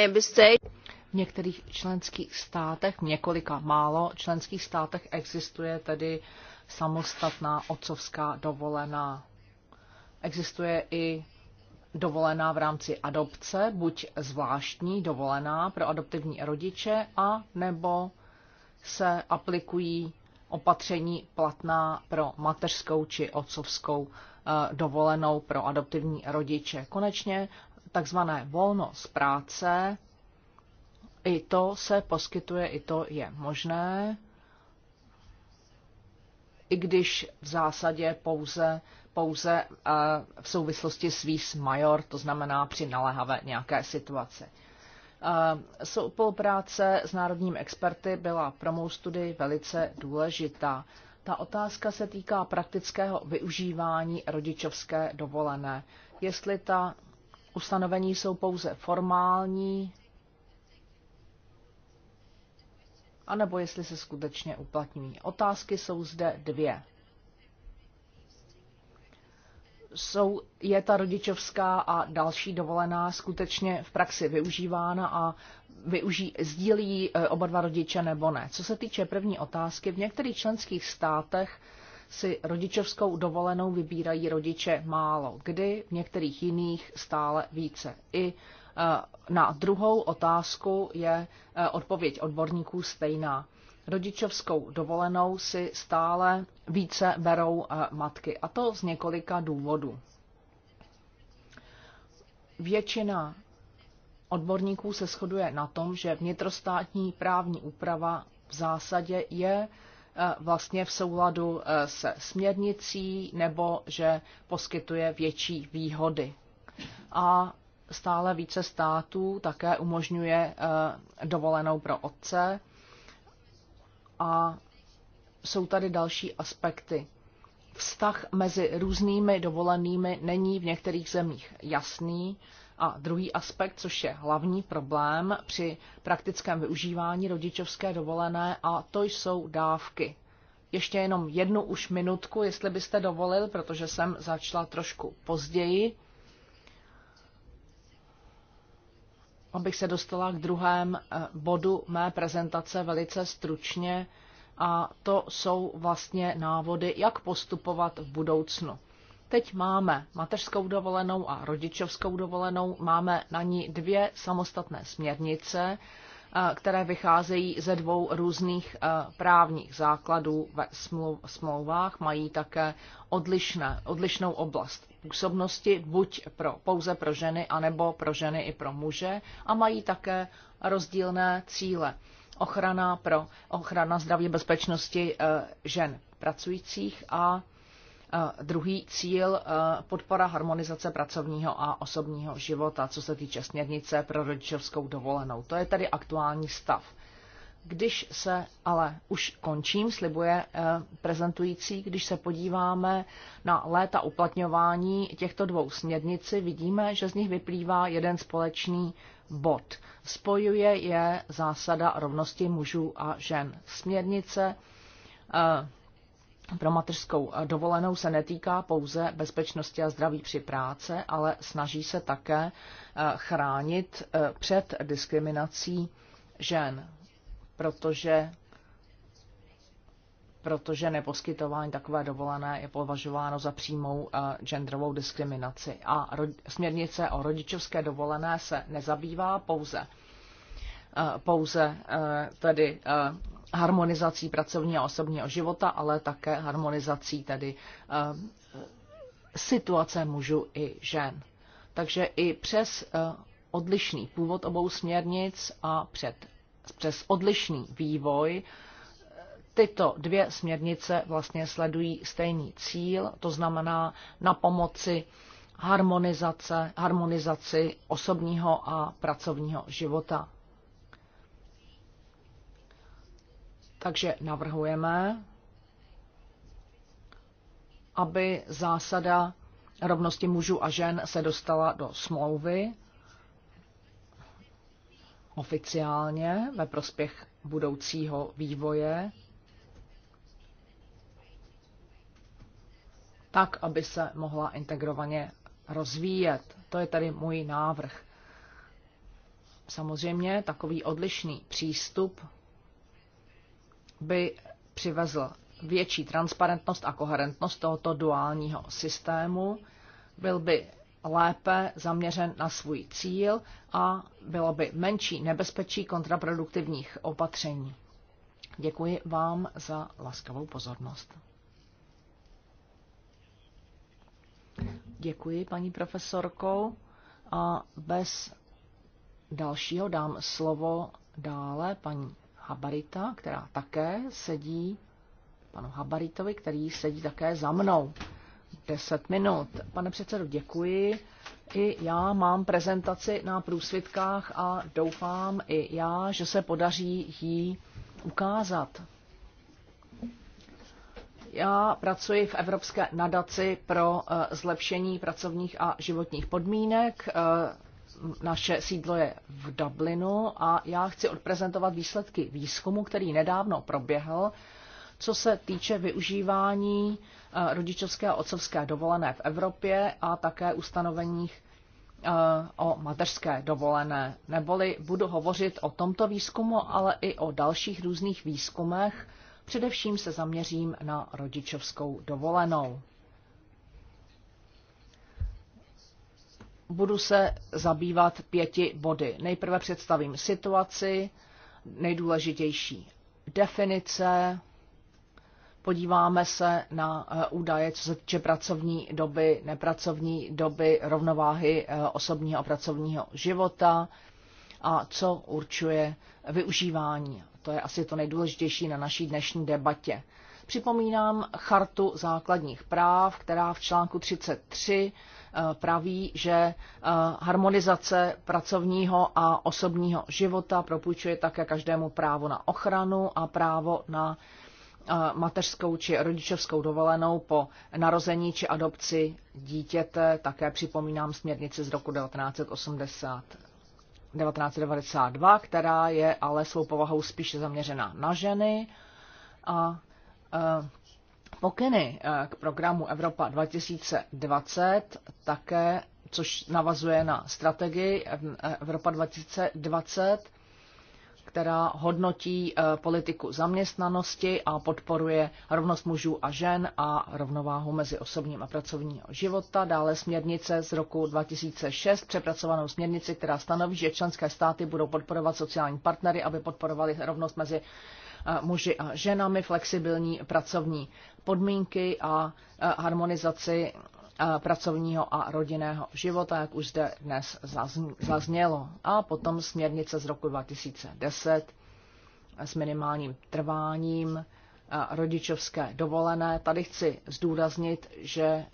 V některých členských státech, několika málo členských státech existuje tedy samostatná otcovská dovolená. Existuje i dovolená v rámci adopce, buď zvláštní dovolená pro adoptivní rodiče, a nebo se aplikují opatření platná pro mateřskou či otcovskou eh, dovolenou pro adoptivní rodiče. Konečně takzvané volno z práce, i to se poskytuje, i to je možné, i když v zásadě pouze pouze eh, v souvislosti s vis major, to znamená při naléhavé nějaké situaci. Eh, spolupráce s národním experty byla pro mou studii velice důležitá. Ta otázka se týká praktického využívání rodičovské dovolené. Jestli ta ustanovení jsou pouze formální, anebo jestli se skutečně uplatňují. Otázky jsou zde dvě jsou, je ta rodičovská a další dovolená skutečně v praxi využívána a využí, sdílí eh, oba dva rodiče nebo ne. Co se týče první otázky, v některých členských státech si rodičovskou dovolenou vybírají rodiče málo, kdy v některých jiných stále více. I eh, na druhou otázku je eh, odpověď odborníků stejná. Rodičovskou dovolenou si stále více berou eh, matky. A to z několika důvodů. Většina odborníků se shoduje na tom, že vnitrostátní právní úprava v zásadě je eh, vlastně v souladu eh, se směrnicí nebo že poskytuje větší výhody. A stále více států také umožňuje dovolenou pro otce a jsou tady další aspekty. Vztah mezi různými dovolenými není v některých zemích jasný. A druhý aspekt, což je hlavní problém při praktickém využívání rodičovské dovolené, a to jsou dávky. Ještě jenom jednu už minutku, jestli byste dovolil, protože jsem začala trošku později. Abych se dostala k druhém eh, bodu mé prezentace velice stručně, a to jsou vlastně návody, jak postupovat v budoucnu. Teď máme mateřskou dovolenou a rodičovskou dovolenou, máme na ní dvě samostatné směrnice, eh, které vycházejí ze dvou různých eh, právních základů ve smlouvách, mají také odlišné, odlišnou oblast působnosti, buď pro, pouze pro ženy, anebo pro ženy i pro muže, a mají také rozdílné cíle ochrana pro ochrana zdraví bezpečnosti eh, žen pracujících a eh, Druhý cíl eh, podpora harmonizace pracovního a osobního života, co se týče směrnice pro rodičovskou dovolenou. To je tedy aktuální stav. Když se ale už končím, slibuje prezentující, když se podíváme na léta uplatňování těchto dvou směrnici, vidíme, že z nich vyplývá jeden společný bod. Spojuje je zásada rovnosti mužů a žen. Směrnice eh, pro mateřskou dovolenou se netýká pouze bezpečnosti a zdraví při práce, ale snaží se také eh, chránit eh, před diskriminací žen, protože protože neposkytování takové dovolené je považováno za přímou eh, genderovou diskriminaci. A směrnice o rodičovské dovolené se nezabývá pouze eh, pouze eh, tedy harmonizací pracovního a osobního života, ale také harmonizací tedy situace mužů i žen. Takže i přes odlišný původ obou směrnic a před, přes odlišný vývoj tyto dvě směrnice vlastně sledují stejný cíl, to znamená na pomoci harmonizace, harmonizaci osobního a pracovního života. Takže navrhujeme, aby zásada rovnosti mužů a žen se dostala do smlouvy oficiálně ve prospěch budoucího vývoje tak, aby se mohla integrovaně rozvíjet. To je tady můj návrh. Samozřejmě takový odlišný přístup by přivezl větší transparentnost a koherentnost tohoto duálního systému, byl by lépe zaměřen na svůj cíl a bylo by menší nebezpečí kontraproduktivních opatření. Děkuji vám za laskavou pozornost. Děkuji, paní profesorko. A bez dalšího dám slovo dále paní Habarita, která také sedí, panu Habaritovi, který sedí také za mnou. deset minut. Pane předsedo, děkuji. I já mám prezentaci na průsvitkách a doufám i já, že se podaří ji ukázat já pracuji v Evropské nadaci pro eh, zlepšení pracovních a životních podmínek. Eh, naše sídlo je v Dublinu a já chci odprezentovat výsledky výzkumu, který nedávno proběhl, co se týče využívání eh, rodičovské a otcovské dovolené v Evropě a také ustanoveních o mateřské dovolené. Neboli budu hovořit o tomto výzkumu, ale i o dalších různých výzkumech, Především se zaměřím na rodičovskou dovolenou. Budu se zabývat pěti body. Nejprve představím situaci, nejdůležitější definice, podíváme se na eh, údaje, co se týče pracovní doby, nepracovní doby, rovnováhy eh, osobního a pracovního života a co určuje využívání to je asi to nejdůležitější na naší dnešní debatě. Připomínám chartu základních práv, která v článku 33 eh, praví, že eh, harmonizace pracovního a osobního života propůjčuje také každému právo na ochranu a právo na eh, mateřskou či rodičovskou dovolenou po narození či adopci dítěte. Také připomínám směrnici z roku 1980. 1992, která je ale svou povahou spíše zaměřena na ženy. A eh, pokyny eh, k programu Evropa 2020 také, což navazuje na strategii Evropa 2020, která hodnotí eh, politiku zaměstnanosti a podporuje rovnost mužů a žen a rovnováhu mezi osobním a pracovním života. Dále směrnice z roku 2006, přepracovanou směrnici, která stanoví, že členské státy budou podporovat sociální partnery, aby podporovali rovnost mezi eh, muži a ženami, flexibilní pracovní podmínky a eh, harmonizaci Eh, pracovního a rodinného života, jak už zde dnes zaznělo. A potom směrnice z roku 2010 s minimálním trváním eh, rodičovské dovolené. Tady chci zdůraznit, že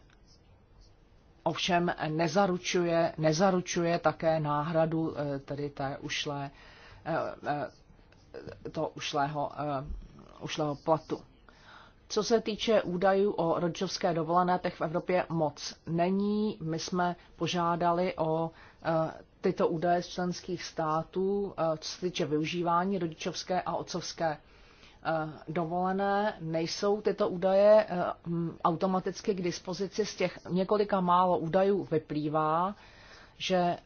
ovšem nezaručuje, nezaručuje také náhradu eh, tedy té ušlé, to ušlého, ušlého platu. Co se týče údajů o rodičovské dovolené, těch v Evropě moc není. My jsme požádali o e, tyto údaje z členských států, e, co se týče využívání rodičovské a otcovské e, dovolené, nejsou tyto údaje automaticky k dispozici. Z těch několika málo údajů vyplývá, že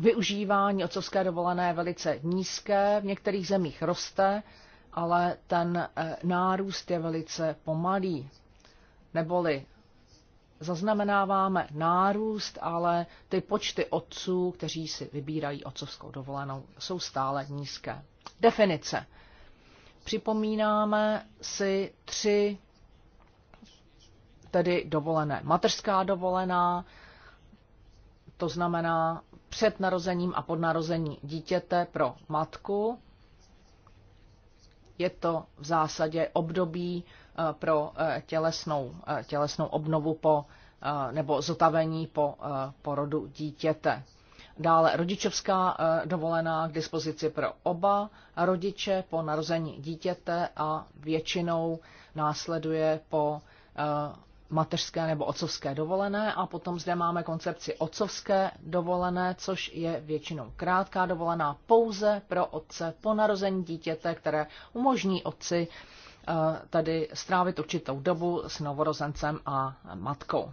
využívání otcovské dovolené je velice nízké, v některých zemích roste, ale ten eh, nárůst je velice pomalý. Neboli zaznamenáváme nárůst, ale ty počty otců, kteří si vybírají otcovskou dovolenou, jsou stále nízké. Definice. Připomínáme si tři tedy dovolené. Mateřská dovolená, to znamená před narozením a pod narozením dítěte pro matku, je to v zásadě období eh, pro eh, tělesnou, eh, tělesnou obnovu po, nebo zotavení po porodu dítěte. Dále rodičovská dovolená k dispozici pro oba rodiče po narození dítěte a většinou následuje po mateřské nebo otcovské dovolené a potom zde máme koncepci otcovské dovolené, což je většinou krátká dovolená pouze pro otce po narození dítěte, které umožní otci eh, tedy strávit určitou dobu s novorozencem a matkou.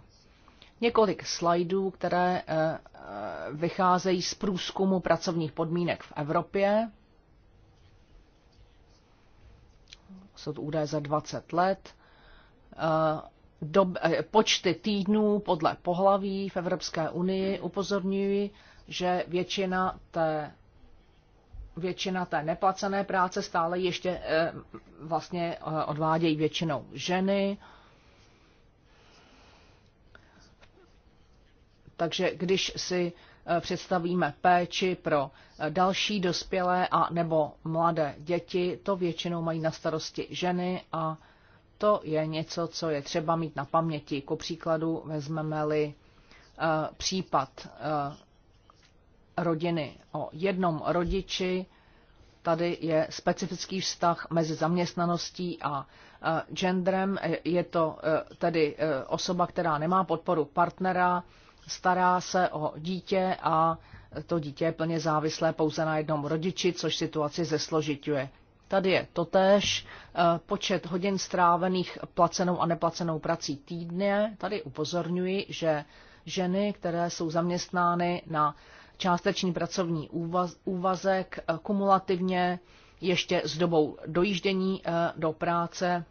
Několik slajdů, které eh, eh, vycházejí z průzkumu pracovních podmínek v Evropě. Jsou to údaje za 20 let do, eh, počty týdnů podle pohlaví v Evropské unii upozorňuji, že většina té, většina té neplacené práce stále ještě eh, vlastně eh, odvádějí většinou ženy. Takže když si představíme péči pro další dospělé a nebo mladé děti, to většinou mají na starosti ženy a to je něco, co je třeba mít na paměti. Ku příkladu vezmeme-li eh, případ eh, rodiny o jednom rodiči, tady je specifický vztah mezi zaměstnaností a eh, genderem. Je to tedy osoba, která nemá podporu partnera, stará se o dítě a to dítě je plně závislé pouze na jednom rodiči, což situaci zesložituje. Tady je totéž eh, počet hodin strávených placenou a neplacenou prací týdně. Tady upozorňuji, že ženy, které jsou zaměstnány na částečný pracovní úvaz, úvazek eh, kumulativně ještě s dobou dojíždění eh, do práce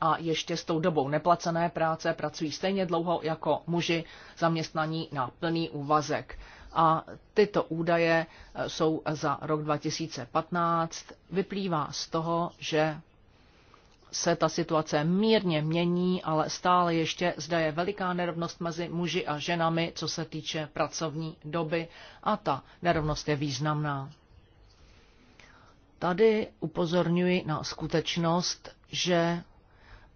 a ještě s tou dobou neplacené práce pracují stejně dlouho jako muži zaměstnaní na plný úvazek a tyto údaje eh, jsou za rok 2015. Vyplývá z toho, že se ta situace mírně mění, ale stále ještě zda je veliká nerovnost mezi muži a ženami, co se týče pracovní doby a ta nerovnost je významná. Tady upozorňuji na skutečnost, že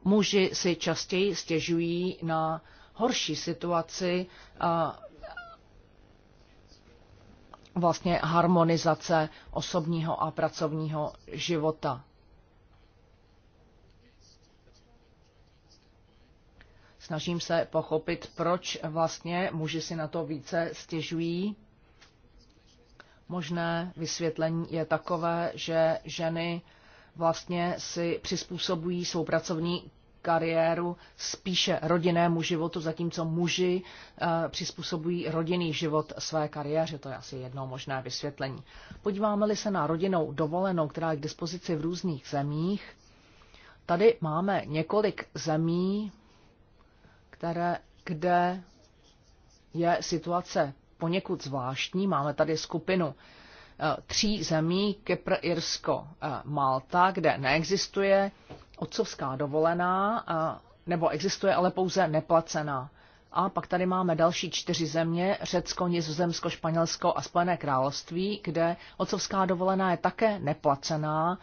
muži si častěji stěžují na horší situaci vlastně harmonizace osobního a pracovního života. Snažím se pochopit, proč vlastně muži si na to více stěžují. Možné vysvětlení je takové, že ženy vlastně si přizpůsobují svou pracovní kariéru spíše rodinnému životu, zatímco muži eh, přizpůsobují rodinný život své kariéře. To je asi jedno možné vysvětlení. Podíváme-li se na rodinnou dovolenou, která je k dispozici v různých zemích, tady máme několik zemí, které, kde je situace poněkud zvláštní. Máme tady skupinu eh, tří zemí, Kypr, Irsko, eh, Malta, kde neexistuje otcovská dovolená, nebo existuje ale pouze neplacená. A pak tady máme další čtyři země, Řecko, Nizozemsko, Španělsko a Spojené království, kde otcovská dovolená je také neplacená,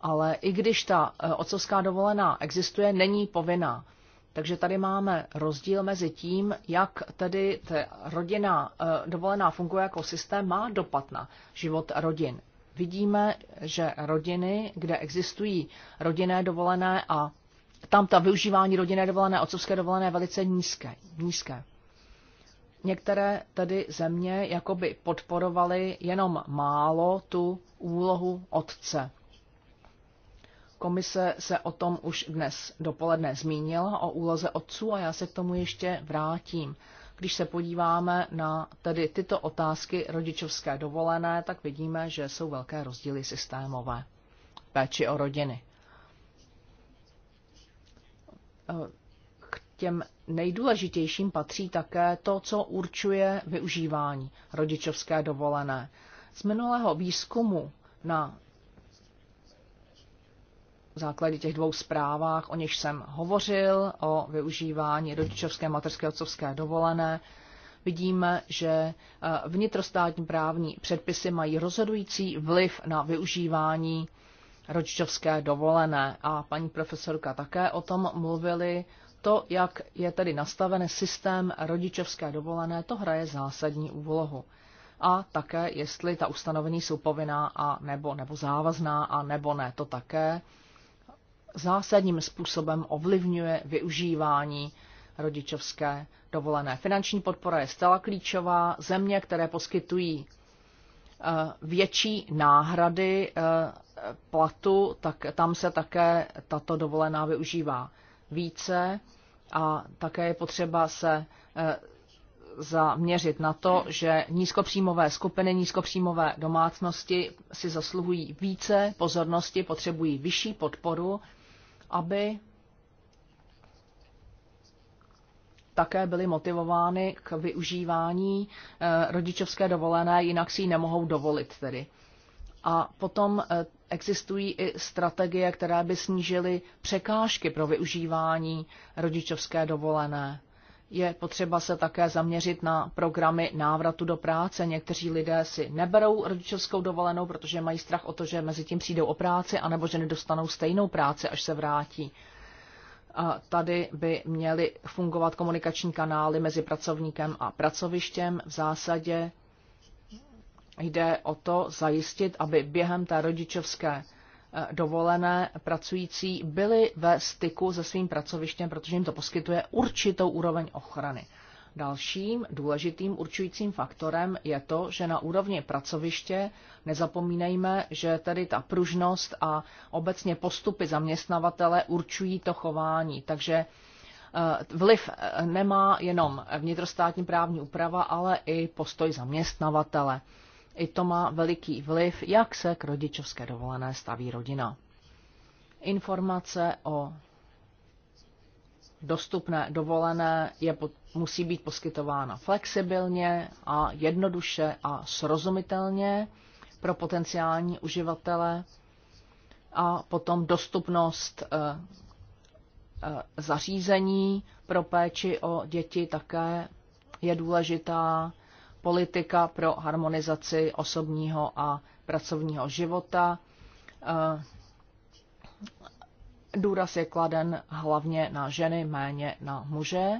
ale i když ta e, otcovská dovolená existuje, není povinná. Takže tady máme rozdíl mezi tím, jak tedy ta rodina e, dovolená funguje jako systém, má dopad na život rodin vidíme, že rodiny, kde existují rodinné dovolené a tam ta využívání rodinné dovolené, otcovské dovolené je velice nízké. nízké. Některé tedy země jakoby podporovaly jenom málo tu úlohu otce. Komise se o tom už dnes dopoledne zmínila, o úloze otců a já se k tomu ještě vrátím. Když se podíváme na tedy tyto otázky rodičovské dovolené, tak vidíme, že jsou velké rozdíly systémové péči o rodiny. K těm nejdůležitějším patří také to, co určuje využívání rodičovské dovolené. Z minulého výzkumu na základě těch dvou zprávách, o něž jsem hovořil, o využívání rodičovské, materské, otcovské dovolené, vidíme, že e, vnitrostátní právní předpisy mají rozhodující vliv na využívání rodičovské dovolené. A paní profesorka také o tom mluvili. To, jak je tedy nastaven systém rodičovské dovolené, to hraje zásadní úlohu. A také, jestli ta ustanovení jsou povinná a nebo, nebo závazná a nebo ne, to také zásadním způsobem ovlivňuje využívání rodičovské dovolené. Finanční podpora je zcela klíčová. Země, které poskytují eh, větší náhrady eh, platu, tak tam se také tato dovolená využívá více a také je potřeba se eh, zaměřit na to, že nízkopříjmové skupiny, nízkopříjmové domácnosti si zasluhují více pozornosti, potřebují vyšší podporu aby také byly motivovány k využívání eh, rodičovské dovolené, jinak si ji nemohou dovolit tedy. A potom eh, existují i strategie, které by snížily překážky pro využívání rodičovské dovolené je potřeba se také zaměřit na programy návratu do práce. Někteří lidé si neberou rodičovskou dovolenou, protože mají strach o to, že mezi tím přijdou o práci, anebo že nedostanou stejnou práci, až se vrátí. A tady by měly fungovat komunikační kanály mezi pracovníkem a pracovištěm. V zásadě jde o to zajistit, aby během té rodičovské Eh, dovolené pracující byli ve styku se svým pracovištěm, protože jim to poskytuje určitou úroveň ochrany. Dalším důležitým určujícím faktorem je to, že na úrovni pracoviště nezapomínejme, že tedy ta pružnost a obecně postupy zaměstnavatele určují to chování. Takže eh, vliv eh, nemá jenom vnitrostátní právní úprava, ale i postoj zaměstnavatele. I to má veliký vliv, jak se k rodičovské dovolené staví rodina. Informace o dostupné dovolené je, musí být poskytována flexibilně a jednoduše a srozumitelně pro potenciální uživatele a potom dostupnost eh, eh, zařízení pro péči o děti také je důležitá politika pro harmonizaci osobního a pracovního života. Eh, důraz je kladen hlavně na ženy, méně na muže.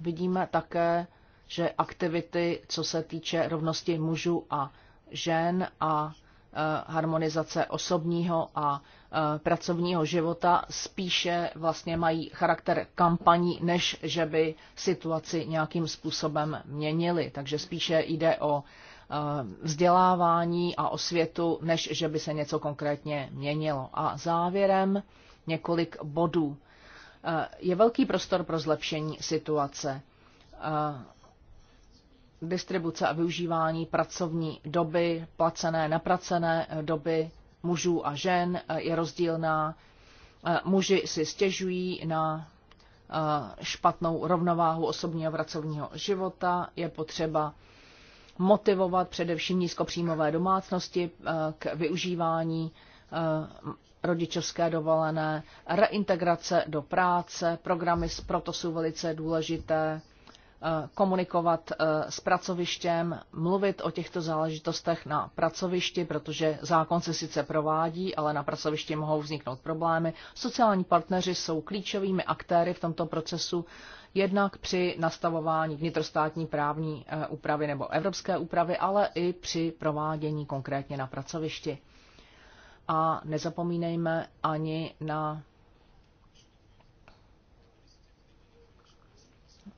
Vidíme také, že aktivity, co se týče rovnosti mužů a žen a eh, harmonizace osobního a Eh, pracovního života spíše vlastně mají charakter kampaní, než že by situaci nějakým způsobem měnili. Takže spíše jde o eh, vzdělávání a osvětu, než že by se něco konkrétně měnilo. A závěrem několik bodů. Eh, je velký prostor pro zlepšení situace. Distribuce a využívání pracovní doby, placené, napracené doby, mužů a žen eh, je rozdílná. Eh, muži si stěžují na eh, špatnou rovnováhu osobního a pracovního života. Je potřeba motivovat především nízkopříjmové domácnosti k využívání rodičovské dovolené, reintegrace do práce, programy proto jsou velice důležité, Eh, komunikovat eh, s pracovištěm, mluvit o těchto záležitostech na pracovišti, protože zákon se sice provádí, ale na pracovišti mohou vzniknout problémy. Sociální partneři jsou klíčovými aktéry v tomto procesu, jednak při nastavování vnitrostátní právní eh, úpravy nebo evropské úpravy, ale i při provádění konkrétně na pracovišti. A nezapomínejme ani na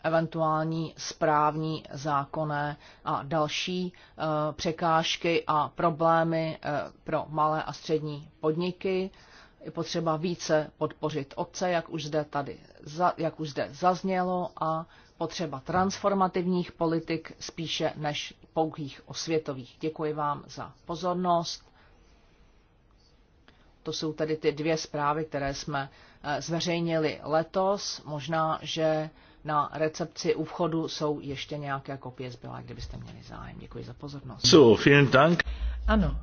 eventuální správní, zákonné a další eh, překážky a problémy eh, pro malé a střední podniky. Je potřeba více podpořit obce, jak už zde, tady, jak už zde zaznělo, a potřeba transformativních politik spíše než pouhých osvětových. Děkuji vám za pozornost. To jsou tedy ty dvě zprávy, které jsme eh, zveřejnili letos. Možná, že na recepci u vchodu jsou ještě nějaké kopie zbylé, kdybyste měli zájem. Děkuji za pozornost. So, vielen Dank. Ano,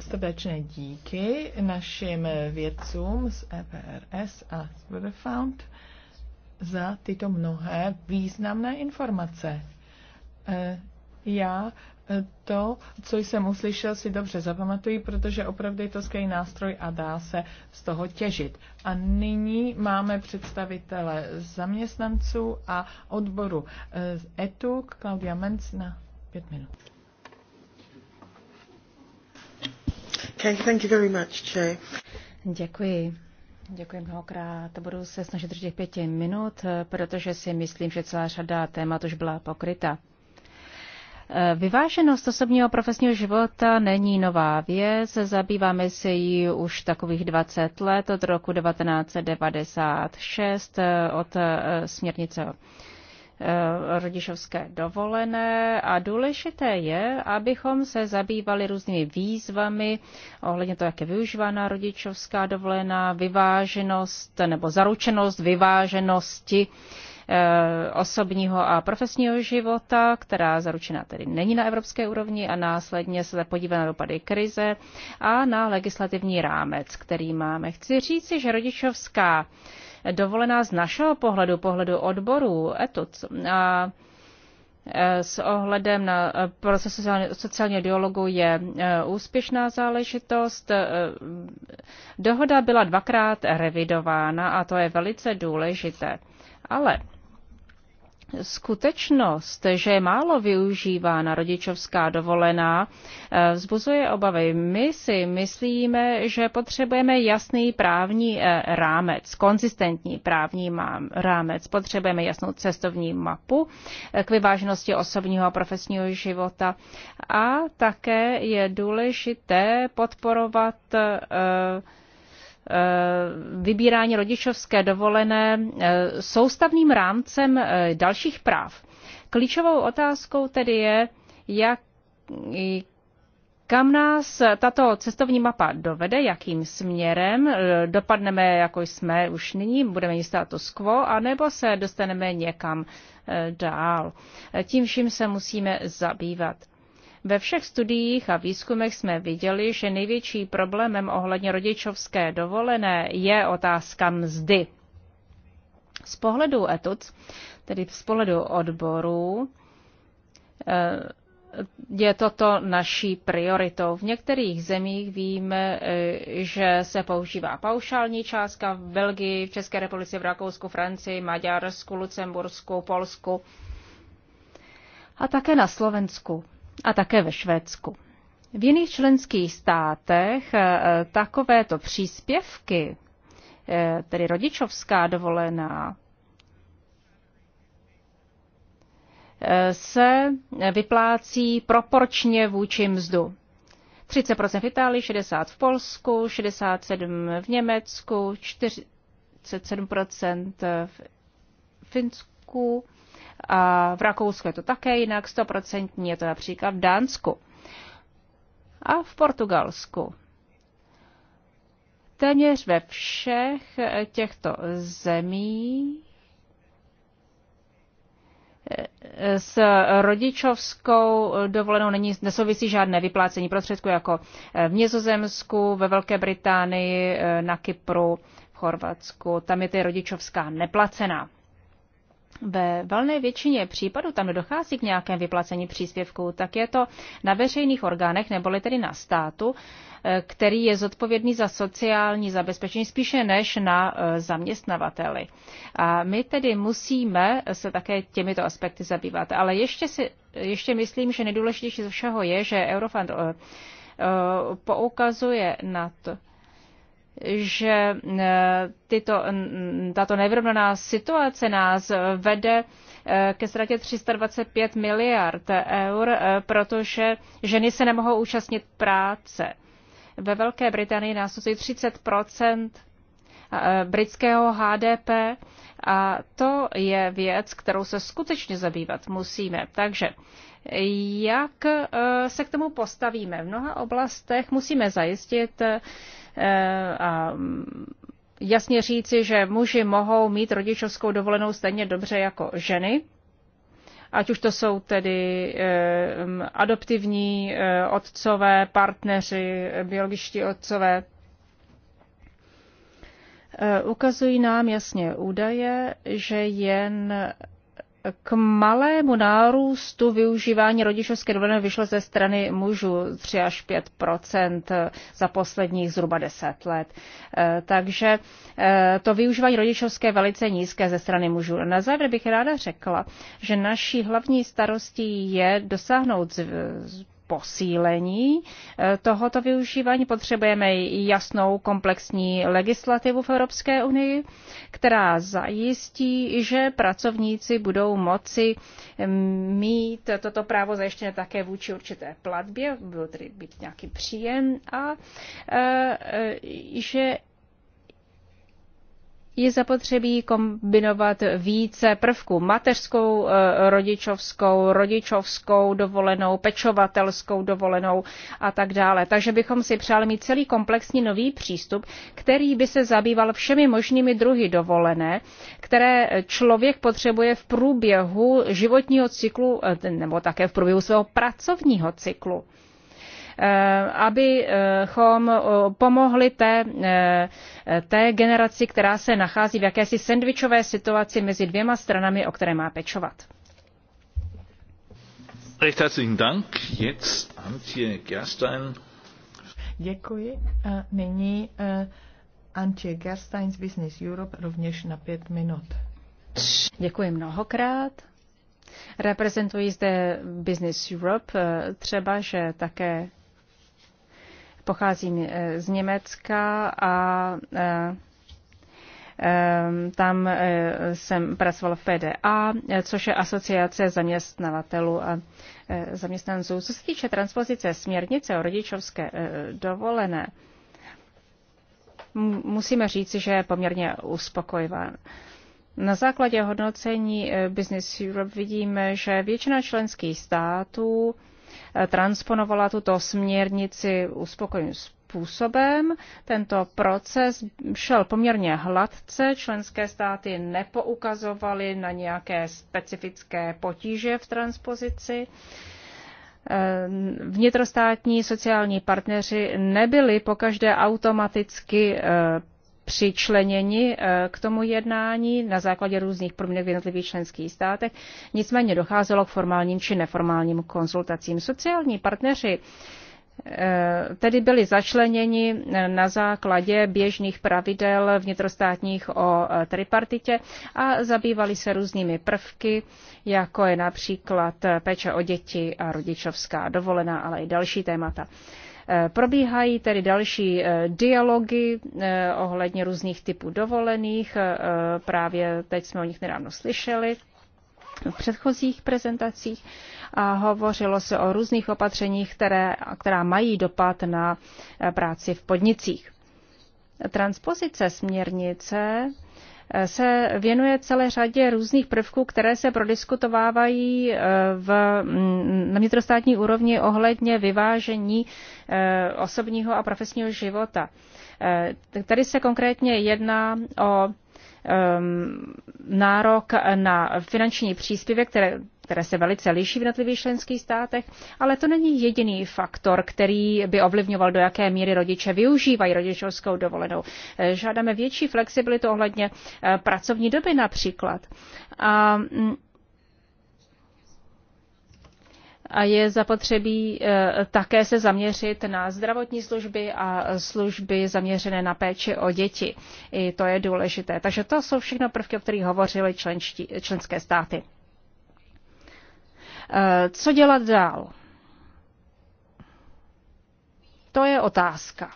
srdečné díky našim vědcům z EPRS a z Weatherfound za tyto mnohé významné informace. E, já to, co jsem uslyšel, si dobře zapamatuji, protože opravdu je to skvělý nástroj a dá se z toho těžit. A nyní máme představitele zaměstnanců a odboru z eh, ETUK, Klaudia Menc na pět minut. Okay, thank you very much, Jay. Děkuji. Děkuji mnohokrát. Budu se snažit držet těch pěti minut, eh, protože si myslím, že celá řada témat už byla pokryta. Eh, vyváženost osobního a profesního života není nová věc, zabýváme se ji už takových 20 let od roku 1996 eh, od eh, směrnice rodičovské dovolené a důležité je, abychom se zabývali různými výzvami ohledně toho, jak je využívána rodičovská dovolená, vyváženost nebo zaručenost vyváženosti Eh, osobního a profesního života, která zaručena tedy není na evropské úrovni a následně se podívá na dopady krize a na legislativní rámec, který máme. Chci říci, že rodičovská dovolená z našeho pohledu, pohledu odborů, etuc, a eh, s ohledem na eh, proces sociálního dialogu je úspěšná záležitost. Dohoda byla dvakrát revidována a to je velice důležité. Ale skutečnost, že je málo využívána rodičovská dovolená, eh, vzbuzuje obavy. My si myslíme, že potřebujeme jasný právní eh, rámec, konzistentní právní rámec. Potřebujeme jasnou cestovní mapu eh, k vyváženosti osobního a profesního života a také je důležité podporovat uh, Eh, vybírání rodičovské dovolené eh, soustavným rámcem eh, dalších práv. Klíčovou otázkou tedy je, jak, kam nás tato cestovní mapa dovede, jakým směrem dopadneme, jako jsme už nyní, budeme jít status quo, anebo se dostaneme někam dál. Tím vším se musíme zabývat. Ve všech studiích a výzkumech jsme viděli, že největší problémem ohledně rodičovské dovolené je otázka mzdy. Z pohledu etuc, tedy z pohledu odborů, eh, je toto naší prioritou. V některých zemích víme, eh, že se používá paušální částka v Belgii, v České republice, v Rakousku, Francii, Maďarsku, Lucembursku, Polsku a také na Slovensku a také ve Švédsku. V jiných členských státech eh, takovéto příspěvky, eh, tedy rodičovská dovolená, eh, se vyplácí proporčně vůči mzdu. 30% v Itálii, 60% v Polsku, 67% v Německu, 47% v Finsku, a v Rakousku je to také jinak, 100% je to například v Dánsku a v Portugalsku. Téměř ve všech eh, těchto zemích eh, s rodičovskou dovolenou není, nesouvisí žádné vyplácení prostředků jako eh, v Nizozemsku, ve Velké Británii, na Kypru, v Chorvatsku. Tam je ty rodičovská neplacená ve velné většině případů tam dochází k nějakém vyplacení příspěvku, tak je to na veřejných orgánech, neboli tedy na státu, eh, který je zodpovědný za sociální zabezpečení spíše než na eh, zaměstnavateli. A my tedy musíme se také těmito aspekty zabývat. Ale ještě, si, ještě myslím, že nejdůležitější z všeho je, že Eurofund eh, poukazuje na to, že eh, tyto, tato nevyrovnaná situace nás vede eh, ke ztratě 325 miliard eur, eh, protože ženy se nemohou účastnit práce. Ve Velké Británii nás 30 britského HDP a to je věc, kterou se skutečně zabývat musíme. Takže jak se k tomu postavíme? V mnoha oblastech musíme zajistit Eh, a jasně říci, že muži mohou mít rodičovskou dovolenou stejně dobře jako ženy, ať už to jsou tedy eh, adoptivní eh, otcové, partneři, biologičtí otcové. Ukazují nám jasně údaje, že jen k malému nárůstu využívání rodičovské dovolené vyšlo ze strany mužů 3 až 5 za posledních zhruba 10 let. Eh, takže eh, to využívání rodičovské je velice nízké ze strany mužů. Na závěr bych ráda řekla, že naší hlavní starostí je dosáhnout posílení eh, tohoto využívání potřebujeme jasnou komplexní legislativu v Evropské unii, která zajistí, že pracovníci budou moci eh, mít toto právo zajištěné také vůči určité platbě, byl tedy být nějaký příjem a eh, že je zapotřebí kombinovat více prvků. Mateřskou, eh, rodičovskou, rodičovskou dovolenou, pečovatelskou dovolenou a tak dále. Takže bychom si přáli mít celý komplexní nový přístup, který by se zabýval všemi možnými druhy dovolené, které člověk potřebuje v průběhu životního cyklu eh, nebo také v průběhu svého pracovního cyklu. Eh, abychom eh, pomohli té, eh, té generaci, která se nachází v jakési sendvičové situaci mezi dvěma stranami, o které má pečovat. Recht herzlichen Dank. Jetzt Antje Gerstein. Děkuji. A nyní Antje Gerstein z Business Europe rovněž na pět minut. Děkuji mnohokrát. Reprezentuji zde Business Europe, třeba, že také Pocházím eh, z Německa a eh, eh, tam jsem pracoval v PDA, což je asociace zaměstnavatelů a zaměstnanců. Co se týče transpozice směrnice o rodičovské dovolené, musíme říci, že je poměrně uspokojivá. Na základě hodnocení Business Europe vidíme, že většina členských států transponovala tuto směrnici uspokojivým způsobem. Tento proces šel poměrně hladce, členské státy nepoukazovaly na nějaké specifické potíže v transpozici. Eh, vnitrostátní sociální partneři nebyli pokaždé automaticky eh, přičleněni eh, k tomu jednání na základě různých proměn v jednotlivých členských státech. Nicméně docházelo k formálním či neformálním konzultacím. Sociální partneři eh, tedy byli začleněni eh, na základě běžných pravidel vnitrostátních o tripartitě a zabývali se různými prvky, jako je například péče o děti a rodičovská dovolená, ale i další témata. Eh, probíhají tedy další eh, dialogy eh, ohledně různých typů dovolených, právě teď jsme o nich nedávno slyšeli v předchozích prezentacích a hovořilo se o různých opatřeních, které, která mají dopad na práci v podnicích. Transpozice směrnice se věnuje celé řadě různých prvků, které se prodiskutovávají eh, v, mm, na vnitrostátní úrovni ohledně vyvážení eh, osobního a profesního života. Eh, tady se konkrétně jedná o ehm, nárok na finanční příspěvek, které, které se velice liší v jednotlivých členských státech, ale to není jediný faktor, který by ovlivňoval, do jaké míry rodiče využívají rodičovskou dovolenou. Eh, žádáme větší flexibilitu ohledně eh, pracovní doby například. A mm, a je zapotřebí eh, také se zaměřit na zdravotní služby a služby zaměřené na péči o děti. I to je důležité. Takže to jsou všechno prvky, o kterých hovořily členští, členské státy. Eh, co dělat dál? To je otázka.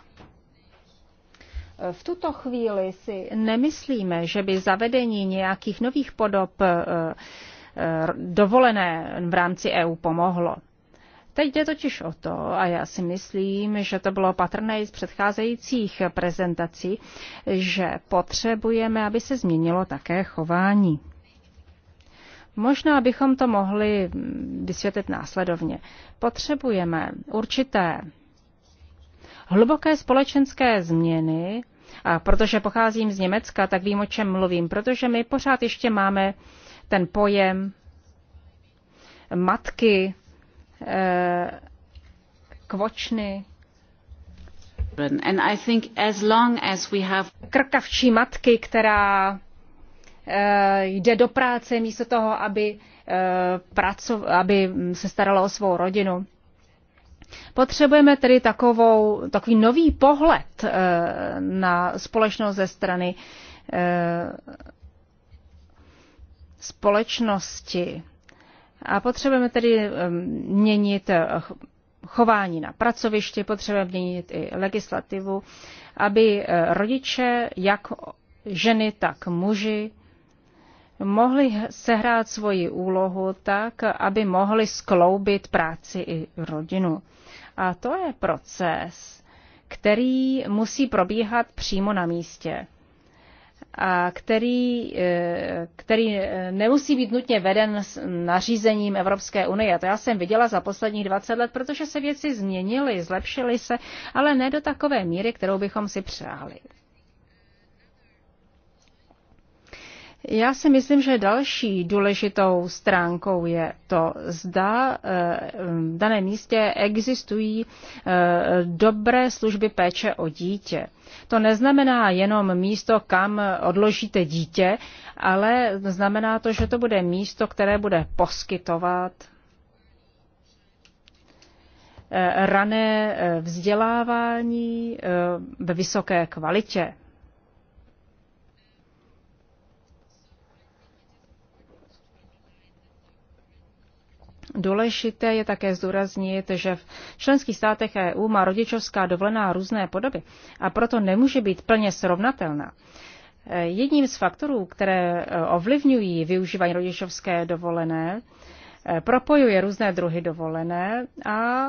Eh, v tuto chvíli si nemyslíme, že by zavedení nějakých nových podob eh, dovolené v rámci EU pomohlo. Teď jde totiž o to, a já si myslím, že to bylo patrné i z předcházejících prezentací, že potřebujeme, aby se změnilo také chování. Možná bychom to mohli mm, vysvětlit následovně. Potřebujeme určité hluboké společenské změny, a protože pocházím z Německa, tak vím, o čem mluvím, protože my pořád ještě máme ten pojem matky, eh, kvočny, And I think as long as we have... krkavčí matky, která Eh, jde do práce místo toho, aby, eh, pracov, aby se starala o svou rodinu. Potřebujeme tedy takovou, takový nový pohled eh, na společnost ze strany společnosti. A potřebujeme tedy měnit chování na pracovišti, potřebujeme měnit i legislativu, aby rodiče, jak ženy, tak muži, mohli sehrát svoji úlohu tak, aby mohli skloubit práci i rodinu. A to je proces, který musí probíhat přímo na místě a který, eh, který eh, nemusí být nutně veden s nařízením Evropské unie. To já jsem viděla za posledních 20 let, protože se věci změnily, zlepšily se, ale ne do takové míry, kterou bychom si přáli. Já si myslím, že další důležitou stránkou je to, zda eh, v daném místě existují eh, dobré služby péče o dítě. To neznamená jenom místo, kam odložíte dítě, ale znamená to, že to bude místo, které bude poskytovat eh, rané vzdělávání ve vysoké kvalitě. Důležité je také zdůraznit, že v členských státech EU má rodičovská dovolená různé podoby a proto nemůže být plně srovnatelná. Jedním z faktorů, které eh, ovlivňují využívání rodičovské dovolené, eh, propojuje různé druhy dovolené a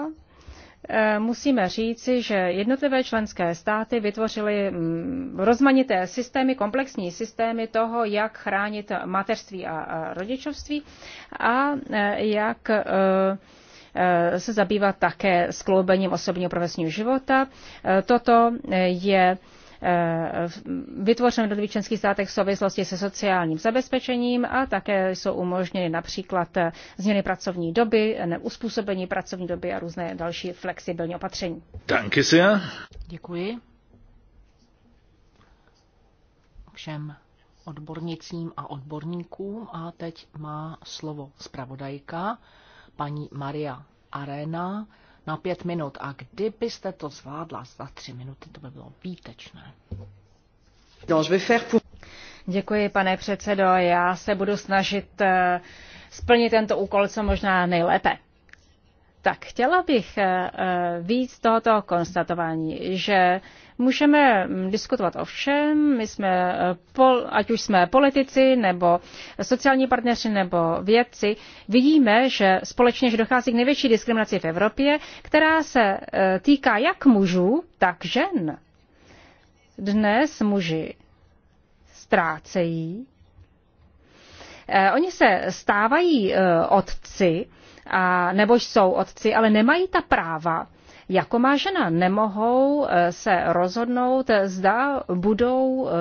Eh, musíme říci, že jednotlivé členské státy vytvořily mm, rozmanité systémy, komplexní systémy toho, jak chránit mateřství a rodičovství a eh, jak eh, se zabývat také skloubením osobního profesního života. Toto je Eh, vytvořeny do jednotlivých členských státech v souvislosti se sociálním zabezpečením a také jsou umožněny například eh, změny pracovní doby, neuspůsobení pracovní doby a různé další flexibilní opatření. Danke sehr. Děkuji. Všem odbornicím a odborníkům a teď má slovo zpravodajka paní Maria Arena na pět minut. A kdybyste to zvládla za tři minuty, to by bylo výtečné. Děkuji, pane předsedo. Já se budu snažit eh, splnit tento úkol co možná nejlépe. Tak chtěla bych eh, eh, víc tohoto konstatování, že Můžeme mm, diskutovat o všem, my jsme, eh, pol, ať už jsme politici, nebo sociální partneři, nebo vědci, vidíme, že společně že dochází k největší diskriminaci v Evropě, která se eh, týká jak mužů, tak žen. Dnes muži ztrácejí. Eh, oni se stávají otci, a, nebož jsou otci, ale nemají ta práva, jako má žena. Nemohou eh, se rozhodnout, eh, zda budou eh,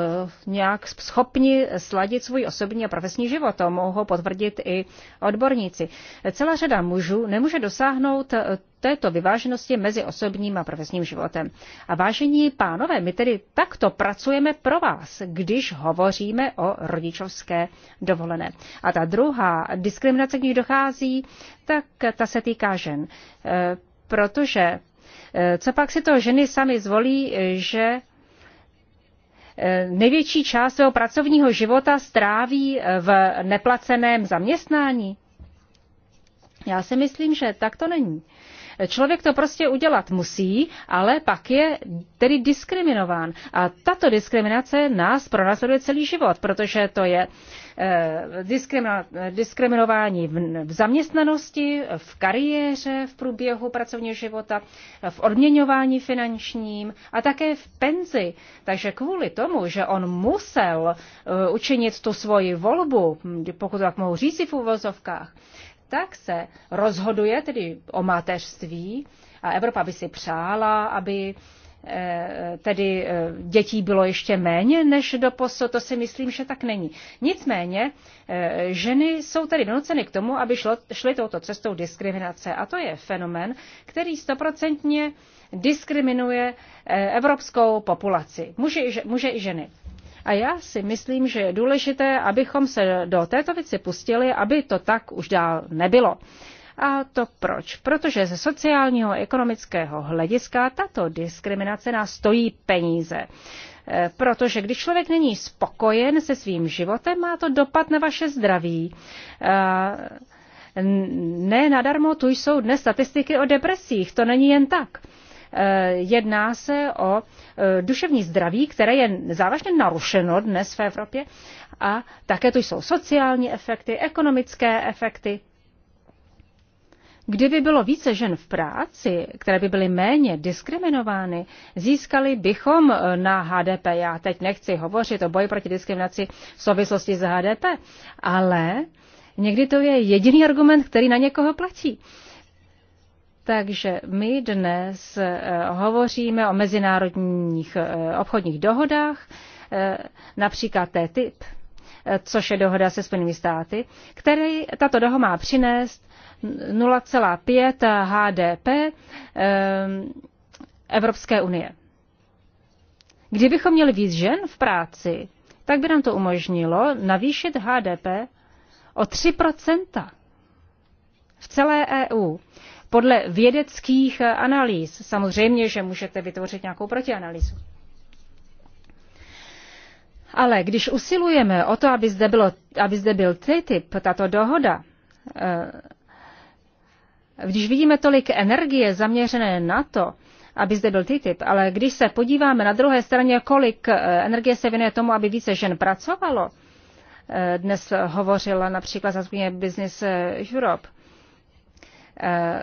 nějak schopni sladit svůj osobní a profesní život. To mohou potvrdit i odborníci. Celá řada mužů nemůže dosáhnout této vyváženosti mezi osobním a profesním životem. A vážení pánové, my tedy takto pracujeme pro vás, když hovoříme o rodičovské dovolené. A ta druhá diskriminace, k ní dochází, tak ta se týká žen. Protože Eh, co pak si to ženy sami zvolí, eh, že eh, největší část svého pracovního života stráví v neplaceném zaměstnání? Já si myslím, že tak to není. Člověk to prostě udělat musí, ale pak je tedy diskriminován. A tato diskriminace nás pronásleduje celý život, protože to je eh, diskriminování v zaměstnanosti, v kariéře, v průběhu pracovního života, v odměňování finančním a také v penzi. Takže kvůli tomu, že on musel eh, učinit tu svoji volbu, hm, pokud tak mohu říct v úvozovkách, tak se rozhoduje tedy o mateřství a Evropa by si přála, aby eh, tedy eh, dětí bylo ještě méně než do poso. to si myslím, že tak není. Nicméně eh, ženy jsou tedy donuceny k tomu, aby šlo, šly touto cestou diskriminace a to je fenomen, který stoprocentně diskriminuje evropskou populaci, muže i ženy. A já si myslím, že je důležité, abychom se do této věci pustili, aby to tak už dál nebylo. A to proč? Protože ze sociálního a ekonomického hlediska tato diskriminace nás stojí peníze. E, protože když člověk není spokojen se svým životem, má to dopad na vaše zdraví. E, ne nadarmo tu jsou dnes statistiky o depresích, to není jen tak. Eh, jedná se o eh, duševní zdraví, které je závažně narušeno dnes v Evropě a také to jsou sociální efekty, ekonomické efekty. Kdyby bylo více žen v práci, které by byly méně diskriminovány, získali bychom eh, na HDP. Já teď nechci hovořit o boji proti diskriminaci v souvislosti s HDP, ale někdy to je jediný argument, který na někoho platí. Takže my dnes eh, hovoříme o mezinárodních eh, obchodních dohodách, eh, například TTIP, což je dohoda se Spojenými státy, který tato dohoda má přinést 0,5 HDP Evropské unie. Kdybychom měli víc žen v práci, tak by nám to umožnilo navýšit HDP o 3 v celé EU podle vědeckých eh, analýz. Samozřejmě, že můžete vytvořit nějakou protianalýzu. Ale když usilujeme o to, aby zde, bylo, aby zde byl TTIP, tato dohoda, eh, když vidíme tolik energie zaměřené na to, aby zde byl TTIP, ale když se podíváme na druhé straně, kolik eh, energie se věnuje tomu, aby více žen pracovalo, dnes hovořila například zástupně Business Europe, Eh,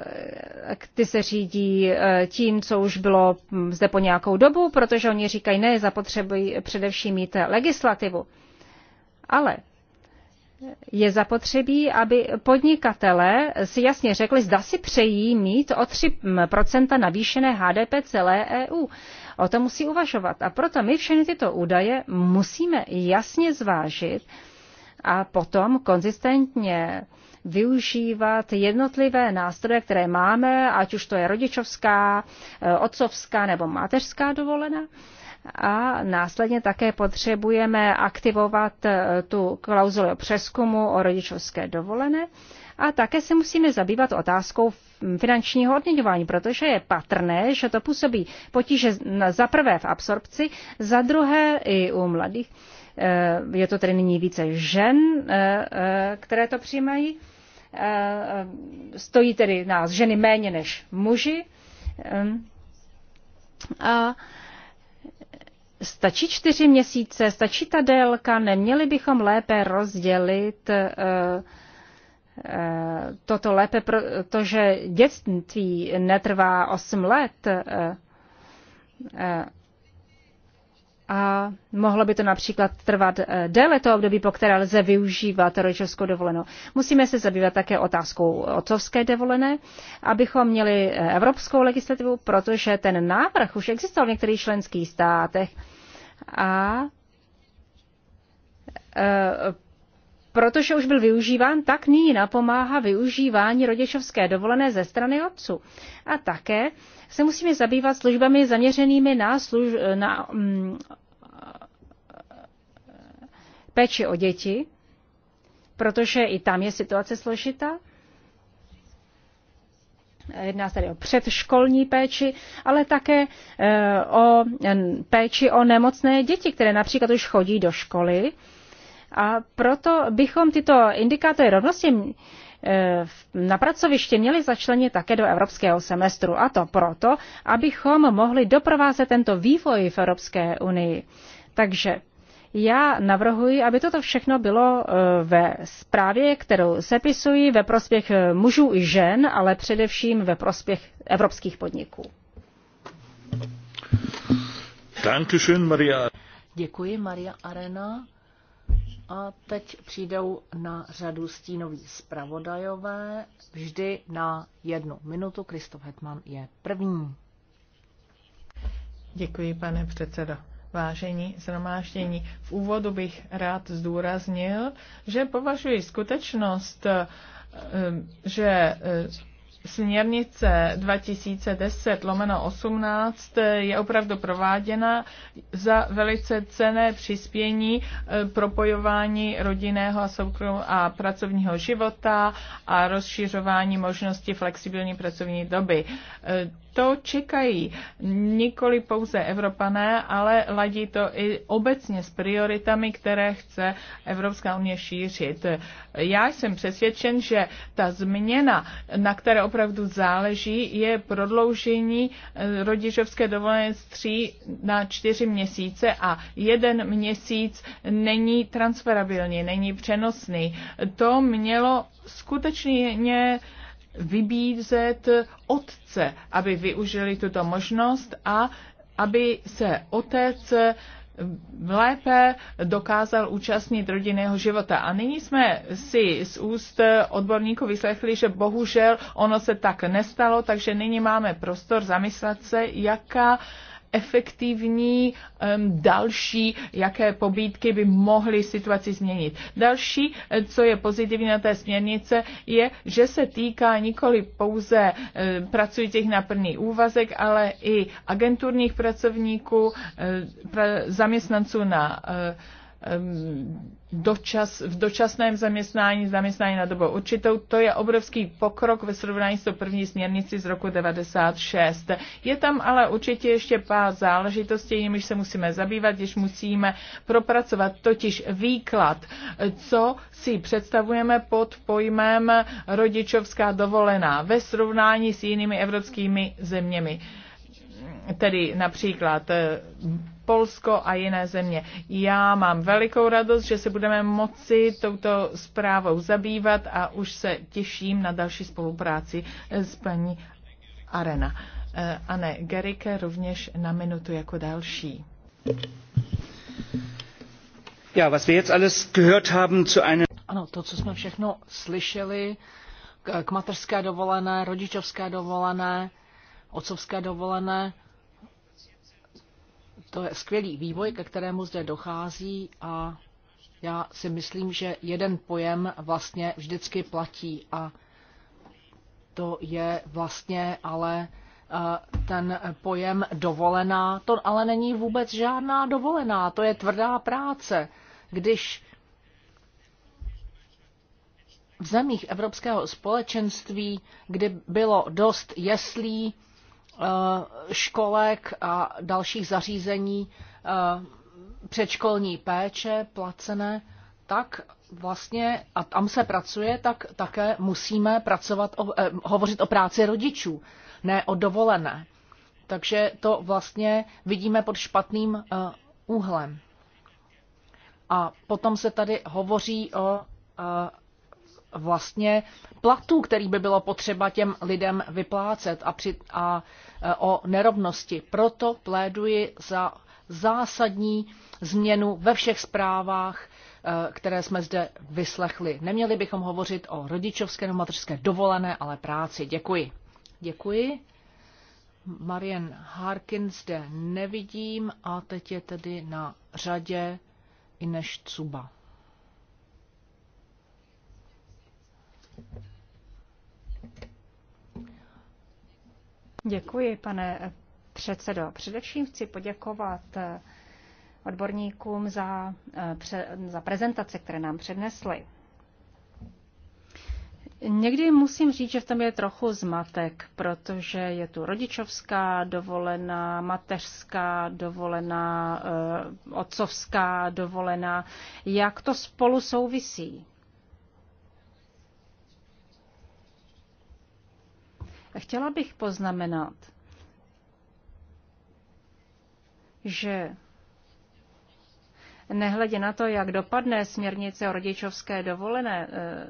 eh, ty se řídí eh, tím, co už bylo hm, zde po nějakou dobu, protože oni říkají, ne, zapotřebují především mít legislativu. Ale je zapotřebí, aby podnikatele si jasně řekli, zda si přejí mít o 3% hm, navýšené HDP celé EU. O to musí uvažovat. A proto my všechny tyto údaje musíme jasně zvážit a potom konzistentně využívat jednotlivé nástroje, které máme, ať už to je rodičovská, eh, otcovská nebo mateřská dovolena. A následně také potřebujeme aktivovat eh, tu klauzuli o přeskumu o rodičovské dovolené. A také se musíme zabývat otázkou finančního odměňování, protože je patrné, že to působí potíže za prvé v absorpci, za druhé i u mladých. Eh, je to tedy nyní více žen, které to přijímají. Eh, stojí tedy nás ženy méně než muži. A Stačí čtyři měsíce, stačí ta délka, neměli bychom lépe rozdělit eh, eh, toto lépe, protože dětství netrvá 8 let a mohlo by to například trvat eh, déle to období, po které lze využívat rodičovskou dovolenou. Musíme se zabývat také otázkou otcovské dovolené, abychom měli eh, evropskou legislativu, protože ten návrh už existoval v některých členských státech a eh, protože už byl využíván, tak nyní napomáhá využívání rodičovské dovolené ze strany otců. A také se musíme zabývat službami zaměřenými na, služ, na mm, péči o děti, protože i tam je situace složitá. Jedná se tady o předškolní péči, ale také e, o péči o nemocné děti, které například už chodí do školy a proto bychom tyto indikátory rovnosti eh, na pracovišti měli začlenit také do evropského semestru. A to proto, abychom mohli doprovázet tento vývoj v Evropské unii. Takže já navrhuji, aby toto všechno bylo eh, ve zprávě, kterou sepisuji ve prospěch eh, mužů i žen, ale především ve prospěch evropských podniků. Děkuji, Maria Arena. A teď přijdou na řadu stínoví zpravodajové, vždy na jednu minutu. Kristof Hetman je první. Děkuji, pane předsedo. Vážení zhromáždění, v úvodu bych rád zdůraznil, že považuji skutečnost, eh, že eh, Směrnice 2010 lomeno 18 je opravdu prováděna za velice cené přispění e, propojování rodinného a, a pracovního života a rozšiřování možnosti flexibilní pracovní doby. E, to čekají nikoli pouze Evropané, ale ladí to i obecně s prioritami, které chce Evropská unie šířit. Já jsem přesvědčen, že ta změna, na které opravdu záleží, je prodloužení eh, rodičovské dovolené z tří na čtyři měsíce a jeden měsíc není transferabilní, není přenosný. To mělo skutečně vybízet otce, aby využili tuto možnost a aby se otec lépe dokázal účastnit rodinného života. A nyní jsme si z úst odborníků vyslechli, že bohužel ono se tak nestalo, takže nyní máme prostor zamyslet se, jaká efektivní um, další, jaké pobídky by mohly situaci změnit. Další, eh, co je pozitivní na té směrnice, je, že se týká nikoli pouze um, pracujících na plný úvazek, ale i agenturních pracovníků, um, zaměstnanců na um, dočas, v dočasném zaměstnání, zaměstnání na dobu určitou, to je obrovský pokrok ve srovnání s tou první směrnici z roku 96. Je tam ale určitě ještě pár záležitostí, jimiž se musíme zabývat, když musíme propracovat totiž výklad, co si představujeme pod pojmem rodičovská dovolená ve srovnání s jinými evropskými zeměmi tedy například eh, Polsko a jiné země. Já mám velikou radost, že se budeme moci touto zprávou zabývat a už se těším na další spolupráci eh, s paní Arena. Eh, Ane Gerike rovněž na minutu jako další. Ja, was wir jetzt alles gehört haben zu einem ano, to, co jsme všechno slyšeli, k, k mateřské dovolené, rodičovské dovolené, otcovské dovolené, to je skvělý vývoj, ke kterému zde dochází a já si myslím, že jeden pojem vlastně vždycky platí a to je vlastně ale eh, ten pojem dovolená. To ale není vůbec žádná dovolená, to je tvrdá práce. Když v zemích Evropského společenství, kdy bylo dost jeslí, Eh, školek a dalších zařízení eh, předškolní péče placené, tak vlastně, a tam se pracuje, tak také musíme pracovat o, eh, hovořit o práci rodičů, ne o dovolené. Takže to vlastně vidíme pod špatným úhlem. A potom se tady hovoří o vlastně platů, který by bylo potřeba těm lidem vyplácet a, při, a e, o nerovnosti. Proto pléduji za zásadní změnu ve všech zprávách, e, které jsme zde vyslechli. Neměli bychom hovořit o rodičovské nebo mateřské dovolené, ale práci. Děkuji. Děkuji. Marian Harkin zde nevidím a teď je tedy na řadě Ineš Cuba. Děkuji, pane předsedo. Především chci poděkovat eh, odborníkům za, eh, za prezentace, které nám přednesly. Někdy musím říct, že v tom je trochu zmatek, protože je tu rodičovská dovolená, mateřská dovolená, eh, otcovská dovolená. Jak to spolu souvisí? Chtěla bych poznamenat, že nehledě na to, jak dopadne směrnice o rodičovské dovolené, eh,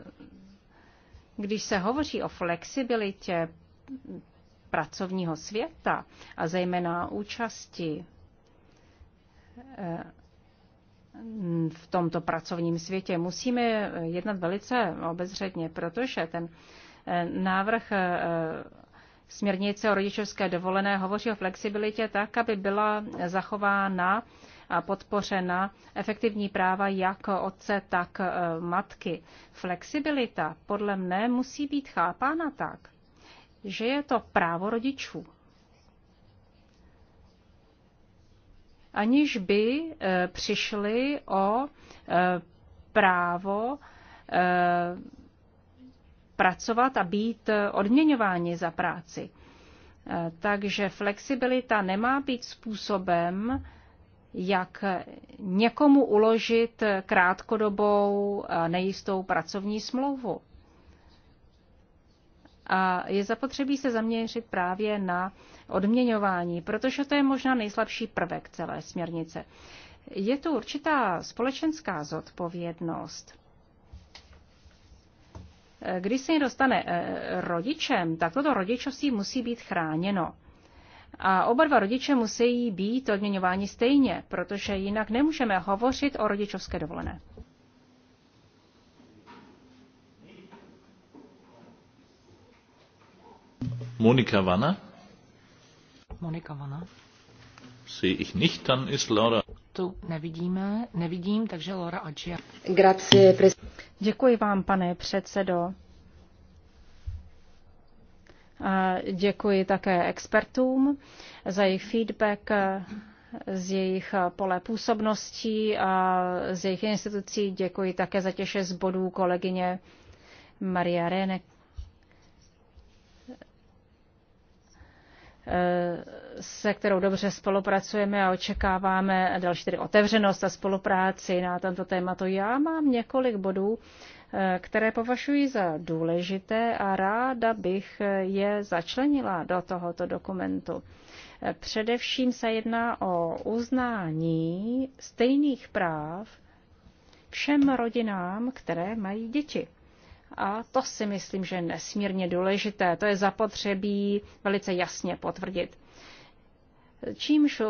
když se hovoří o flexibilitě pracovního světa a zejména účasti eh, v tomto pracovním světě, musíme jednat velice obezřetně, protože ten Návrh eh, směrnice o rodičovské dovolené hovoří o flexibilitě tak, aby byla zachována a podpořena efektivní práva jak otce, tak eh, matky. Flexibilita podle mne musí být chápána tak, že je to právo rodičů. Aniž by eh, přišli o právo pracovat a být eh, odměňováni za práci. Eh, takže flexibilita nemá být způsobem, jak někomu uložit krátkodobou nejistou pracovní smlouvu. A je zapotřebí se zaměřit právě na odměňování, protože to je možná nejslabší prvek celé směrnice. Je to určitá společenská zodpovědnost když se někdo stane eh, rodičem, tak toto rodičovství musí být chráněno. A oba dva rodiče musí být odměňováni stejně, protože jinak nemůžeme hovořit o rodičovské dovolené. Monika Vana? Monika Vana? Sehe ich nicht, dann ist Laura tu nevidíme, nevidím, takže Laura Adžia. Děkuji vám, pane předsedo. A děkuji také expertům za jejich feedback z jejich pole působností a z jejich institucí. Děkuji také za těše z bodů kolegyně Maria Renek se kterou dobře spolupracujeme a očekáváme další tedy otevřenost a spolupráci na tomto tématu. Já mám několik bodů, eh, které považuji za důležité a ráda bych je začlenila do tohoto dokumentu. Eh, především se jedná o uznání stejných práv všem rodinám, které mají děti. A to si myslím, že je nesmírně důležité. To je zapotřebí velice jasně potvrdit čímž eh,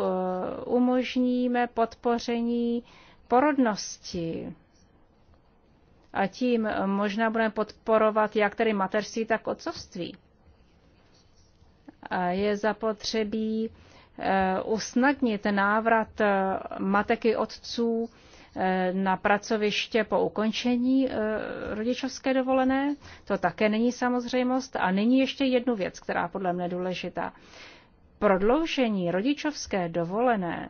umožníme podpoření porodnosti. A tím možná budeme podporovat jak tedy mateřství, tak otcovství. A je zapotřebí eh, usnadnit návrat eh, mateky otců na pracoviště po ukončení rodičovské dovolené. To také není samozřejmost. A nyní ještě jednu věc, která podle mě je důležitá prodloužení rodičovské dovolené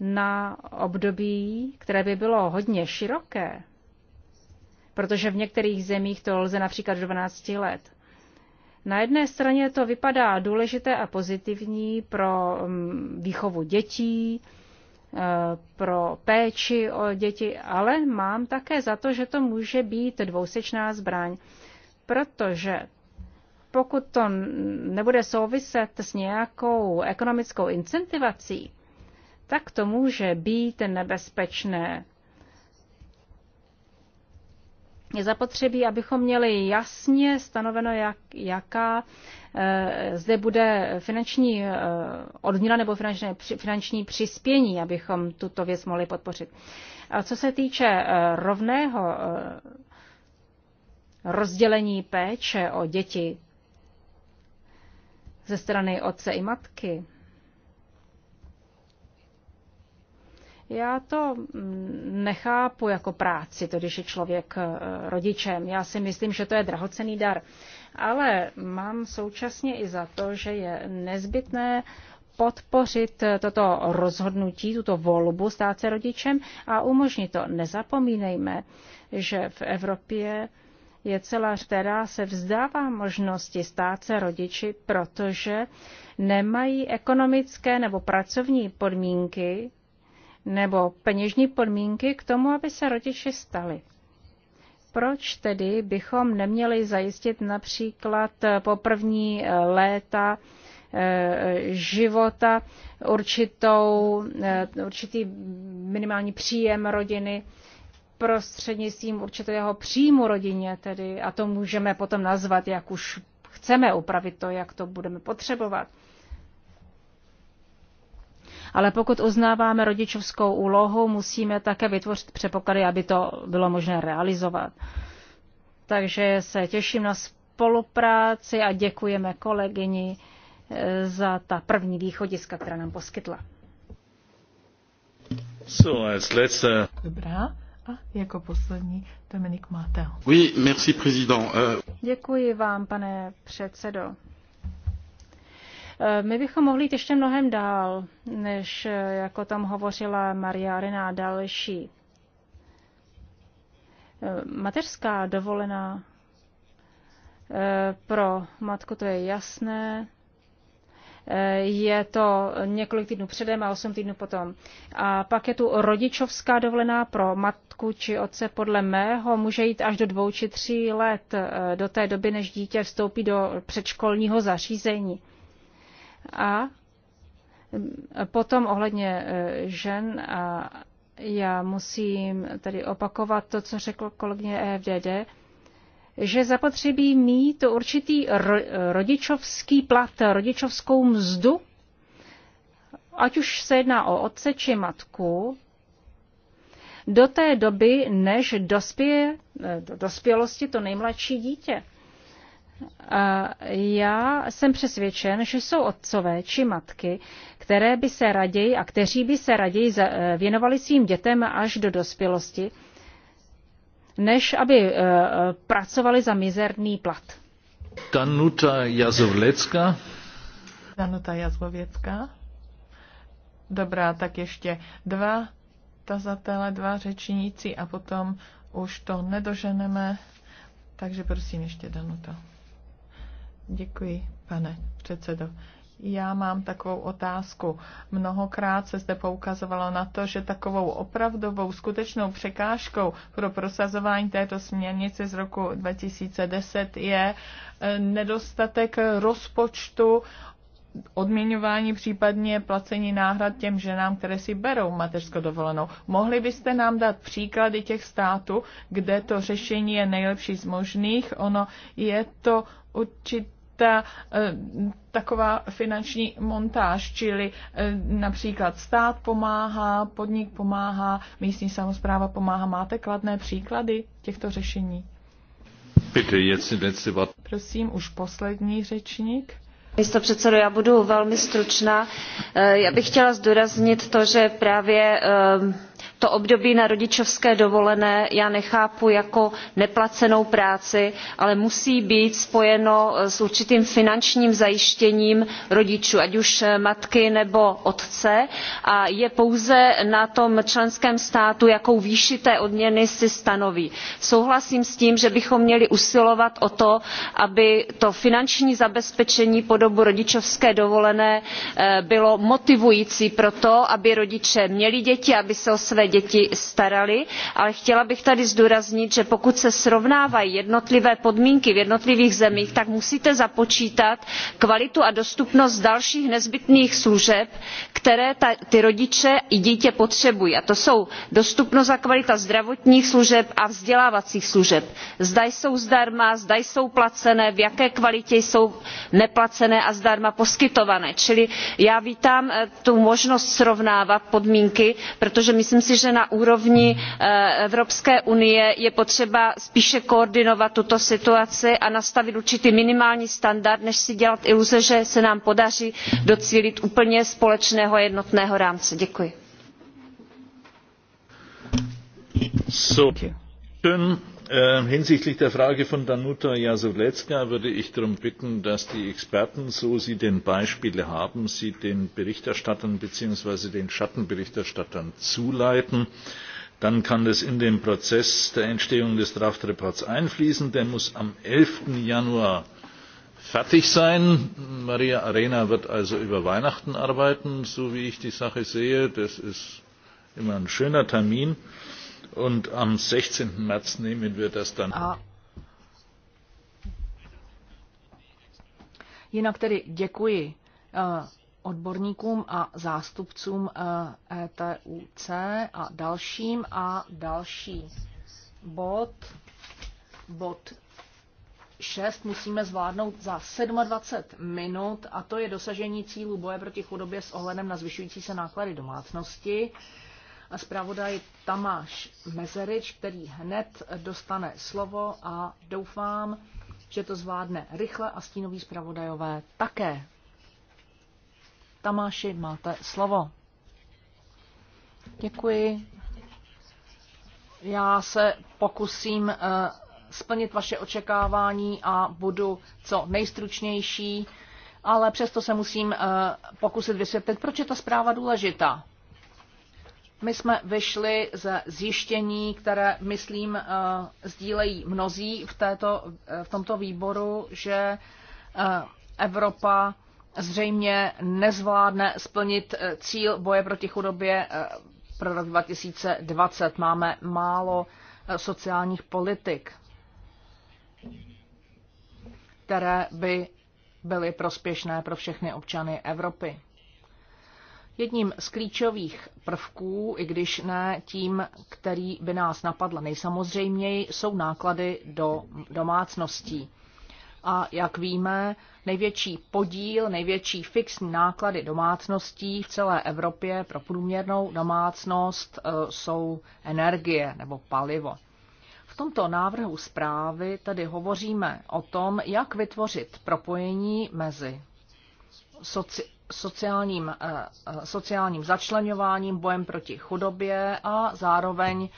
na období, které by bylo hodně široké, protože v některých zemích to lze například 12 let. Na jedné straně to vypadá důležité a pozitivní pro mm, výchovu dětí, eh, pro péči o děti, ale mám také za to, že to může být dvousečná zbraň, protože pokud to nebude souviset s nějakou ekonomickou incentivací, tak to může být nebezpečné. Je zapotřebí, abychom měli jasně stanoveno, jak, jaká e, zde bude finanční e, odměna nebo finančné, finanční přispění, abychom tuto věc mohli podpořit. A co se týče e, rovného e, rozdělení péče o děti, ze strany otce i matky. Já to mm, nechápu jako práci, to když je člověk eh, rodičem. Já si myslím, že to je drahocený dar. Ale mám současně i za to, že je nezbytné podpořit eh, toto rozhodnutí, tuto volbu stát se rodičem a umožnit to. Nezapomínejme, že v Evropě je celá, která se vzdává možnosti stát se rodiči, protože nemají ekonomické nebo pracovní podmínky nebo peněžní podmínky k tomu, aby se rodiči stali. Proč tedy bychom neměli zajistit například po první léta eh, života určitou, eh, určitý minimální příjem rodiny, prostřednictvím určitého příjmu rodině tedy, a to můžeme potom nazvat, jak už chceme upravit to, jak to budeme potřebovat. Ale pokud uznáváme rodičovskou úlohu, musíme také vytvořit přepoklady, aby to bylo možné realizovat. Takže se těším na spolupráci a děkujeme kolegyni eh, za ta první východiska, která nám poskytla. So, let's. letzter. Uh, Dobrá. A jako poslední Dominik Mátel. Oui, merci, président. Euh, Děkuji vám, pane předsedo. Eh, my bychom mohli jít ještě mnohem dál, než eh, jako tam hovořila Maria Arena a další. Eh, mateřská dovolená pro matku, to je jasné je to několik týdnů předem a osm týdnů potom. A pak je tu rodičovská dovolená pro matku či otce podle mého, může jít až do dvou či tří let eh, do té doby, než dítě vstoupí do předškolního zařízení. A eh, potom ohledně eh, žen a já musím tady opakovat to, co řekl kolegyně EFDD, že zapotřebí mít určitý rodičovský plat, rodičovskou mzdu, ať už se jedná o otce či matku, do té doby, než dospěje eh, do dospělosti to nejmladší dítě. A já jsem přesvědčen, že jsou otcové či matky, které by se raději a kteří by se raději eh, věnovali svým dětem až do dospělosti, než aby eh, pracovali za mizerný plat. Danuta Jazovlecka. Danuta Jazlověcka. Dobrá, tak ještě dva tazatele, dva řečníci a potom už to nedoženeme. Takže prosím ještě Danuta. Děkuji, pane předsedo. Já mám takovou otázku. Mnohokrát se zde poukazovalo na to, že takovou opravdovou skutečnou překážkou pro prosazování této směrnice z roku 2010 je eh, nedostatek rozpočtu odměňování, případně placení náhrad těm ženám, které si berou mateřskou dovolenou. Mohli byste nám dát příklady těch států, kde to řešení je nejlepší z možných? Ono je to určitě ta, eh, taková finanční montáž, čili eh, například stát pomáhá, podnik pomáhá, místní samozpráva pomáhá. Máte kladné příklady těchto řešení? Prosím, už poslední řečník. Místo předsedo, já budu velmi stručná. Eh, já bych chtěla zdůraznit to, že právě to období na rodičovské dovolené já nechápu jako neplacenou práci ale musí být spojeno s určitým finančním zajištěním rodičů ať už matky nebo otce a je pouze na tom členském státu jakou výši té odměny si stanoví. souhlasím s tím že bychom měli usilovat o to aby to finanční zabezpečení po dobu rodičovské dovolené eh, bylo motivující pro to aby rodiče měli děti aby se o své děti starali ale chtěla bych tady zdůraznit že pokud se srovnávají jednotlivé podmínky v jednotlivých zemích tak musíte započítat kvalitu a dostupnost dalších nezbytných služeb které ti rodiče i dítě potřebují a to jsou dostupnost a kvalita zdravotních služeb a vzdělávacích služeb zda jsou zdarma zda jsou placené v jaké kvalitě jsou neplacené a zdarma poskytované čili já vítám eh, tu možnost srovnávat podmínky protože myslím myslím si že na úrovni eh, evropské unie je potřeba spíše koordinovat tuto situaci a nastavit určitý minimální standard než si dělat iluze že se nám podaří docílit úplně společného jednotného rámce. děkuji. Ähm, hinsichtlich der frage von danuta jazowiecka würde ich darum bitten dass die experten so sie denn beispiele haben sie den berichterstattern beziehungsweise den schattenberichterstattern zuleiten. dann kann das in den prozess der entstehung des berichts einfließen. der muss am. elf januar fertig sein. maria arena wird also über weihnachten arbeiten so wie ich die sache sehe. das ist immer ein schöner termin Und am 16. März nehmen wir das dann. A Jinak tedy děkuji eh, odborníkům a zástupcům ETUC eh, e a dalším a další bod, bod 6 musíme zvládnout za 27 minut a to je dosažení cílu boje proti chudobě s ohledem na zvyšující se náklady domácnosti zpravodaj Tamáš Mezerič, který hned dostane slovo a doufám, že to zvládne rychle a stínoví zpravodajové také. Tamáši, máte slovo. Děkuji. Já se pokusím eh, splnit vaše očekávání a budu co nejstručnější, ale přesto se musím eh, pokusit vysvětlit, proč je ta zpráva důležitá. My jsme vyšli ze zjištění, které, myslím, eh, sdílejí mnozí v, této, eh, v tomto výboru, že eh, Evropa zřejmě nezvládne splnit cíl boje proti chudobě pro rok 2020. Máme málo sociálních politik, které by byly prospěšné pro všechny občany Evropy. Jedním z klíčových prvků, i když ne tím, který by nás napadl nejsamozřejměji, jsou náklady do domácností. A jak víme, největší podíl, největší fixní náklady domácností v celé Evropě pro průměrnou domácnost e, jsou energie nebo palivo. V tomto návrhu zprávy tedy hovoříme o tom, jak vytvořit propojení mezi soci- sociálním, eh, sociálním začlenováním, bojem proti chudobě a zároveň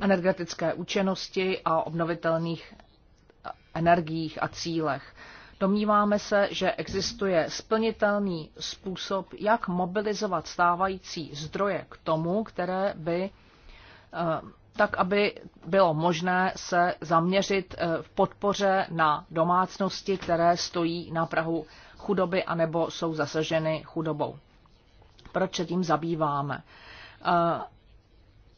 energetické účinnosti a obnovitelných eh, energiích a cílech. Domníváme se, že existuje splnitelný způsob, jak mobilizovat stávající zdroje k tomu, které by eh, tak, aby bylo možné se zaměřit v podpoře na domácnosti, které stojí na Prahu chudoby anebo jsou zasaženy chudobou. Proč se tím zabýváme? Eh,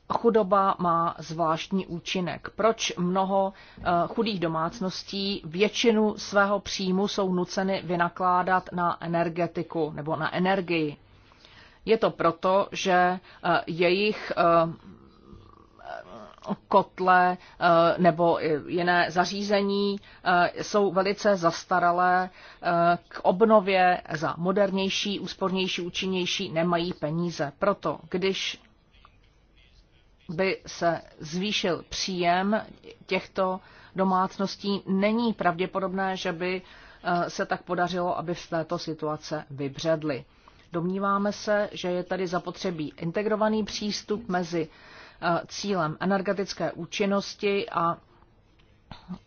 chudoba má zvláštní účinek. Proč mnoho eh, chudých domácností většinu svého příjmu jsou nuceny vynakládat na energetiku nebo na energii? Je to proto, že eh, jejich kotle eh, nebo jiné zařízení eh, jsou velice zastaralé eh, k obnově za modernější, úspornější, účinnější nemají peníze. Proto, když by se zvýšil příjem těchto domácností, není pravděpodobné, že by se tak podařilo, aby z této situace vybředli. Domníváme se, že je tady zapotřebí integrovaný přístup mezi cílem energetické účinnosti a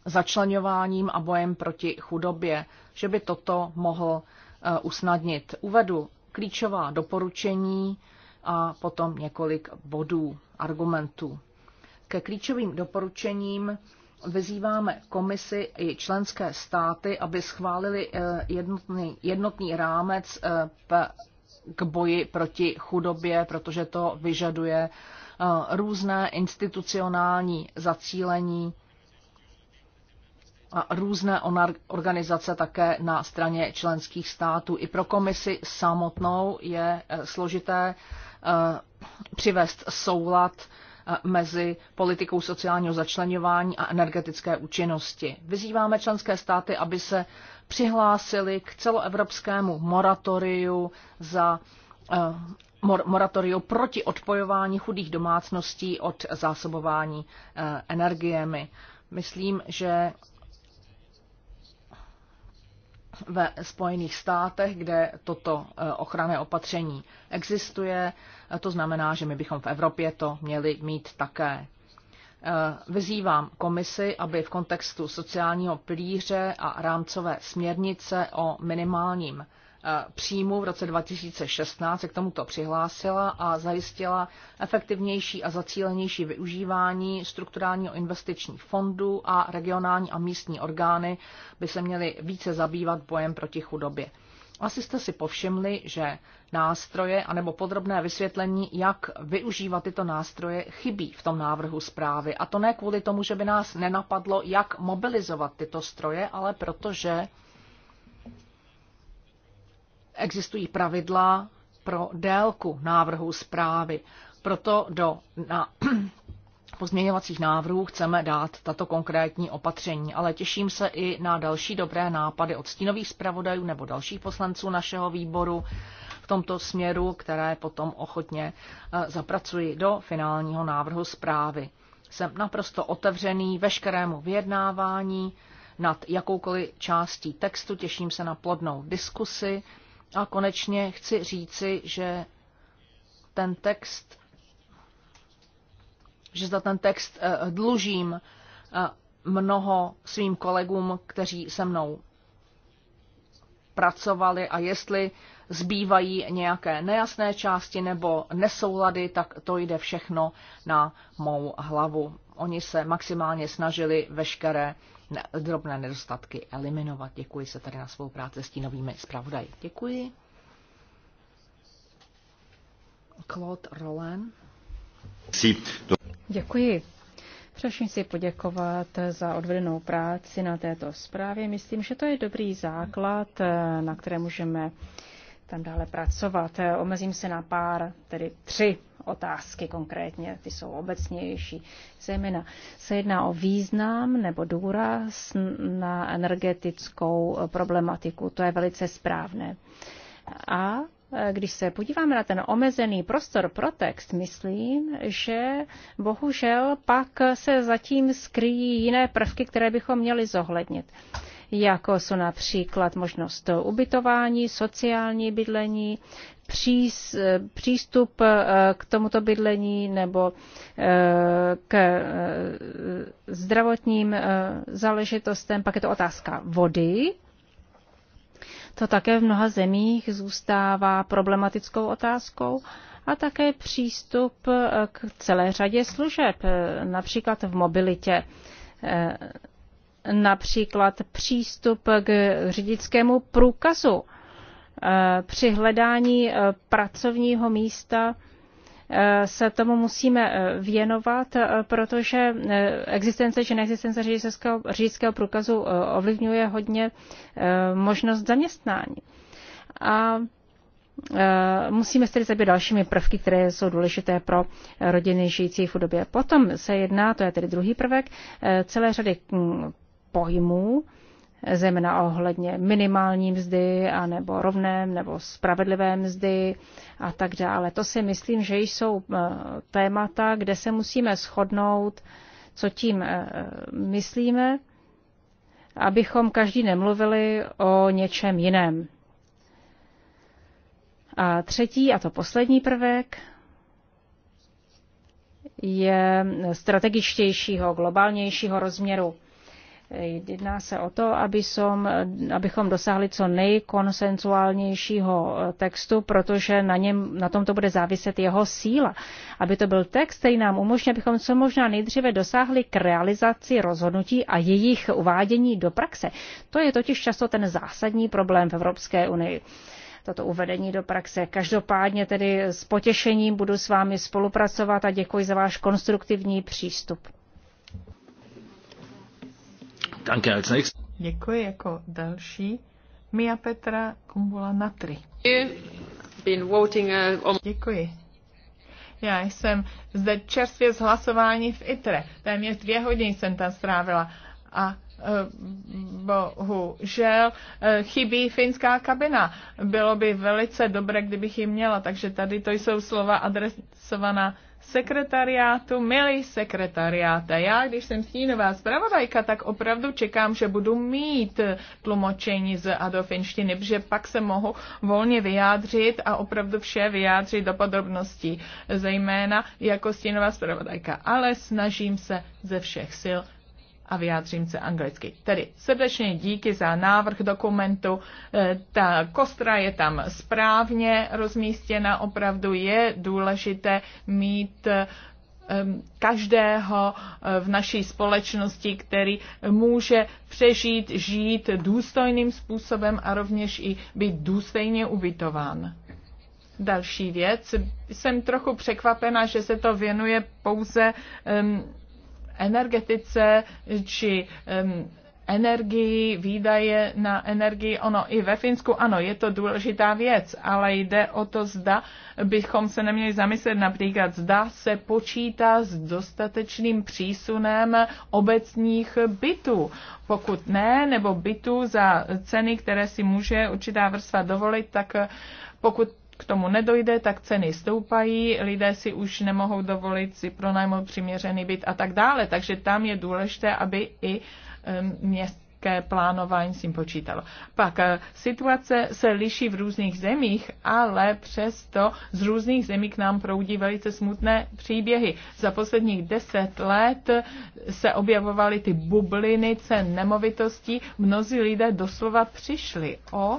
začlenováním a bojem proti chudobě, že by toto mohl eh, usnadnit. Uvedu klíčová doporučení a potom několik bodů, argumentů. Ke klíčovým doporučením vyzýváme komisi i členské státy, aby schválili eh, jednotný, jednotný rámec eh, k boji proti chudobě, protože to vyžaduje Eh, různé institucionální zacílení a různé organizace také na straně členských států. I pro komisi samotnou je eh, složité eh, přivést soulad mezi politikou sociálního začlenování a energetické účinnosti. Vyzýváme členské státy, aby se přihlásili k celoevropskému moratoriu za moratoriu proti odpojování chudých domácností od zásobování eh, energiemi. Myslím, že ve Spojených státech, kde toto eh, ochranné opatření existuje. Eh, to znamená, že my bychom v Evropě to měli mít také. Vyzývám komisi, aby v kontextu sociálního plíře a rámcové směrnice o minimálním Eh, příjmu v roce 2016 se k tomuto přihlásila a zajistila efektivnější a zacílenější využívání strukturálního investičních fondů a regionální a místní orgány by se měly více zabývat bojem proti chudobě. Asi jste si povšimli, že nástroje anebo podrobné vysvětlení, jak využívat tyto nástroje, chybí v tom návrhu zprávy. A to ne kvůli tomu, že by nás nenapadlo, jak mobilizovat tyto stroje, ale protože existují pravidla pro délku návrhu zprávy. Proto do na (clears throat) pozměňovacích návrhů chceme dát tato konkrétní opatření, ale těším se i na další dobré nápady od stínových zpravodajů nebo dalších poslanců našeho výboru v tomto směru, které potom ochotně eh, zapracuji do finálního návrhu zprávy. Jsem naprosto otevřený veškerému vyjednávání nad jakoukoliv částí textu, těším se na plodnou diskusi a konečně chci říci, že ten text, že za ten text eh, dlužím eh, mnoho svým kolegům, kteří se mnou pracovali a jestli zbývají nějaké nejasné části nebo nesoulady, tak to jde všechno na mou hlavu. Oni se maximálně snažili veškeré drobné nedostatky eliminovat. Děkuji se tady na svou práci s tínovými zpravodaji. Děkuji. Claude Roland. Děkuji. Přeším si poděkovat za odvedenou práci na této zprávě. Myslím, že to je dobrý základ, na které můžeme tam dále pracovat. Omezím se na pár, tedy tři otázky konkrétně, ty jsou obecnější. Zejména se jedná o význam nebo důraz na energetickou problematiku. To je velice správné. A když se podíváme na ten omezený prostor pro text, myslím, že bohužel pak se zatím skryjí jiné prvky, které bychom měli zohlednit jako jsou například možnost ubytování, sociální bydlení, přístup eh, k tomuto bydlení nebo eh, k eh, zdravotním záležitostem. Pak je to otázka vody. To také v mnoha zemích zůstává problematickou otázkou a také přístup k celé řadě služeb, například v mobilitě, například přístup k řidičskému průkazu Eh, při hledání eh, pracovního místa eh, se tomu musíme věnovat, protože existence či neexistence řidičského, řidičského průkazu ovlivňuje hodně možnost zaměstnání. A musíme se tedy zabývat dalšími prvky, které jsou důležité pro rodiny žijící v chudobě. Potom se jedná, to je tedy druhý prvek, celé řady hm, pojmů, zejména ohledně minimální mzdy, nebo rovném, nebo spravedlivé mzdy a tak dále. To si myslím, že jsou eh, témata, kde se musíme shodnout, co tím eh, myslíme, abychom každý nemluvili o něčem jiném. A třetí, a to poslední prvek, je strategičtějšího, globálnějšího rozměru. Jedná se o to, aby som, abychom dosáhli co nejkonsensuálnějšího eh, textu, protože na, něm, na tom to bude záviset jeho síla. Aby to byl text, který nám umožní, abychom co možná nejdříve dosáhli k realizaci rozhodnutí a jejich uvádění do praxe. To je totiž často ten zásadní problém v Evropské unii toto uvedení do praxe. Každopádně tedy s potěšením budu s vámi spolupracovat a děkuji za váš konstruktivní přístup. Danke als nächstes. Děkuji jako další. Mia Petra Kumbula natri. Eh, Děkuji. Já jsem zde čerstvě z hlasování v ITRE. Téměř dvě hodiny jsem tam strávila. A eh, bohužel eh, chybí finská kabina. Bylo by velice dobré, kdybych ji měla, takže tady to jsou slova adresovaná sekretariátu, milý sekretariáta. já když jsem stínová zpravodajka, tak opravdu čekám, že budu mít tlumočení z adofinštiny, protože pak se mohu volně vyjádřit a opravdu vše vyjádřit do podrobností, zejména jako stínová zpravodajka. Ale snažím se ze všech sil a vyjádřím se anglicky. Tedy srdečně díky za návrh dokumentu. E, ta kostra je tam správně rozmístěna. Opravdu je důležité mít e, každého e, v naší společnosti, který může přežít, žít důstojným způsobem a rovněž i být důstojně ubytován. Další věc. Jsem trochu překvapena, že se to věnuje pouze um, energetice či um, energii, výdaje na energii. Ono i ve Finsku, ano, je to důležitá věc, ale jde o to, zda bychom se neměli zamyslet například, zda se počítá s dostatečným přísunem obecních bytů. Pokud ne, nebo bytů za ceny, které si může určitá vrstva dovolit, tak pokud k tomu nedojde, tak ceny stoupají, lidé si už nemohou dovolit si pronajmout přiměřený byt a tak dále. Takže tam je důležité, aby i měst plánování s tím počítalo. Pak eh, situace se liší v různých zemích, ale přesto z různých zemí k nám proudí velice smutné příběhy. Za posledních deset let se objevovaly ty bubliny cen nemovitostí. Mnozí lidé doslova přišli o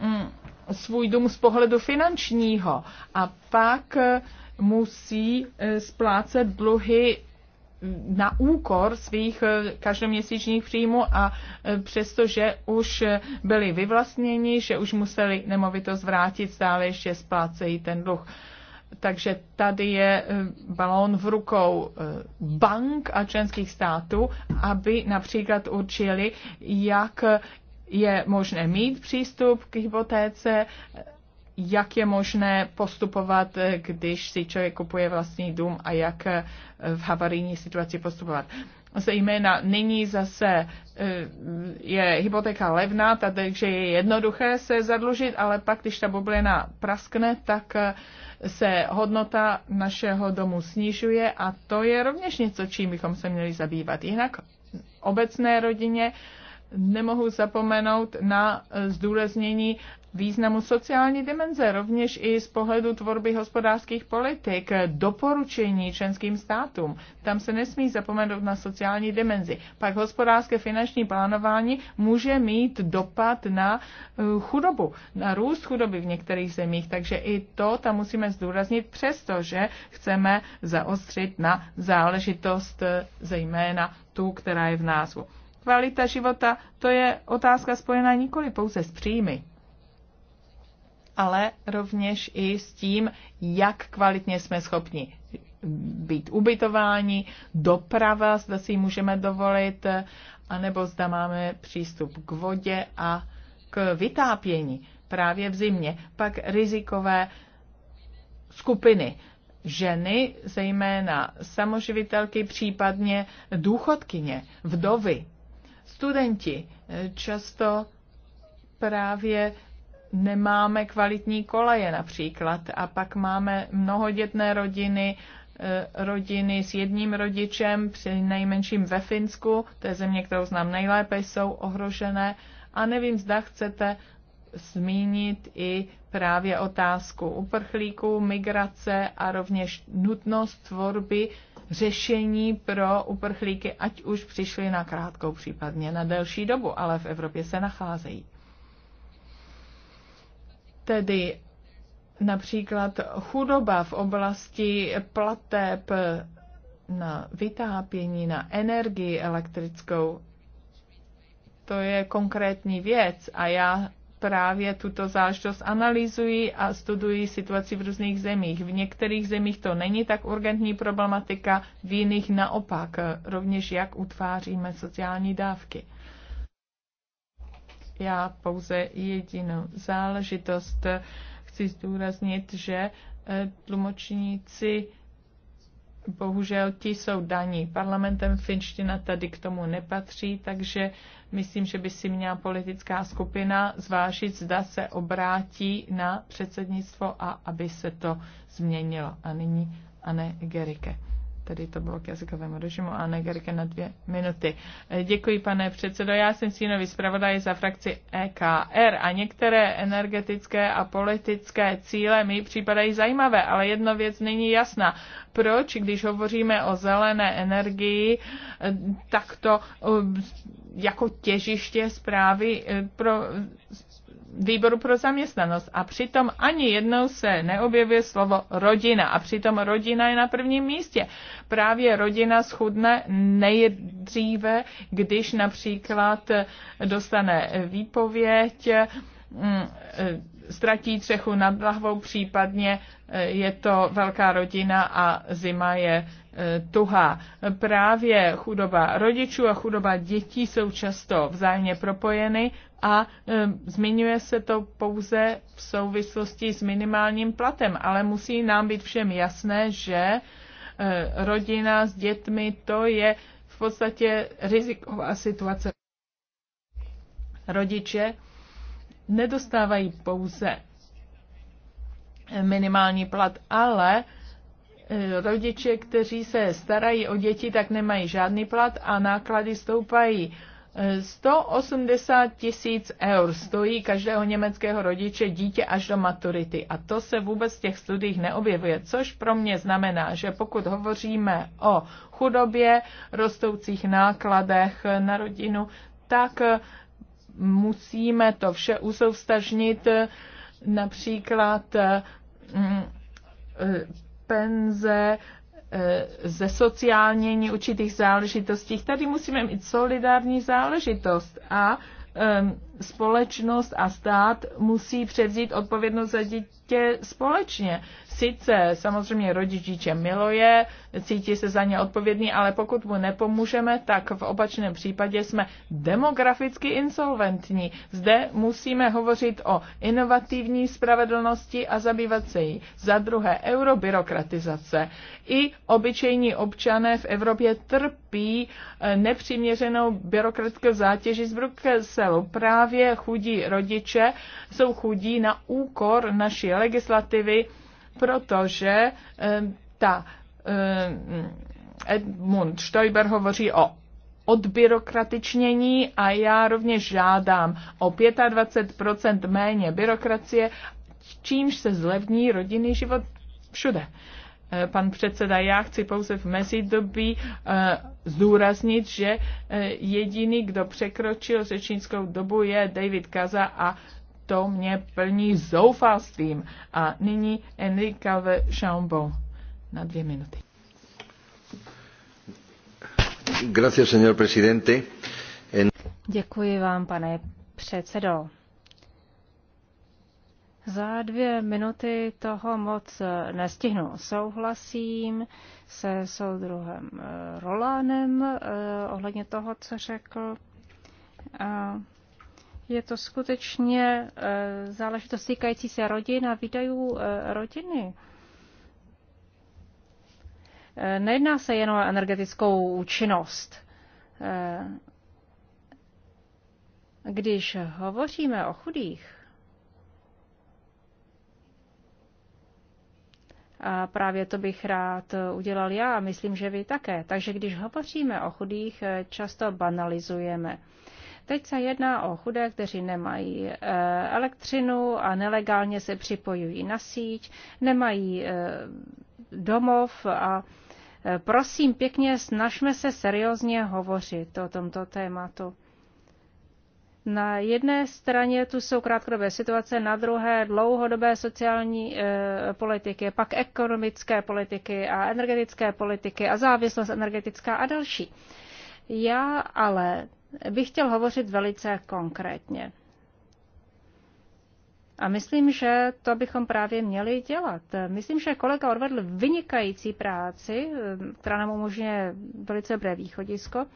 mm, svůj dům z pohledu finančního a pak eh, musí eh, splácet dluhy na úkor svých eh, každoměsíčních příjmů a přestože už byli vyvlastněni, že už museli nemovitost vrátit, stále ještě splácejí ten dluh. Takže tady je balón v rukou bank a členských států, aby například určili, jak je možné mít přístup k hypotéce, jak je možné postupovat, když si člověk kupuje vlastní dům a jak v havarijní situaci postupovat. Zejména nyní zase eh, je hypotéka levná, takže je jednoduché se zadlužit, ale pak, když ta bublina praskne, tak eh, se hodnota našeho domu snižuje a to je rovněž něco, čím bychom se měli zabývat. Jinak obecné rodině nemohu zapomenout na zdůraznění významu sociální dimenze, rovněž i z pohledu tvorby hospodářských politik, doporučení členským státům. Tam se nesmí zapomenout na sociální dimenzi. Pak hospodářské finanční plánování může mít dopad na eh, chudobu, na růst chudoby v některých zemích, takže i to tam musíme zdůraznit, přestože chceme zaostřit na záležitost eh, zejména tu, která je v názvu kvalita života, to je otázka spojená nikoli pouze s příjmy, ale rovněž i s tím, jak kvalitně jsme schopni být ubytováni, doprava, zda si ji můžeme dovolit, anebo zda máme přístup k vodě a k vytápění právě v zimě. Pak rizikové skupiny. Ženy, zejména samoživitelky, případně důchodkyně, vdovy. Studenti eh, často právě nemáme kvalitní koleje například a pak máme mnohodětné rodiny, eh, rodiny s jedním rodičem, při nejmenším ve Finsku, to je země, kterou znám nejlépe, jsou ohrožené. A nevím, zda chcete zmínit i právě otázku uprchlíků, migrace a rovněž nutnost tvorby řešení pro uprchlíky, ať už přišli na krátkou, případně na delší dobu, ale v Evropě se nacházejí. Tedy například chudoba v oblasti plateb na vytápění, na energii elektrickou, to je konkrétní věc a já právě tuto záležitost analyzují a studují situaci v různých zemích. V některých zemích to není tak urgentní problematika, v jiných naopak, rovněž jak utváříme sociální dávky. Já pouze jedinou záležitost chci zdůraznit, že eh, tlumočníci bohužel ti jsou daní parlamentem, finština tady k tomu nepatří, takže myslím, že by si měla politická skupina zvážit, zda se obrátí na předsednictvo a aby se to změnilo. A nyní Anne Gerike tedy to bylo k jazykovému režimu a Negerke na dvě minuty. E, děkuji, pane předsedo. Já jsem Sínový zpravodaj za frakci EKR a některé energetické a politické cíle mi připadají zajímavé, ale jedna věc není jasná. Proč, když hovoříme o zelené energii, e, tak to e, jako těžiště zprávy pro výboru pro zaměstnanost a přitom ani jednou se neobjevuje slovo rodina a přitom rodina je na prvním místě. Právě rodina schudne nejdříve, když například dostane výpověď, mm, ztratí třechu nad hlavou, případně e, je to velká rodina a zima je e, tuhá. Právě chudoba rodičů a chudoba dětí jsou často vzájemně propojeny a e, zmiňuje se to pouze v souvislosti s minimálním platem, ale musí nám být všem jasné, že rodina s dětmi to je v podstatě riziková situace. Rodiče nedostávají pouze minimální plat, ale e, rodiče, kteří se starají o děti, tak nemají žádný plat a náklady stoupají. 180 e, tisíc eur stojí každého německého rodiče dítě až do maturity a to se vůbec v těch studiích neobjevuje, což pro mě znamená, že pokud hovoříme o chudobě, rostoucích nákladech na rodinu, tak musíme to vše usoustažnit například mm, eh, penze eh, ze sociálnění určitých záležitostí. Tady musíme mít solidární záležitost a společnost a stát musí převzít odpovědnost za dítě společně sice samozřejmě rodič dítě miluje, cítí se za ně odpovědný, ale pokud mu nepomůžeme, tak v opačném případě jsme demograficky insolventní. Zde musíme hovořit o inovativní spravedlnosti a zabývat se jí. Za druhé, eurobyrokratizace. I obyčejní občané v Evropě trpí eh, nepřiměřenou byrokratickou zátěží z Bruselu. Právě chudí rodiče jsou chudí na úkor naší legislativy, protože eh, ta eh, Edmund Stoiber hovoří o odbyrokratičnění a já rovněž žádám o 25% méně byrokracie, čímž se zlevní rodinný život všude. Eh, pan předseda, já chci pouze v mezidobí zdůraznit, že jediný, kdo překročil řečnickou dobu, je David Kaza a to mě plní zoufalstvím. A nyní Enrika ve Chambon na dvě minuty. Gracias, señor presidente. En... Děkuji vám, pane předsedo. Za dvě minuty toho moc nestihnu. Souhlasím se soudruhem Rolánem eh, ohledně toho, co řekl. A je to skutečně eh, záležitost týkající se rodin a výdajů eh, rodiny. Eh, nejedná se jen o energetickou účinnost. Když hovoříme o chudých, a právě to bych rád udělal já a myslím, že vy také. Takže když hovoříme o chudých, často banalizujeme. Teď se jedná o chudé, kteří nemají eh, elektřinu a nelegálně se připojují na síť, nemají eh, domov a eh, prosím pěkně, snažme se seriózně hovořit o tomto tématu. Na jedné straně tu jsou krátkodobé situace, na druhé dlouhodobé sociální e, politiky, pak ekonomické politiky a energetické politiky a závislost energetická a další. Já ale bych chtěl hovořit velice konkrétně. A myslím, že to bychom právě měli dělat. Myslím, že kolega odvedl vynikající práci, která nám umožňuje velice dobré východisko.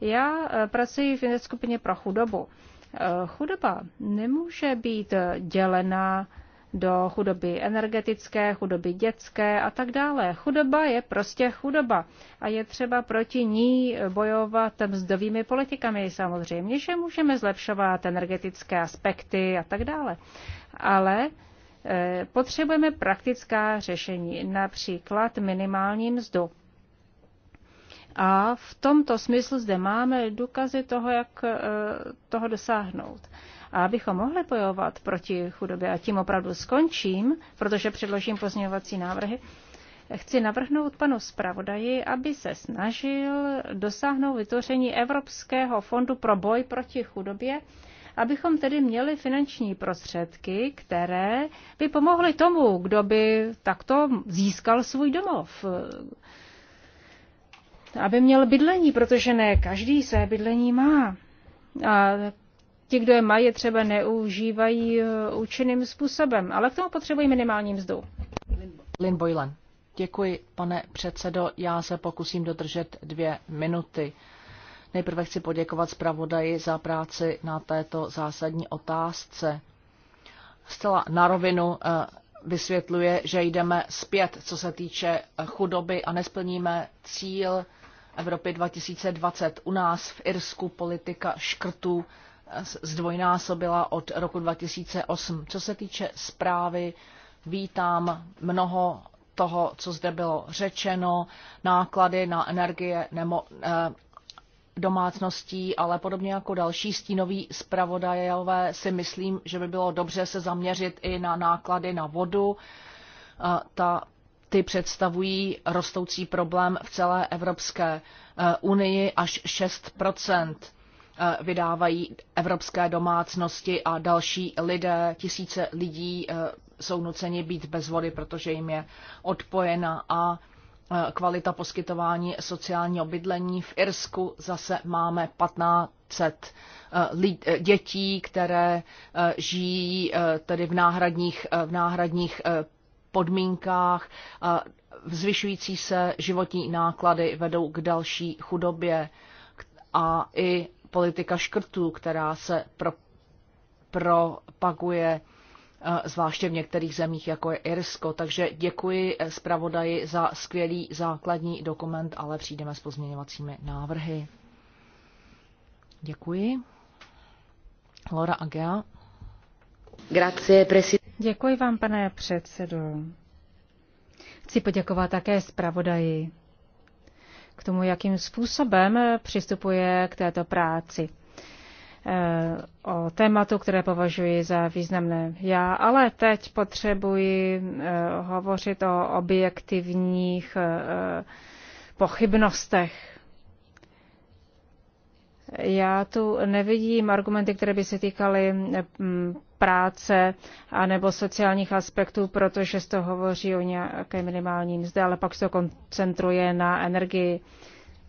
Já eh, pracuji v skupině pro chudobu. Eh, chudoba nemůže být dělena do chudoby energetické, chudoby dětské a tak dále. Chudoba je prostě chudoba a je třeba proti ní bojovat mzdovými politikami samozřejmě, že můžeme zlepšovat energetické aspekty a tak dále. Ale eh, potřebujeme praktická řešení, například minimální mzdu. A v tomto smyslu zde máme důkazy toho, jak eh, toho dosáhnout. A abychom mohli bojovat proti chudobě, a tím opravdu skončím, protože předložím pozměňovací návrhy, chci navrhnout panu zpravodaji, aby se snažil dosáhnout vytvoření Evropského fondu pro boj proti chudobě, abychom tedy měli finanční prostředky, které by pomohly tomu, kdo by takto získal svůj domov. Aby měl bydlení, protože ne každý své bydlení má. A ti, kdo je mají, třeba neužívají eh, účinným způsobem. Ale k tomu potřebují minimální mzdu. Lin Boylan. Děkuji, pane předsedo. Já se pokusím dodržet dvě minuty. Nejprve chci poděkovat zpravodaji za práci na této zásadní otázce. Zcela na rovinu eh, vysvětluje, že jdeme zpět, co se týče chudoby a nesplníme cíl Evropy 2020. U nás v Irsku politika škrtů zdvojnásobila od roku 2008. Co se týče zprávy, vítám mnoho toho, co zde bylo řečeno, náklady na energie nemo, eh, domácností, ale podobně jako další stínový zpravodajové si myslím, že by bylo dobře se zaměřit i na náklady na vodu. Eh, ta, ty představují rostoucí problém v celé Evropské eh, unii až 6 Eh, vydávají evropské domácnosti a další lidé, tisíce lidí eh, jsou nuceni být bez vody, protože jim je odpojena a eh, kvalita poskytování sociálního bydlení. V Irsku zase máme 1500 dětí, které žijí tedy v náhradních, v náhradních podmínkách. Vzvyšující se životní náklady vedou k další chudobě a i politika škrtů, která se pro, propaguje eh, zvláště v některých zemích, jako je Irsko. Takže děkuji eh, zpravodaji za skvělý základní dokument, ale přijdeme s pozměňovacími návrhy. Děkuji. Laura Agea. Grazie, Děkuji vám, pane předsedo. Chci poděkovat také zpravodaji k tomu, jakým způsobem přistupuje k této práci. Eh, o tématu, které považuji za významné já, ale teď potřebuji eh, hovořit o objektivních eh, pochybnostech já tu nevidím argumenty, které by se týkaly mm, práce anebo sociálních aspektů, protože z toho hovoří o nějaké minimální mzde, ale pak se to koncentruje na energii.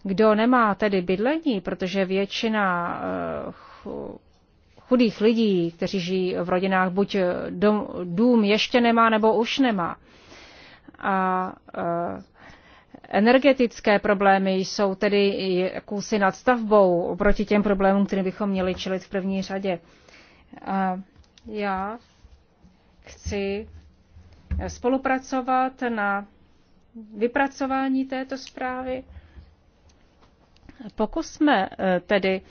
Kdo nemá tedy bydlení, protože většina eh, chudých lidí, kteří žijí v rodinách, buď eh, dům ještě nemá, nebo už nemá. A eh, Energetické problémy jsou tedy jakousi nadstavbou oproti těm problémům, které bychom měli čelit v první řadě. A já chci spolupracovat na vypracování této zprávy. Pokusme eh, tedy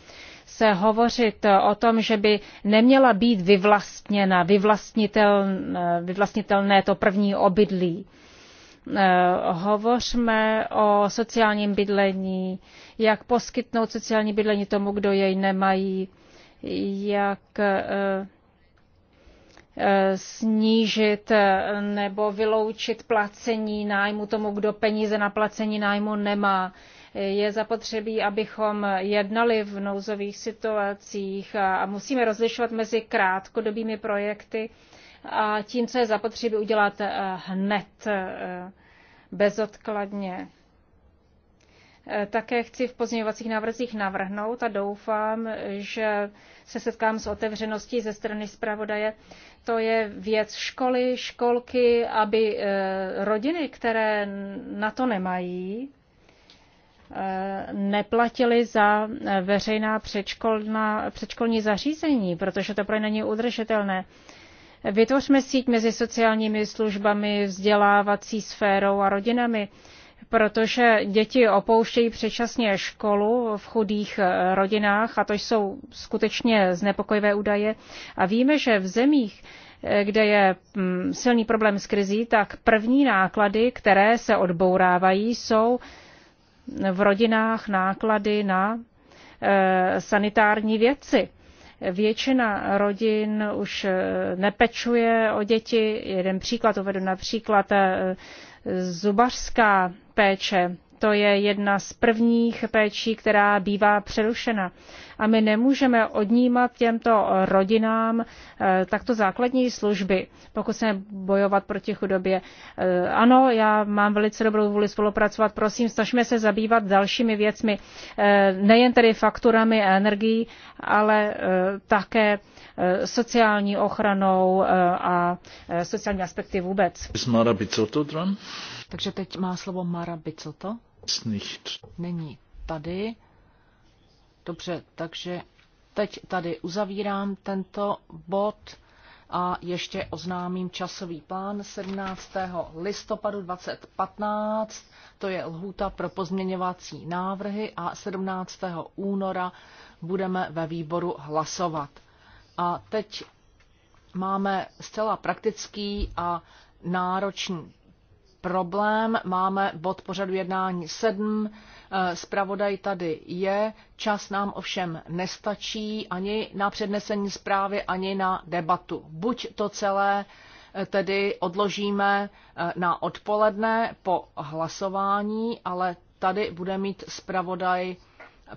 se hovořit o tom, že by neměla být vyvlastněna, vyvlastnitel, eh, vyvlastnitelné to první obydlí. Eh, hovořme o sociálním bydlení, jak poskytnout sociální bydlení tomu, kdo jej nemají, jak eh, eh, snížit nebo vyloučit placení nájmu tomu, kdo peníze na placení nájmu nemá. Je zapotřebí, abychom jednali v nouzových situacích a musíme rozlišovat mezi krátkodobými projekty a tím, co je zapotřebí udělat eh, hned, eh, bezodkladně. Eh, také chci v pozměňovacích návrzích navrhnout a doufám, že se setkám s otevřeností ze strany zpravodaje. To je věc školy, školky, aby rodiny, které na to nemají, neplatili za veřejná předškolní zařízení, protože to pro ně není udržitelné. Vytvořme síť mezi sociálními službami, vzdělávací sférou a rodinami, protože děti opouštějí předčasně školu v chudých eh, rodinách a to jsou skutečně znepokojivé údaje. A víme, že v zemích, eh, kde je mm, silný problém s krizí, tak první náklady, které se odbourávají, jsou v rodinách náklady na eh, sanitární věci Většina rodin už eh, nepečuje o děti. Jeden příklad uvedu například eh, zubařská péče to je jedna z prvních péčí, která bývá přerušena. A my nemůžeme odnímat těmto rodinám eh, takto základní služby, pokud se bojovat proti chudobě. Eh, ano, já mám velice dobrou vůli spolupracovat, prosím, snažíme se zabývat dalšími věcmi, eh, nejen tedy fakturami a energií, ale také sociální ochranou a sociální aspekty vůbec. Takže teď má slovo Mara Bicoto. Není tady. Dobře, takže teď tady uzavírám tento bod a ještě oznámím časový plán 17. listopadu 2015, to je lhůta pro pozměňovací návrhy a 17. února budeme ve výboru hlasovat. A teď máme zcela praktický a náročný problém. Máme bod pořadu jednání 7. Eh, zpravodaj tady je. Čas nám ovšem nestačí ani na přednesení zprávy, ani na debatu. Buď to celé eh, tedy odložíme eh, na odpoledne po hlasování, ale tady bude mít zpravodaj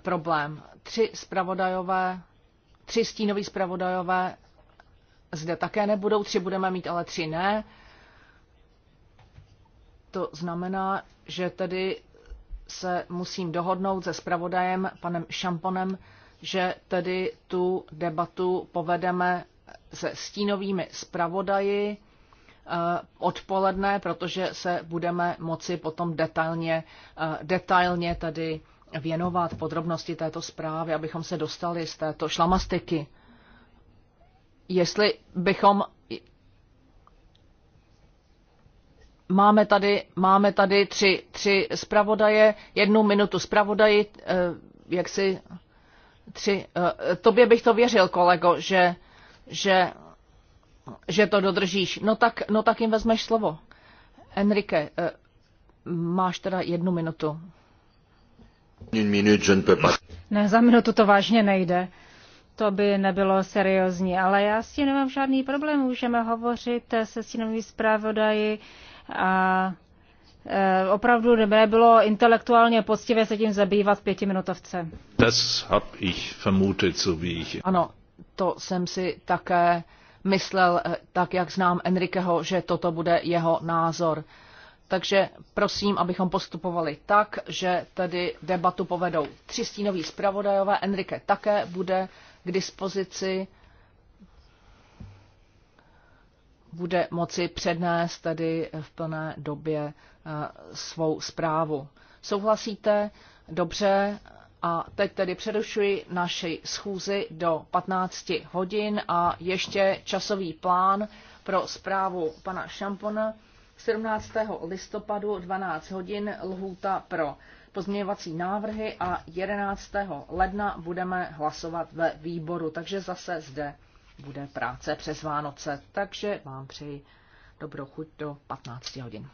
problém. Tři zpravodajové, tři stínoví zpravodajové zde také nebudou, tři budeme mít, ale tři ne. To znamená, že tedy se musím dohodnout se spravodajem panem Šamponem, že tedy tu debatu povedeme se stínovými zpravodaji eh, odpoledne, protože se budeme moci potom detailně, eh, detailně tedy věnovat podrobnosti této zprávy, abychom se dostali z této šlamastiky. Jestli bychom Máme tady, máme tady tři, tři zpravodaje, jednu minutu zpravodaji, eh, jak si tři, eh, tobě bych to věřil, kolego, že, že, že to dodržíš. No tak, no tak jim vezmeš slovo. Enrique, eh, máš teda jednu minutu. Ne, za minutu to vážně nejde. To by nebylo seriózní, ale já s tím nemám žádný problém. Můžeme hovořit se stínovými zpravodaji a e, opravdu nebylo intelektuálně poctivě se tím zabývat v pětiminutovce. Das hab ich vermutet, so wie ich. Ano, to jsem si také myslel, e, tak jak znám Enrikeho, že toto bude jeho názor. Takže prosím, abychom postupovali tak, že tedy debatu povedou tři stínoví zpravodajové. Enrique také bude k dispozici bude moci přednést tedy v plné době eh, svou zprávu. Souhlasíte? Dobře. A teď tedy přerušuji naši schůzi do 15 hodin a ještě časový plán pro zprávu pana Šampona 17. listopadu 12 hodin lhůta pro pozměňovací návrhy a 11. ledna budeme hlasovat ve výboru, takže zase zde bude práce přes Vánoce. Takže vám přeji dobrou chuť do 15 hodin.